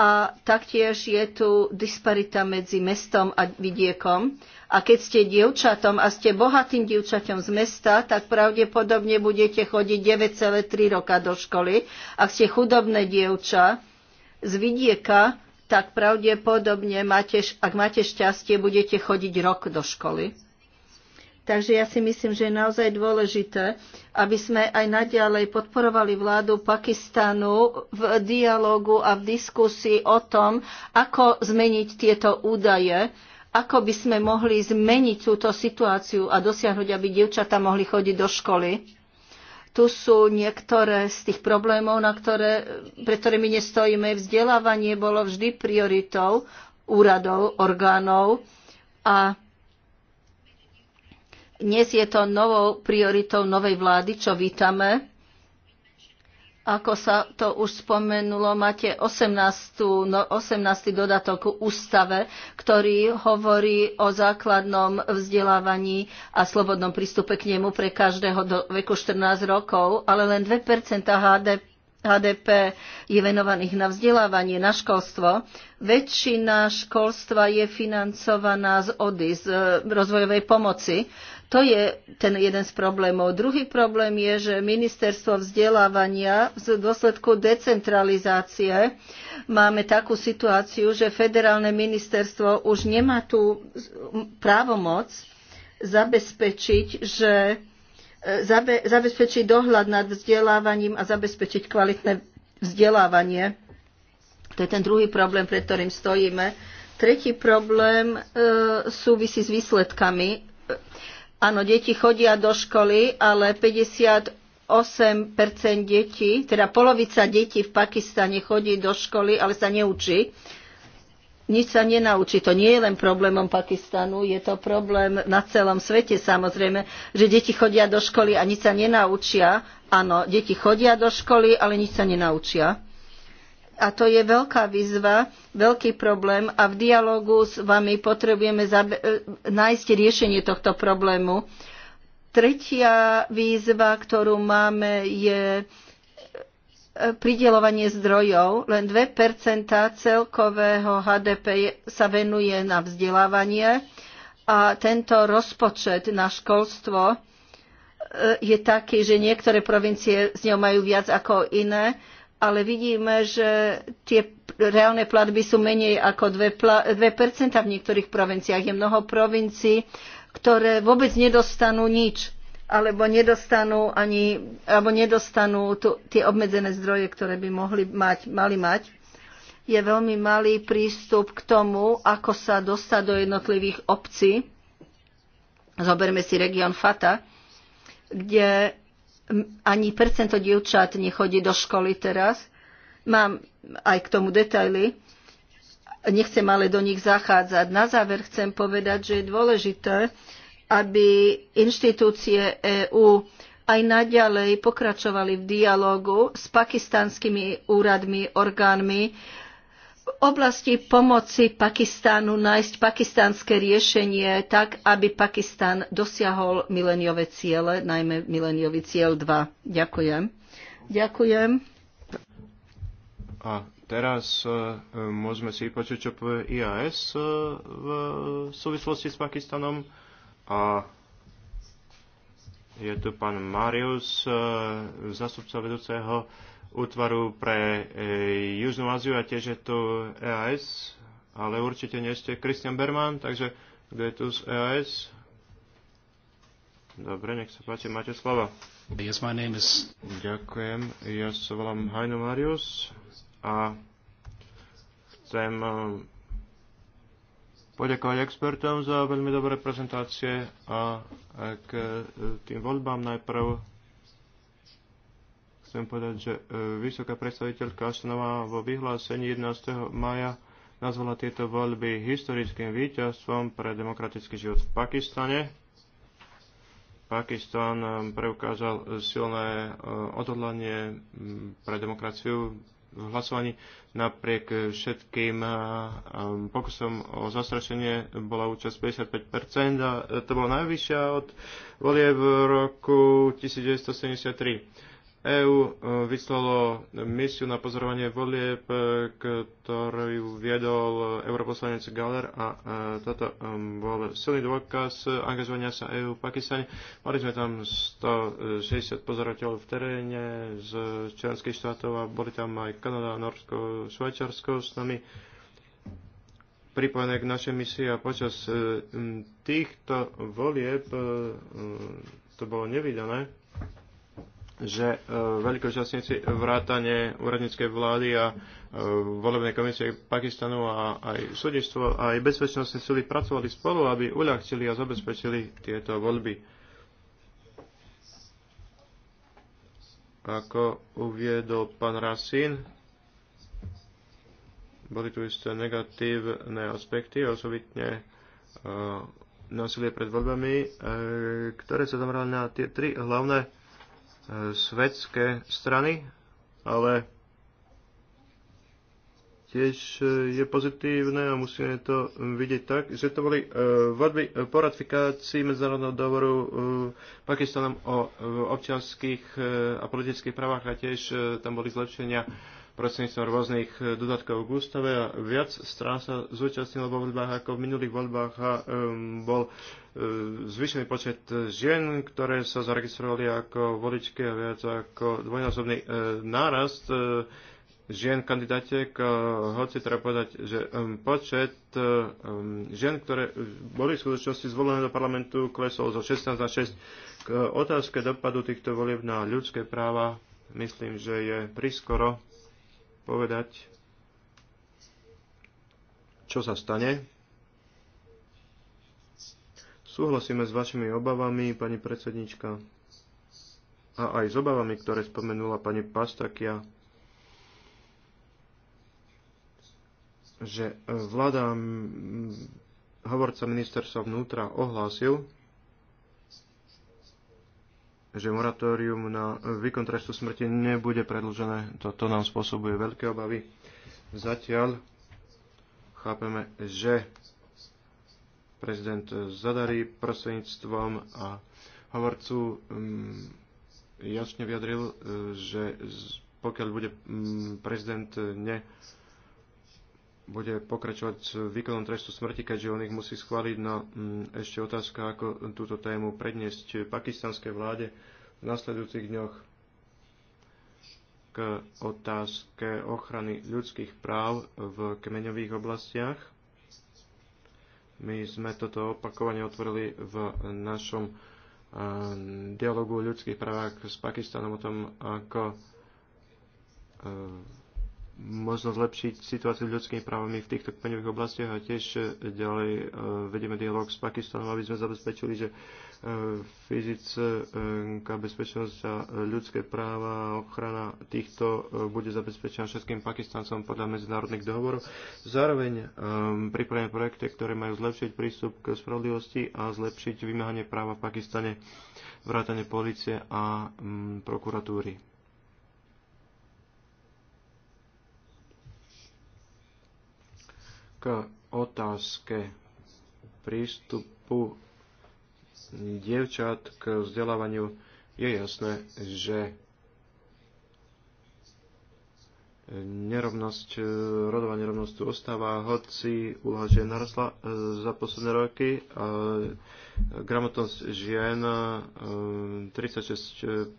A taktiež je tu disparita medzi mestom a vidiekom. A keď ste dievčatom a ste bohatým dievčaťom z mesta, tak pravdepodobne budete chodiť 9,3 roka do školy. Ak ste chudobné dievča z vidieka, tak pravdepodobne, máte, ak máte šťastie, budete chodiť rok do školy. Takže ja si myslím, že je naozaj dôležité, aby sme aj naďalej podporovali vládu Pakistanu v dialogu a v diskusii o tom, ako zmeniť tieto údaje, ako by sme mohli zmeniť túto situáciu a dosiahnuť, aby dievčatá mohli chodiť do školy. Tu sú niektoré z tých problémov, na ktoré, pre my nestojíme. Vzdelávanie bolo vždy prioritou úradov, orgánov a dnes je to novou prioritou novej vlády, čo vítame. Ako sa to už spomenulo, máte 18. No, 18. dodatok k ústave, ktorý hovorí o základnom vzdelávaní a slobodnom prístupe k nemu pre každého do veku 14 rokov, ale len 2 HDP HDP je venovaných na vzdelávanie, na školstvo. Väčšina školstva je financovaná z ODY, z e, rozvojovej pomoci. To je ten jeden z problémov. Druhý problém je, že ministerstvo vzdelávania v dôsledku decentralizácie máme takú situáciu, že federálne ministerstvo už nemá tú právomoc zabezpečiť, že e, zabe, zabezpečiť dohľad nad vzdelávaním a zabezpečiť kvalitné vzdelávanie. To je ten druhý problém, pred ktorým stojíme. Tretí problém e, súvisí s výsledkami Áno, deti chodia do školy, ale 58% detí, teda polovica detí v Pakistane chodí do školy, ale sa neučí. Nič sa nenaučí. To nie je len problémom Pakistanu, je to problém na celom svete samozrejme, že deti chodia do školy a nič sa nenaučia. Áno, deti chodia do školy, ale nič sa nenaučia. A to je veľká výzva, veľký problém a v dialogu s vami potrebujeme e, nájsť riešenie tohto problému. Tretia výzva, ktorú máme, je e, pridelovanie zdrojov. Len 2 celkového HDP sa venuje na vzdelávanie a tento rozpočet na školstvo e, je taký, že niektoré provincie z ňou majú viac ako iné ale vidíme, že tie reálne platby sú menej ako 2%, v niektorých provinciách. Je mnoho provincií, ktoré vôbec nedostanú nič alebo nedostanú, ani, alebo nedostanú tu, tie obmedzené zdroje, ktoré by mohli mať, mali mať. Je veľmi malý prístup k tomu, ako sa dostať do jednotlivých obcí. Zoberme si región Fata, kde ani percento dievčat nechodí do školy teraz. Mám aj k tomu detaily. Nechcem ale do nich zachádzať. Na záver chcem povedať, že je dôležité, aby inštitúcie EÚ aj naďalej pokračovali v dialogu s pakistanskými úradmi, orgánmi, oblasti pomoci Pakistánu nájsť pakistánske riešenie tak, aby Pakistán dosiahol mileniové ciele, najmä mileniový cieľ 2. Ďakujem. Ďakujem. A teraz uh, môžeme si počuť, čo povie IAS uh, e, v súvislosti s Pakistanom. A je tu pán Marius, uh, zastupca vedúceho uh, útvaru pre e, Južnú Aziu a tiež je tu EAS, ale určite nie ste Christian Berman, takže kto je tu z EAS? Dobre, nech sa páči, máte slovo. Yes, my name is... Ďakujem, ja sa volám Heino Marius a chcem e, poďakovať expertom za veľmi dobré prezentácie a k e, tým voľbám najprv chcem povedať, že e, vysoká predstaviteľka Aštanová vo vyhlásení 11. maja nazvala tieto voľby historickým víťazstvom pre demokratický život v Pakistane. Pakistan e, preukázal silné e, odhodlanie pre demokraciu v hlasovaní. Napriek všetkým pokusom o zastrašenie bola účasť 55% a to bola najvyššia od volie v roku 1973 EÚ e, vyslalo misiu na pozorovanie volieb, e, ktorú viedol europoslanec Galer a e, toto bol silný dôkaz angažovania sa EÚ v Pakistane. Mali sme tam 160 pozorovateľov v teréne z členských štátov a boli tam aj Kanada, Norsko, Švajčarsko s nami pripojené k našej misii a počas týchto volieb to bolo nevydané že e, veľkočasníci vrátane úradníckej vlády a e, volebnej komisie Pakistanu a aj súdistvo a aj bezpečnostné sily pracovali spolu, aby uľahčili a zabezpečili tieto voľby. Ako uviedol pán Rasín, boli tu isté negatívne aspekty, osobitne e, násilie pred voľbami, ktoré sa zamerali na tie tri hlavné svetské strany, ale tiež e, je pozitívne a musíme to vidieť tak, že to boli e, voľby po ratifikácii medzinárodného dohovoru e, Pakistanom o občianských a politických právach a tiež tam boli zlepšenia prostredníctvom rôznych dodatkov k ústave a viac strán sa zúčastnilo vo voľbách ako v minulých voľbách a um, bol E, zvyšený počet žien, ktoré sa zaregistrovali ako voličky a viac ako dvojnásobný e, nárast e, žien kandidátek, hoci treba povedať, že počet žien, ktoré boli v skutočnosti zvolené do parlamentu, klesol zo 16 na 6. K otázke dopadu týchto volieb na ľudské práva myslím, že je priskoro povedať, čo sa stane Súhlasíme s vašimi obavami, pani predsednička, a aj s obavami, ktoré spomenula pani Pastakia, že vláda hovorca ministerstva vnútra ohlásil, že moratórium na výkon trestu smrti nebude predlžené. Toto nám spôsobuje veľké obavy. Zatiaľ chápeme, že prezident zadarí prostredníctvom a hovorcu mm, jasne vyjadril, e, že pokiaľ bude mm, prezident e, ne bude pokračovať s výkonom trestu smrti, keďže on ich musí schváliť. No mm, ešte otázka, ako túto tému predniesť pakistanskej vláde v nasledujúcich dňoch k otázke ochrany ľudských práv v kmeňových oblastiach. My sme toto opakovane otvorili v našom e, dialogu o ľudských právach s Pakistanom o tom, ako e, možno zlepšiť situáciu s ľudskými právami v týchto kmeňových oblastiach a tiež e, ďalej e, vedieme dialog s Pakistanom, aby sme zabezpečili, že e, fyzická bezpečnosť a ľudské práva a ochrana týchto bude zabezpečená všetkým Pakistancom podľa medzinárodných dohovorov. Zároveň pripravené projekty, ktoré majú zlepšiť prístup k spravodlivosti a zlepšiť vymáhanie práva v Pakistane, vrátane policie a prokuratúry. k otázke prístupu dievčat k vzdelávaniu je jasné, že nerovnosť, rodová nerovnosť tu ostáva, hoci úloha žien narastla e, za posledné roky. E, gramotnosť žien 36% e,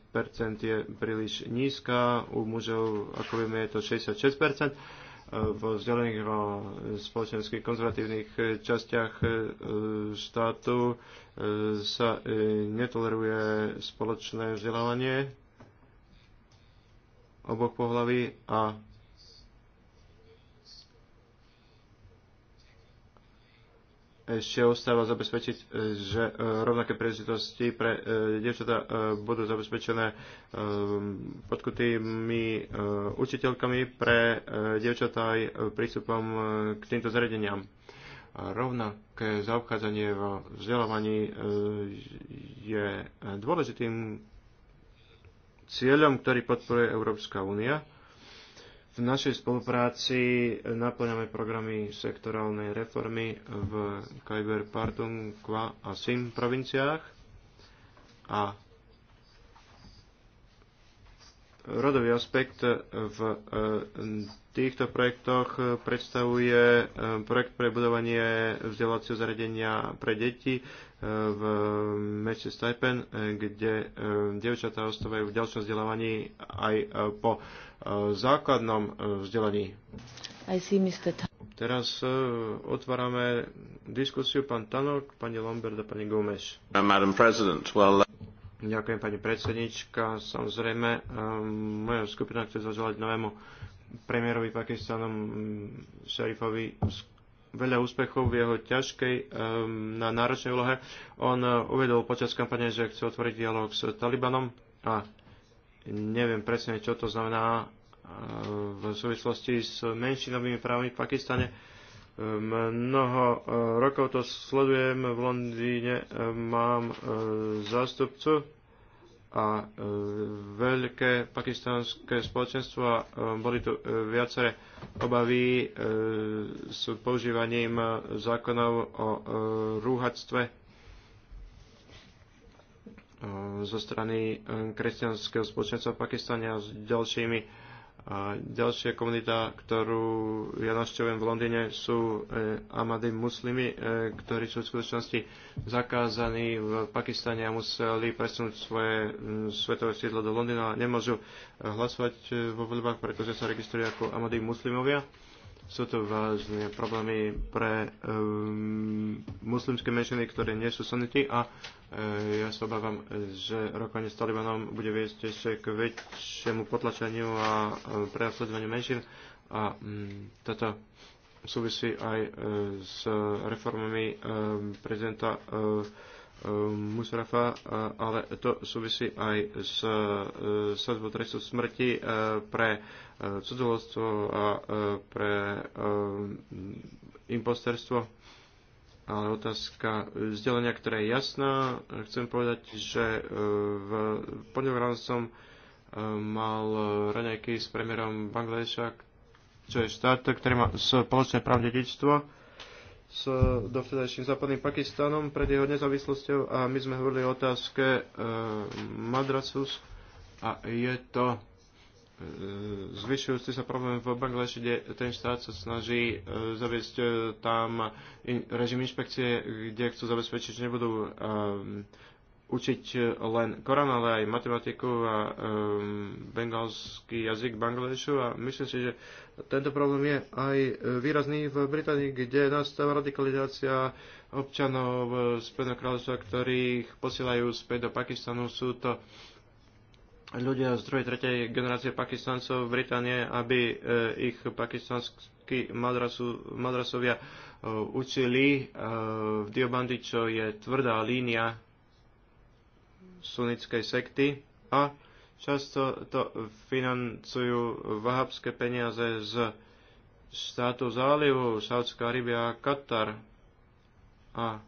je príliš nízka, u mužov, ako vieme, je to 66% v vzdelených a spoločenských konzervatívnych častiach e, štátu e, sa e, netoleruje spoločné vzdelávanie oboch pohlaví a ešte ostáva zabezpečiť, e, že e, rovnaké príležitosti pre e, dievčatá budú zabezpečené podkutými učiteľkami pre dievčatá aj prístupom k týmto zariadeniam. Rovnaké zaobchádzanie v vzdelávaní je dôležitým cieľom, ktorý podporuje Európska únia v našej spolupráci naplňame programy sektorálnej reformy v Kajber, Partum, Kva a Sim provinciách a rodový aspekt v eh, týchto projektoch predstavuje eh, projekt pre budovanie vzdelávacieho zariadenia pre deti eh, v meste Stajpen, kde devčatá ostávajú v ďalšom vzdelávaní aj po základnom e, vzdelaní. Teraz e, otvárame diskusiu pán Tanok, pani Lombard a pani Gomes. Uh, Ďakujem pani predsednička. Samozrejme, e, moja skupina chce zaželať novému premiérovi Pakistanom Sharifovi veľa úspechov v jeho ťažkej na náročnej úlohe. On uvedol počas kampane, že chce otvoriť dialog s Talibanom a Neviem presne, čo to znamená e, v súvislosti s menšinovými právami v Pakistane. Mnoho e, rokov to sledujem v Londýne, e, mám zástupcu a veľké pakistanské spoločenstvo a boli tu viaceré obavy s používaním zákonov o rúhactve Eh, zo strany eh, kresťanského spoločenstva v Pakistane a s ďalšími. A eh, ďalšia komunita, ktorú ja navštevujem v Londýne, sú Amady muslimi, ktorí sú v skutočnosti zakázaní v Pakistane a museli presunúť svoje mm, svetové sídlo do Londýna a nemôžu hlasovať vo voľbách, pretože sa registrujú ako Amady muslimovia sú to vážne problémy pre um, muslimské menšiny, ktoré nie sú sunity a e, ja sa obávam, že rokovanie s Talibanom bude viesť ešte k väčšiemu potlačeniu a e, prenasledovaniu menšín a um, toto súvisí aj e, s reformami e, prezidenta e, e Musrafa, e, ale to súvisí aj s e, sadbou trestu smrti pre cudzolostvo a e, pre e, imposterstvo. Ale otázka vzdelenia, ktorá je jasná, chcem povedať, že e, v pondelok som mal raňajky s premiérom Bangladeša, čo je štát, ktorý má spoločné právne dedičstvo s dovtedajším západným Pakistanom pred jeho nezávislosťou a my sme hovorili o otázke e, Madrasus a je to E, zvyšujúci sa problém v Bangladeši, kde ten štát sa snaží e, zaviesť e, tam režim inšpekcie, kde chcú zabezpečiť, že nebudú učiť len Korán, ale aj matematiku a bengalský jazyk Bangladešu a myslím si, že tento problém je aj výrazný v Británii, kde nastáva radikalizácia občanov z Kráľovstva, ktorých posielajú späť do Pakistanu. Sú to ľudia z druhej, tretej generácie Pakistancov v Británie, aby eh, ich pakistanskí madrasu, madrasovia eh, učili eh, v Diobandi, čo je tvrdá línia sunnickej sekty a často to financujú vahabské peniaze z štátu zálivu Sáudská Arábia a Katar a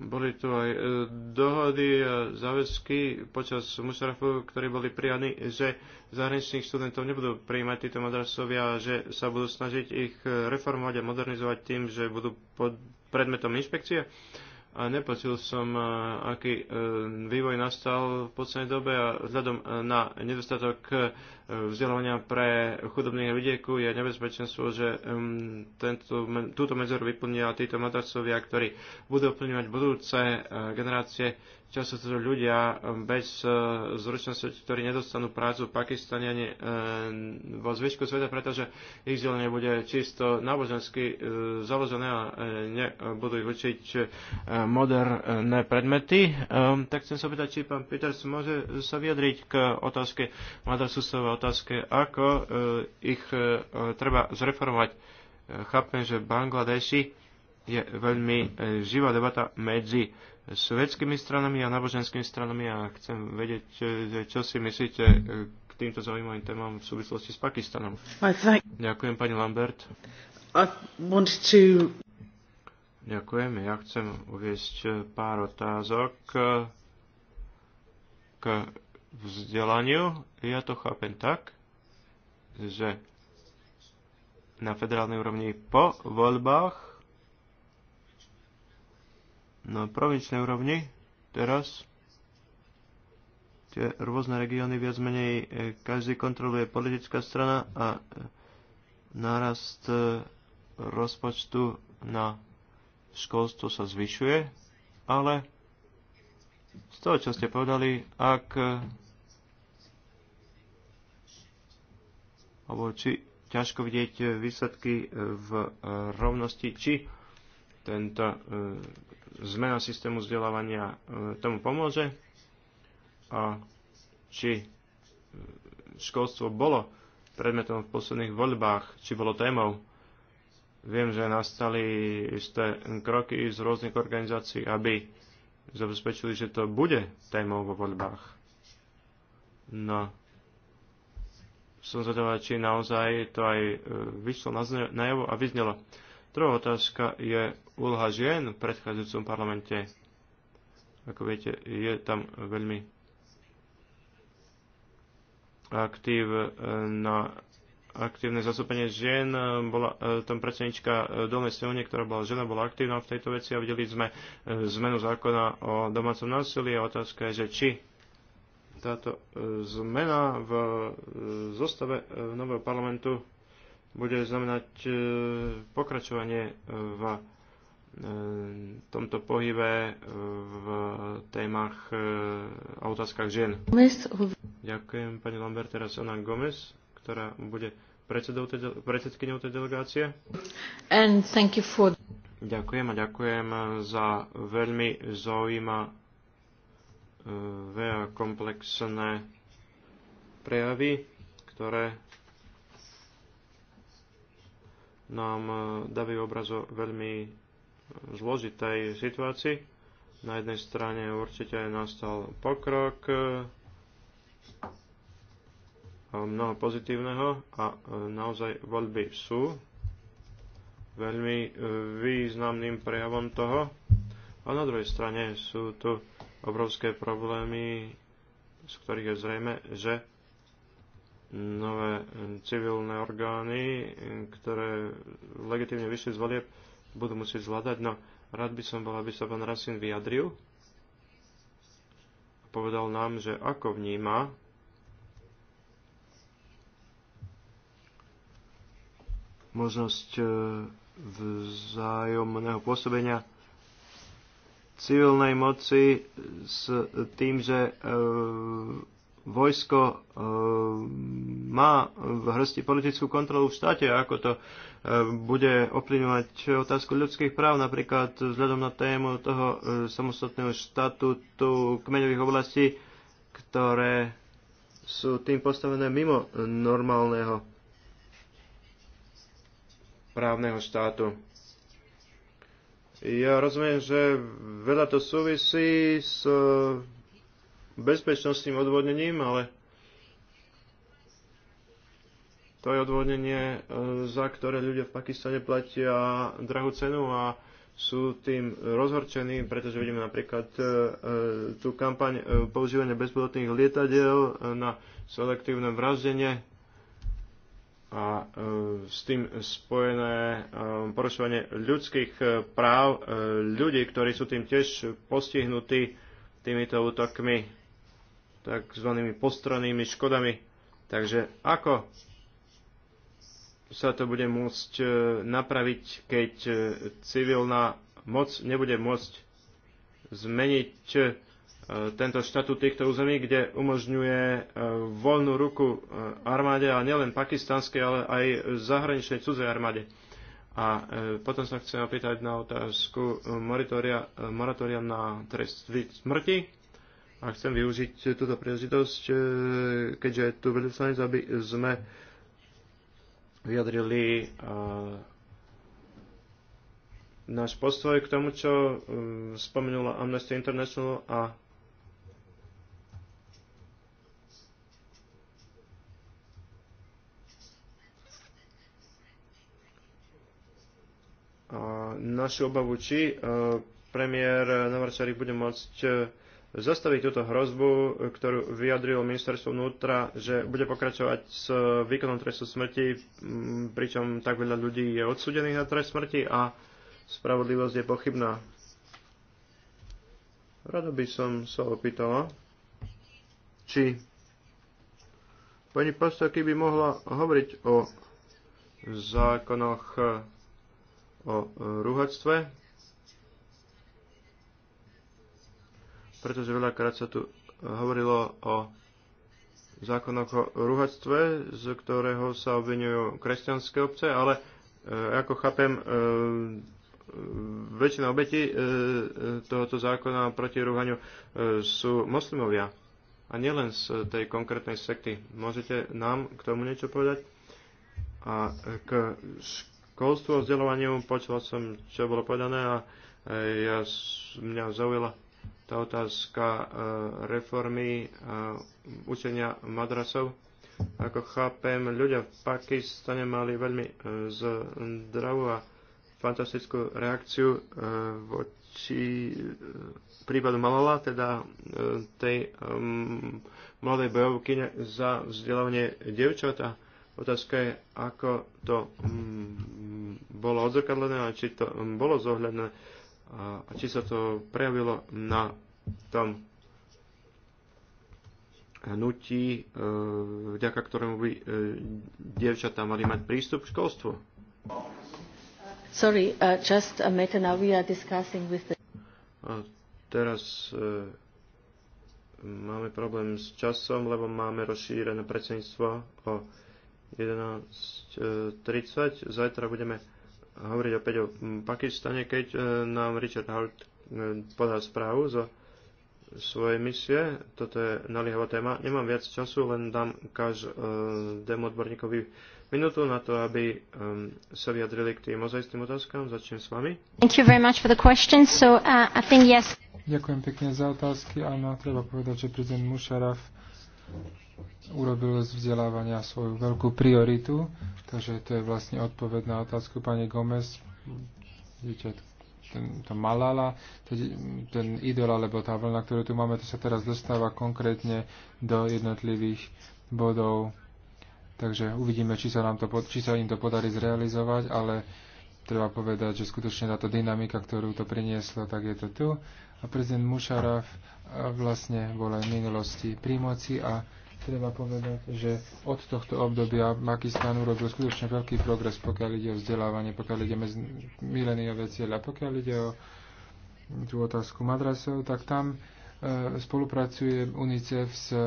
boli tu aj e, dohody a záväzky počas Musarafu, ktoré boli prijali, že zahraničných študentov nebudú prijímať títo madrasovia, že sa budú snažiť ich e, reformovať a modernizovať tým, že budú pod predmetom inšpekcie. A nepočul som, e, aký vývoj nastal v poslednej dobe a vzhľadom na nedostatok vzdelávania pre chudobných ľudí je nebezpečenstvo, že um, tento, túto medzeru vyplnia títo madracovia, ktorí budú plňovať budúce uh, generácie. Často sú ľudia um, bez uh, zručnosti, ktorí nedostanú prácu v Pakistane ani uh, vo zvyšku sveta, pretože ich vzdelanie bude čisto nábožensky založené a nebudú ich učiť moderné predmety. Um, tak chcem sa pýtať, či pán Peters môže sa vyjadriť k otázke madracovstva otázke, ako eh, ich eh, treba zreformovať. Eh, Chápem, že v Bangladeši je veľmi živá debata medzi svetskými stranami a náboženskými stranami a chcem vedieť, čo si myslíte k týmto zaujímavým témam v súvislosti s Pakistanom. Ďakujem, pani Lambert. To... Ďakujem. Ja chcem uviesť pár otázok k vzdelaniu, ja to chápem tak, že na federálnej úrovni po voľbách, na provinčnej úrovni teraz tie rôzne regióny viac menej e, každý kontroluje politická strana a e, nárast e, rozpočtu na školstvo sa zvyšuje, ale z toho, čo ste povedali, ak alebo či ťažko vidieť e, výsledky e, v e, rovnosti, či tento zmena systému vzdelávania tomu pomôže a či školstvo bolo predmetom v posledných voľbách, či bolo témou. Viem, že nastali isté kroky z rôznych organizácií, aby zabezpečili, že to bude témou vo voľbách. No, som zvedavá, či naozaj to aj e, vyšlo na javu a vyznelo. Druhá otázka je úloha žien v predchádzajúcom parlamente. Ako viete, je tam veľmi aktív e, na aktívne zastúpenie žien. E, bola tam predsednička Dolnej silne, ktorá bola žena, bola aktívna v tejto veci a videli sme zmenu zákona o domácom násilí a otázka je, že či táto e, zmena v e, zostave e, nového parlamentu bude znamenať pokračovanie v tomto pohybe v témach a otázkach žien. Ďakujem pani Lambert, teraz Ana Gomez, ktorá bude predsedkyňou tej delegácie. And thank you for... Ďakujem a ďakujem za veľmi zaujímavé veľa komplexné prejavy, ktoré nám e, dávajú obraz o veľmi e, zložitej situácii. Na jednej strane určite nastal pokrok, e, mnoho pozitívneho a naozaj voľby sú veľmi významným prejavom toho. A na druhej strane sú tu obrovské problémy, z ktorých je zrejme, že nové civilné orgány, ktoré legitimne vyšli z volieb, budú musieť zvládať. No, rád by som bol, aby sa pán Rasin vyjadril a povedal nám, že ako vníma možnosť e, vzájomného pôsobenia civilnej moci s tým, že e, vojsko e, má v hrsti politickú kontrolu v štáte, ako to e, bude ovplyvňovať otázku ľudských práv, napríklad vzhľadom na tému toho samostatného štatútu kmeňových oblastí, ktoré sú tým postavené mimo normálneho právneho štátu. Ja rozumiem, že veľa to súvisí s e, bezpečnostným odvodnením, ale to je odvodnenie, e, za ktoré ľudia v Pakistane platia drahú cenu a sú tým rozhorčení, pretože vidíme napríklad e, tú kampaň používania bezpilotných lietadiel na selektívne vraždenie a e, s tým spojené e, porušovanie ľudských e, práv ľudí, ktorí sú tým tiež postihnutí týmito útokmi, takzvanými postrannými škodami. Takže ako sa to bude môcť napraviť, keď civilná moc nebude môcť zmeniť E, tento štatút týchto území, kde umožňuje e, voľnú ruku e, armáde, a nielen pakistanskej, ale aj zahraničnej cudzej armáde. A potom sa chcem opýtať na otázku moratória, moratória na trest smrti. A chcem využiť túto príležitosť, keďže je tu veľvyslanec, aby sme vyjadrili náš postoj k tomu, čo spomenula Amnesty International a našu obavu, či e, premiér Novarčarik bude môcť e, zastaviť túto hrozbu, ktorú vyjadril ministerstvo vnútra, že bude pokračovať s e, výkonom trestu smrti, pričom tak veľa ľudí je odsudených na trest smrti a spravodlivosť je pochybná. Rado by som sa opýtala, či pani pastorky by mohla hovoriť o zákonoch o e, rúhačstve, pretože veľakrát sa tu hovorilo o zákonoch o rúhačstve, z ktorého sa obvinujú kresťanské obce, ale e, ako chápem, e, väčšina obetí tohoto zákona proti rúhaniu sú moslimovia a nielen z tej konkrétnej sekty. Môžete nám k tomu niečo povedať? A k školstvu, o vzdelávaniu. Počula som, čo bolo povedané a e, ja, mňa zaujala tá otázka e, reformy e, učenia madrasov. Ako chápem, ľudia v Pakistane mali veľmi zdravú a fantastickú reakciu voči prípadu Malala, teda tej mladej bojovkyne za vzdelávanie dievčat a Otázka je, ako to mm, bolo odzrkadlené a či to mm, bolo zohľadné a, a či sa to prejavilo na tom hnutí, e, vďaka ktorému by e, dievčatá mali mať prístup k školstvu. Sorry, uh, just a matter now we are discussing with the... A teraz e, máme problém s časom, lebo máme rozšírené predsedníctvo o 11.30. Zajtra budeme hovoriť opäť o Pakistane, keď e, nám Richard Hart e, podá správu zo svojej misie. Toto je naliehavá téma. Nemám viac času, len dám každému odborníkovi minútu na to, aby um, sa vyjadrili k tým ozajstným otázkam. Začnem s vami. Thank you very much for the question. So, uh, I think yes. Ďakujem pekne za otázky. Áno, treba povedať, že prezident Musharraf urobil z vzdelávania svoju veľkú prioritu, takže to je vlastne odpoveď na otázku pani Gomez, dieťatko ten, to Malala, ten idol alebo tá vlna, ktorú tu máme, to sa teraz dostáva konkrétne do jednotlivých bodov. Takže uvidíme, či sa, nám to, či sa im to podarí zrealizovať, ale treba povedať, že skutočne táto dynamika, ktorú to prinieslo, tak je to tu. A prezident Musharraf vlastne bol aj v minulosti pri moci a treba povedať, že od tohto obdobia Pakistan urobil skutočne veľký progres, pokiaľ ide o vzdelávanie, pokiaľ ide o mileniové cieľa, pokiaľ ide o tú otázku madrasov, tak tam e, spolupracuje UNICEF s e,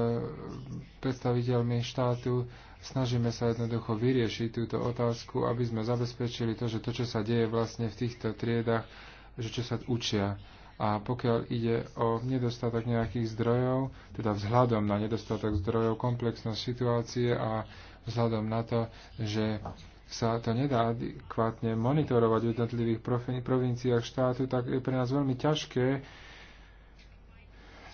predstaviteľmi štátu. Snažíme sa jednoducho vyriešiť túto otázku, aby sme zabezpečili to, že to, čo sa deje vlastne v týchto triedach, že čo sa učia a pokiaľ ide o nedostatok nejakých zdrojov, teda vzhľadom na nedostatok zdrojov, komplexnosť situácie a vzhľadom na to, že sa to nedá adekvátne monitorovať v jednotlivých provinciách štátu, tak je pre nás veľmi ťažké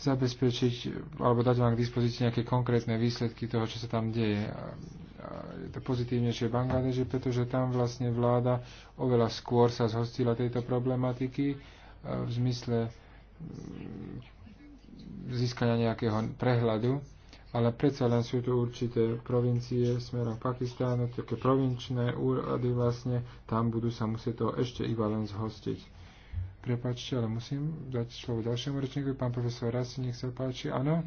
zabezpečiť alebo dať vám k dispozícii nejaké konkrétne výsledky toho, čo sa tam deje. A je to pozitívnejšie v Bangladeži, pretože tam vlastne vláda oveľa skôr sa zhostila tejto problematiky v zmysle mm, získania nejakého prehľadu, ale predsa len sú tu určité provincie smerom Pakistánu, také provinčné úrady vlastne, tam budú sa musieť to ešte iba len zhostiť. Prepačte, ale musím dať slovo ďalšiemu rečníku. pán profesor Rasi, nech sa páči. Áno?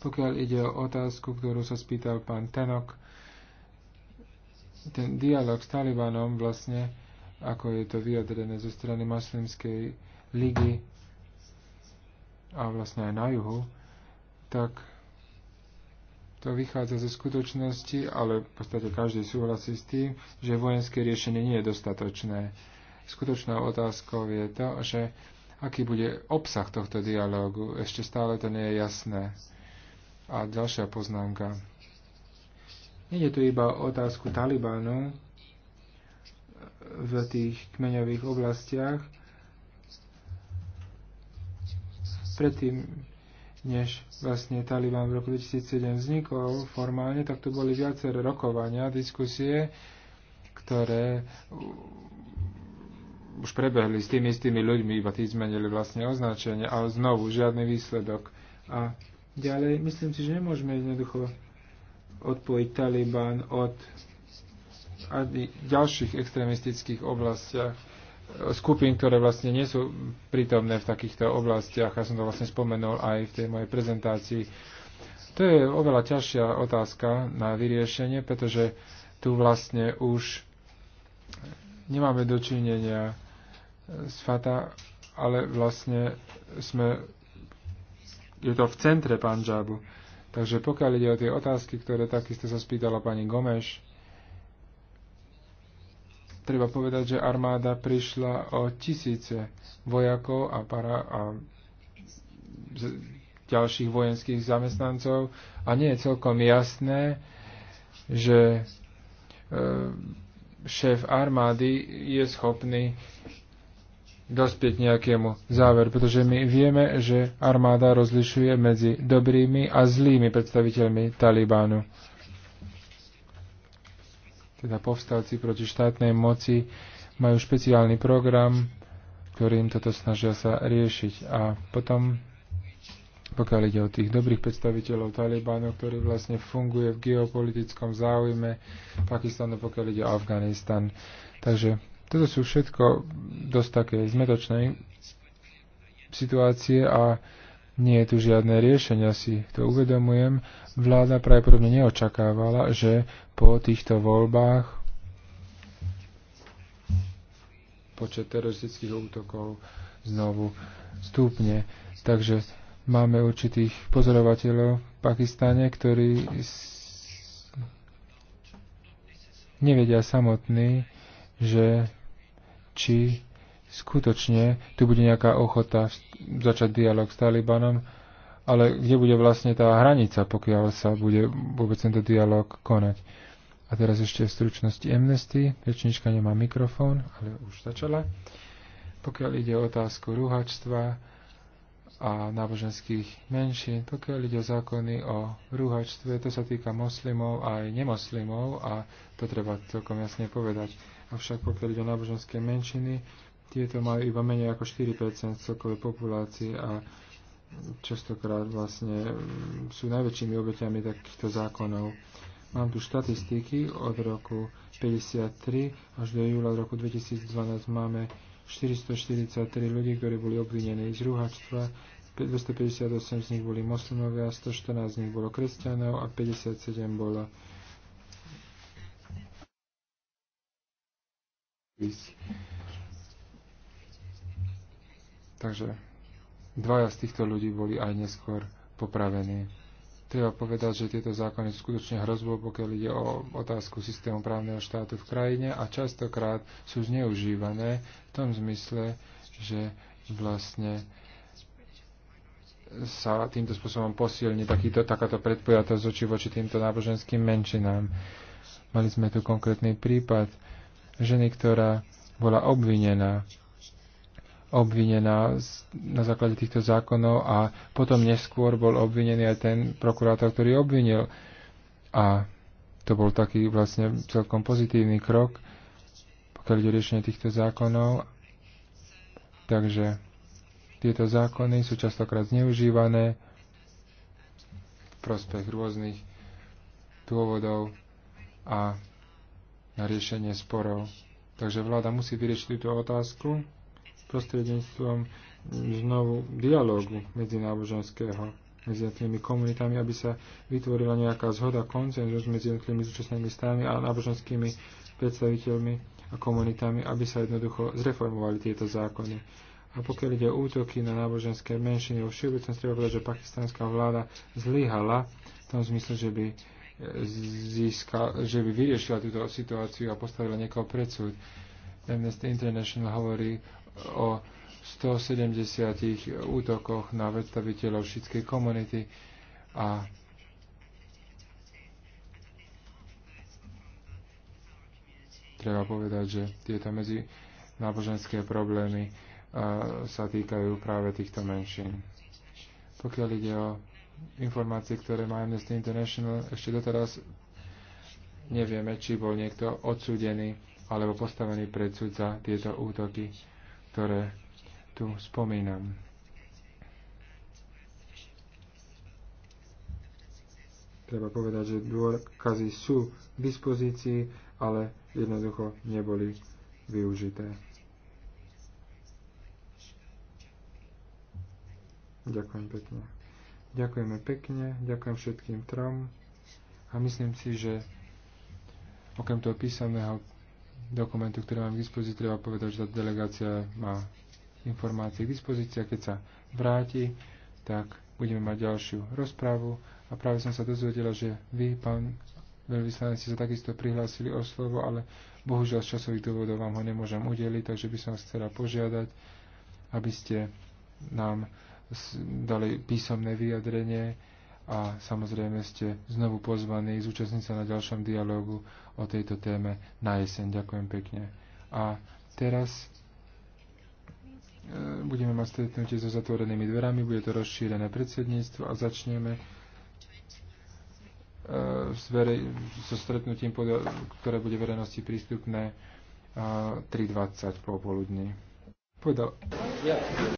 Pokiaľ ide o otázku, ktorú sa spýtal pán Tenok, ten dialog s Talibanom vlastne ako je to vyjadrené zo strany Maslimskej ligy a vlastne aj na juhu, tak to vychádza zo skutočnosti, ale v podstate každý súhlasí s tým, že vojenské riešenie nie je dostatočné. Skutočnou otázkou je to, že aký bude obsah tohto dialógu. Ešte stále to nie je jasné. A ďalšia poznámka. Nie je tu iba otázku Talibánu, v tých kmeňových oblastiach. Predtým, než vlastne Taliban v roku 2007 vznikol formálne, tak tu boli viaceré rokovania, diskusie, ktoré už prebehli s tými istými ľuďmi, iba tí zmenili vlastne označenie, ale znovu žiadny výsledok. A ďalej, myslím si, že nemôžeme jednoducho odpojiť Taliban od aj v ďalších extremistických oblastiach e, skupín, ktoré vlastne nie sú prítomné v takýchto oblastiach. Ja som to vlastne spomenul aj v tej mojej prezentácii. To je oveľa ťažšia otázka na vyriešenie, pretože tu vlastne už nemáme dočinenia e, s Fata, ale vlastne sme, je to v centre Panžabu. Takže pokiaľ ide o tie otázky, ktoré takisto sa spýtala pani Gomeš, treba povedať, že armáda prišla o tisíce vojakov a, para, a z, ďalších vojenských zamestnancov a nie je celkom jasné, že e, šéf armády je schopný dospieť nejakému záveru, pretože my vieme, že armáda rozlišuje medzi dobrými a zlými predstaviteľmi Talibánu teda povstalci proti štátnej moci, majú špeciálny program, ktorým toto snažia sa riešiť. A potom, pokiaľ ide o tých dobrých predstaviteľov Talibánu, ktorý vlastne funguje v geopolitickom záujme Pakistanu, pokiaľ ide o Afganistan. Takže toto sú všetko dosť také zmetočné situácie a nie je tu žiadne riešenia, si to uvedomujem. Vláda pravdepodobne neočakávala, že po týchto voľbách počet teroristických útokov znovu stúpne. Takže máme určitých pozorovateľov v Pakistane, ktorí nevedia samotní, že či skutočne tu bude nejaká ochota začať dialog s Talibanom, ale kde bude vlastne tá hranica, pokiaľ sa bude vôbec tento dialog konať. A teraz ešte v stručnosti Amnesty. Rečnička nemá mikrofón, ale už začala. Pokiaľ ide o otázku rúhačstva a náboženských menšín, pokiaľ ide o zákony o rúhačstve, to sa týka moslimov a aj nemoslimov a to treba celkom jasne povedať. Avšak pokiaľ ide o náboženské menšiny, tieto majú iba menej ako 4% celkovej populácie a častokrát vlastne mm, sú najväčšími obeťami takýchto zákonov. Mám tu štatistiky od roku 1953 až do júla roku 2012 máme 443 ľudí, ktorí boli obvinení z rúhačstva, 258 z nich boli moslimovia, 114 z nich bolo kresťanov a 57 bolo Takže dvaja z týchto ľudí boli aj neskôr popravení. Treba povedať, že tieto zákony sú skutočne hrozbou, pokiaľ ide o otázku systému právneho štátu v krajine a častokrát sú zneužívané v tom zmysle, že vlastne sa týmto spôsobom posilní takýto, takáto predpojatosť oči voči týmto náboženským menšinám. Mali sme tu konkrétny prípad ženy, ktorá bola obvinená obvinená na základe týchto zákonov a potom neskôr bol obvinený aj ten prokurátor, ktorý obvinil. A to bol taký vlastne celkom pozitívny krok, pokiaľ ide riešenie týchto zákonov. Takže tieto zákony sú častokrát zneužívané v prospech rôznych dôvodov a na riešenie sporov. Takže vláda musí vyriešiť túto otázku prostredníctvom znovu dialógu medzi náboženského medzi jednotlivými komunitami, aby sa vytvorila nejaká zhoda, koncenzus medzi jednotlivými zúčastnými stranami a náboženskými predstaviteľmi a komunitami, aby sa jednoducho zreformovali tieto zákony. A pokiaľ ide o útoky na náboženské menšiny vo všeobecnosti, treba povedať, že pakistánska vláda zlyhala v tom zmysle, že by eh, získal, že by vyriešila túto situáciu a postavila niekoho pred súd. Amnesty International hovorí o 170 útokoch na predstaviteľov všetkej komunity a treba povedať, že tieto medzi náboženské problémy sa týkajú práve týchto menšín. Pokiaľ ide o informácie, ktoré má Amnesty International, ešte doteraz nevieme, či bol niekto odsúdený alebo postavený pred súd za tieto útoky ktoré tu spomínam. Treba povedať, že dôkazy sú k dispozícii, ale jednoducho neboli využité. Ďakujem pekne. Ďakujeme pekne, ďakujem všetkým trom a myslím si, že okrem toho písaného dokumentu, ktoré mám k dispozícii, treba povedať, že tá delegácia má informácie k dispozícii a keď sa vráti, tak budeme mať ďalšiu rozprávu. A práve som sa dozvedela, že vy, pán veľvyslanec, ste sa takisto prihlásili o slovo, ale bohužiaľ z časových dôvodov vám ho nemôžem udeliť, takže by som vás chcela požiadať, aby ste nám dali písomné vyjadrenie a samozrejme ste znovu pozvaní zúčastniť sa na ďalšom dialogu o tejto téme na jeseň. Ďakujem pekne. A teraz e, budeme mať stretnutie so zatvorenými dverami, bude to rozšírené predsedníctvo a začneme e, so stretnutím, ktoré bude verejnosti prístupné 3.20 popoludní. Povedal. Yeah.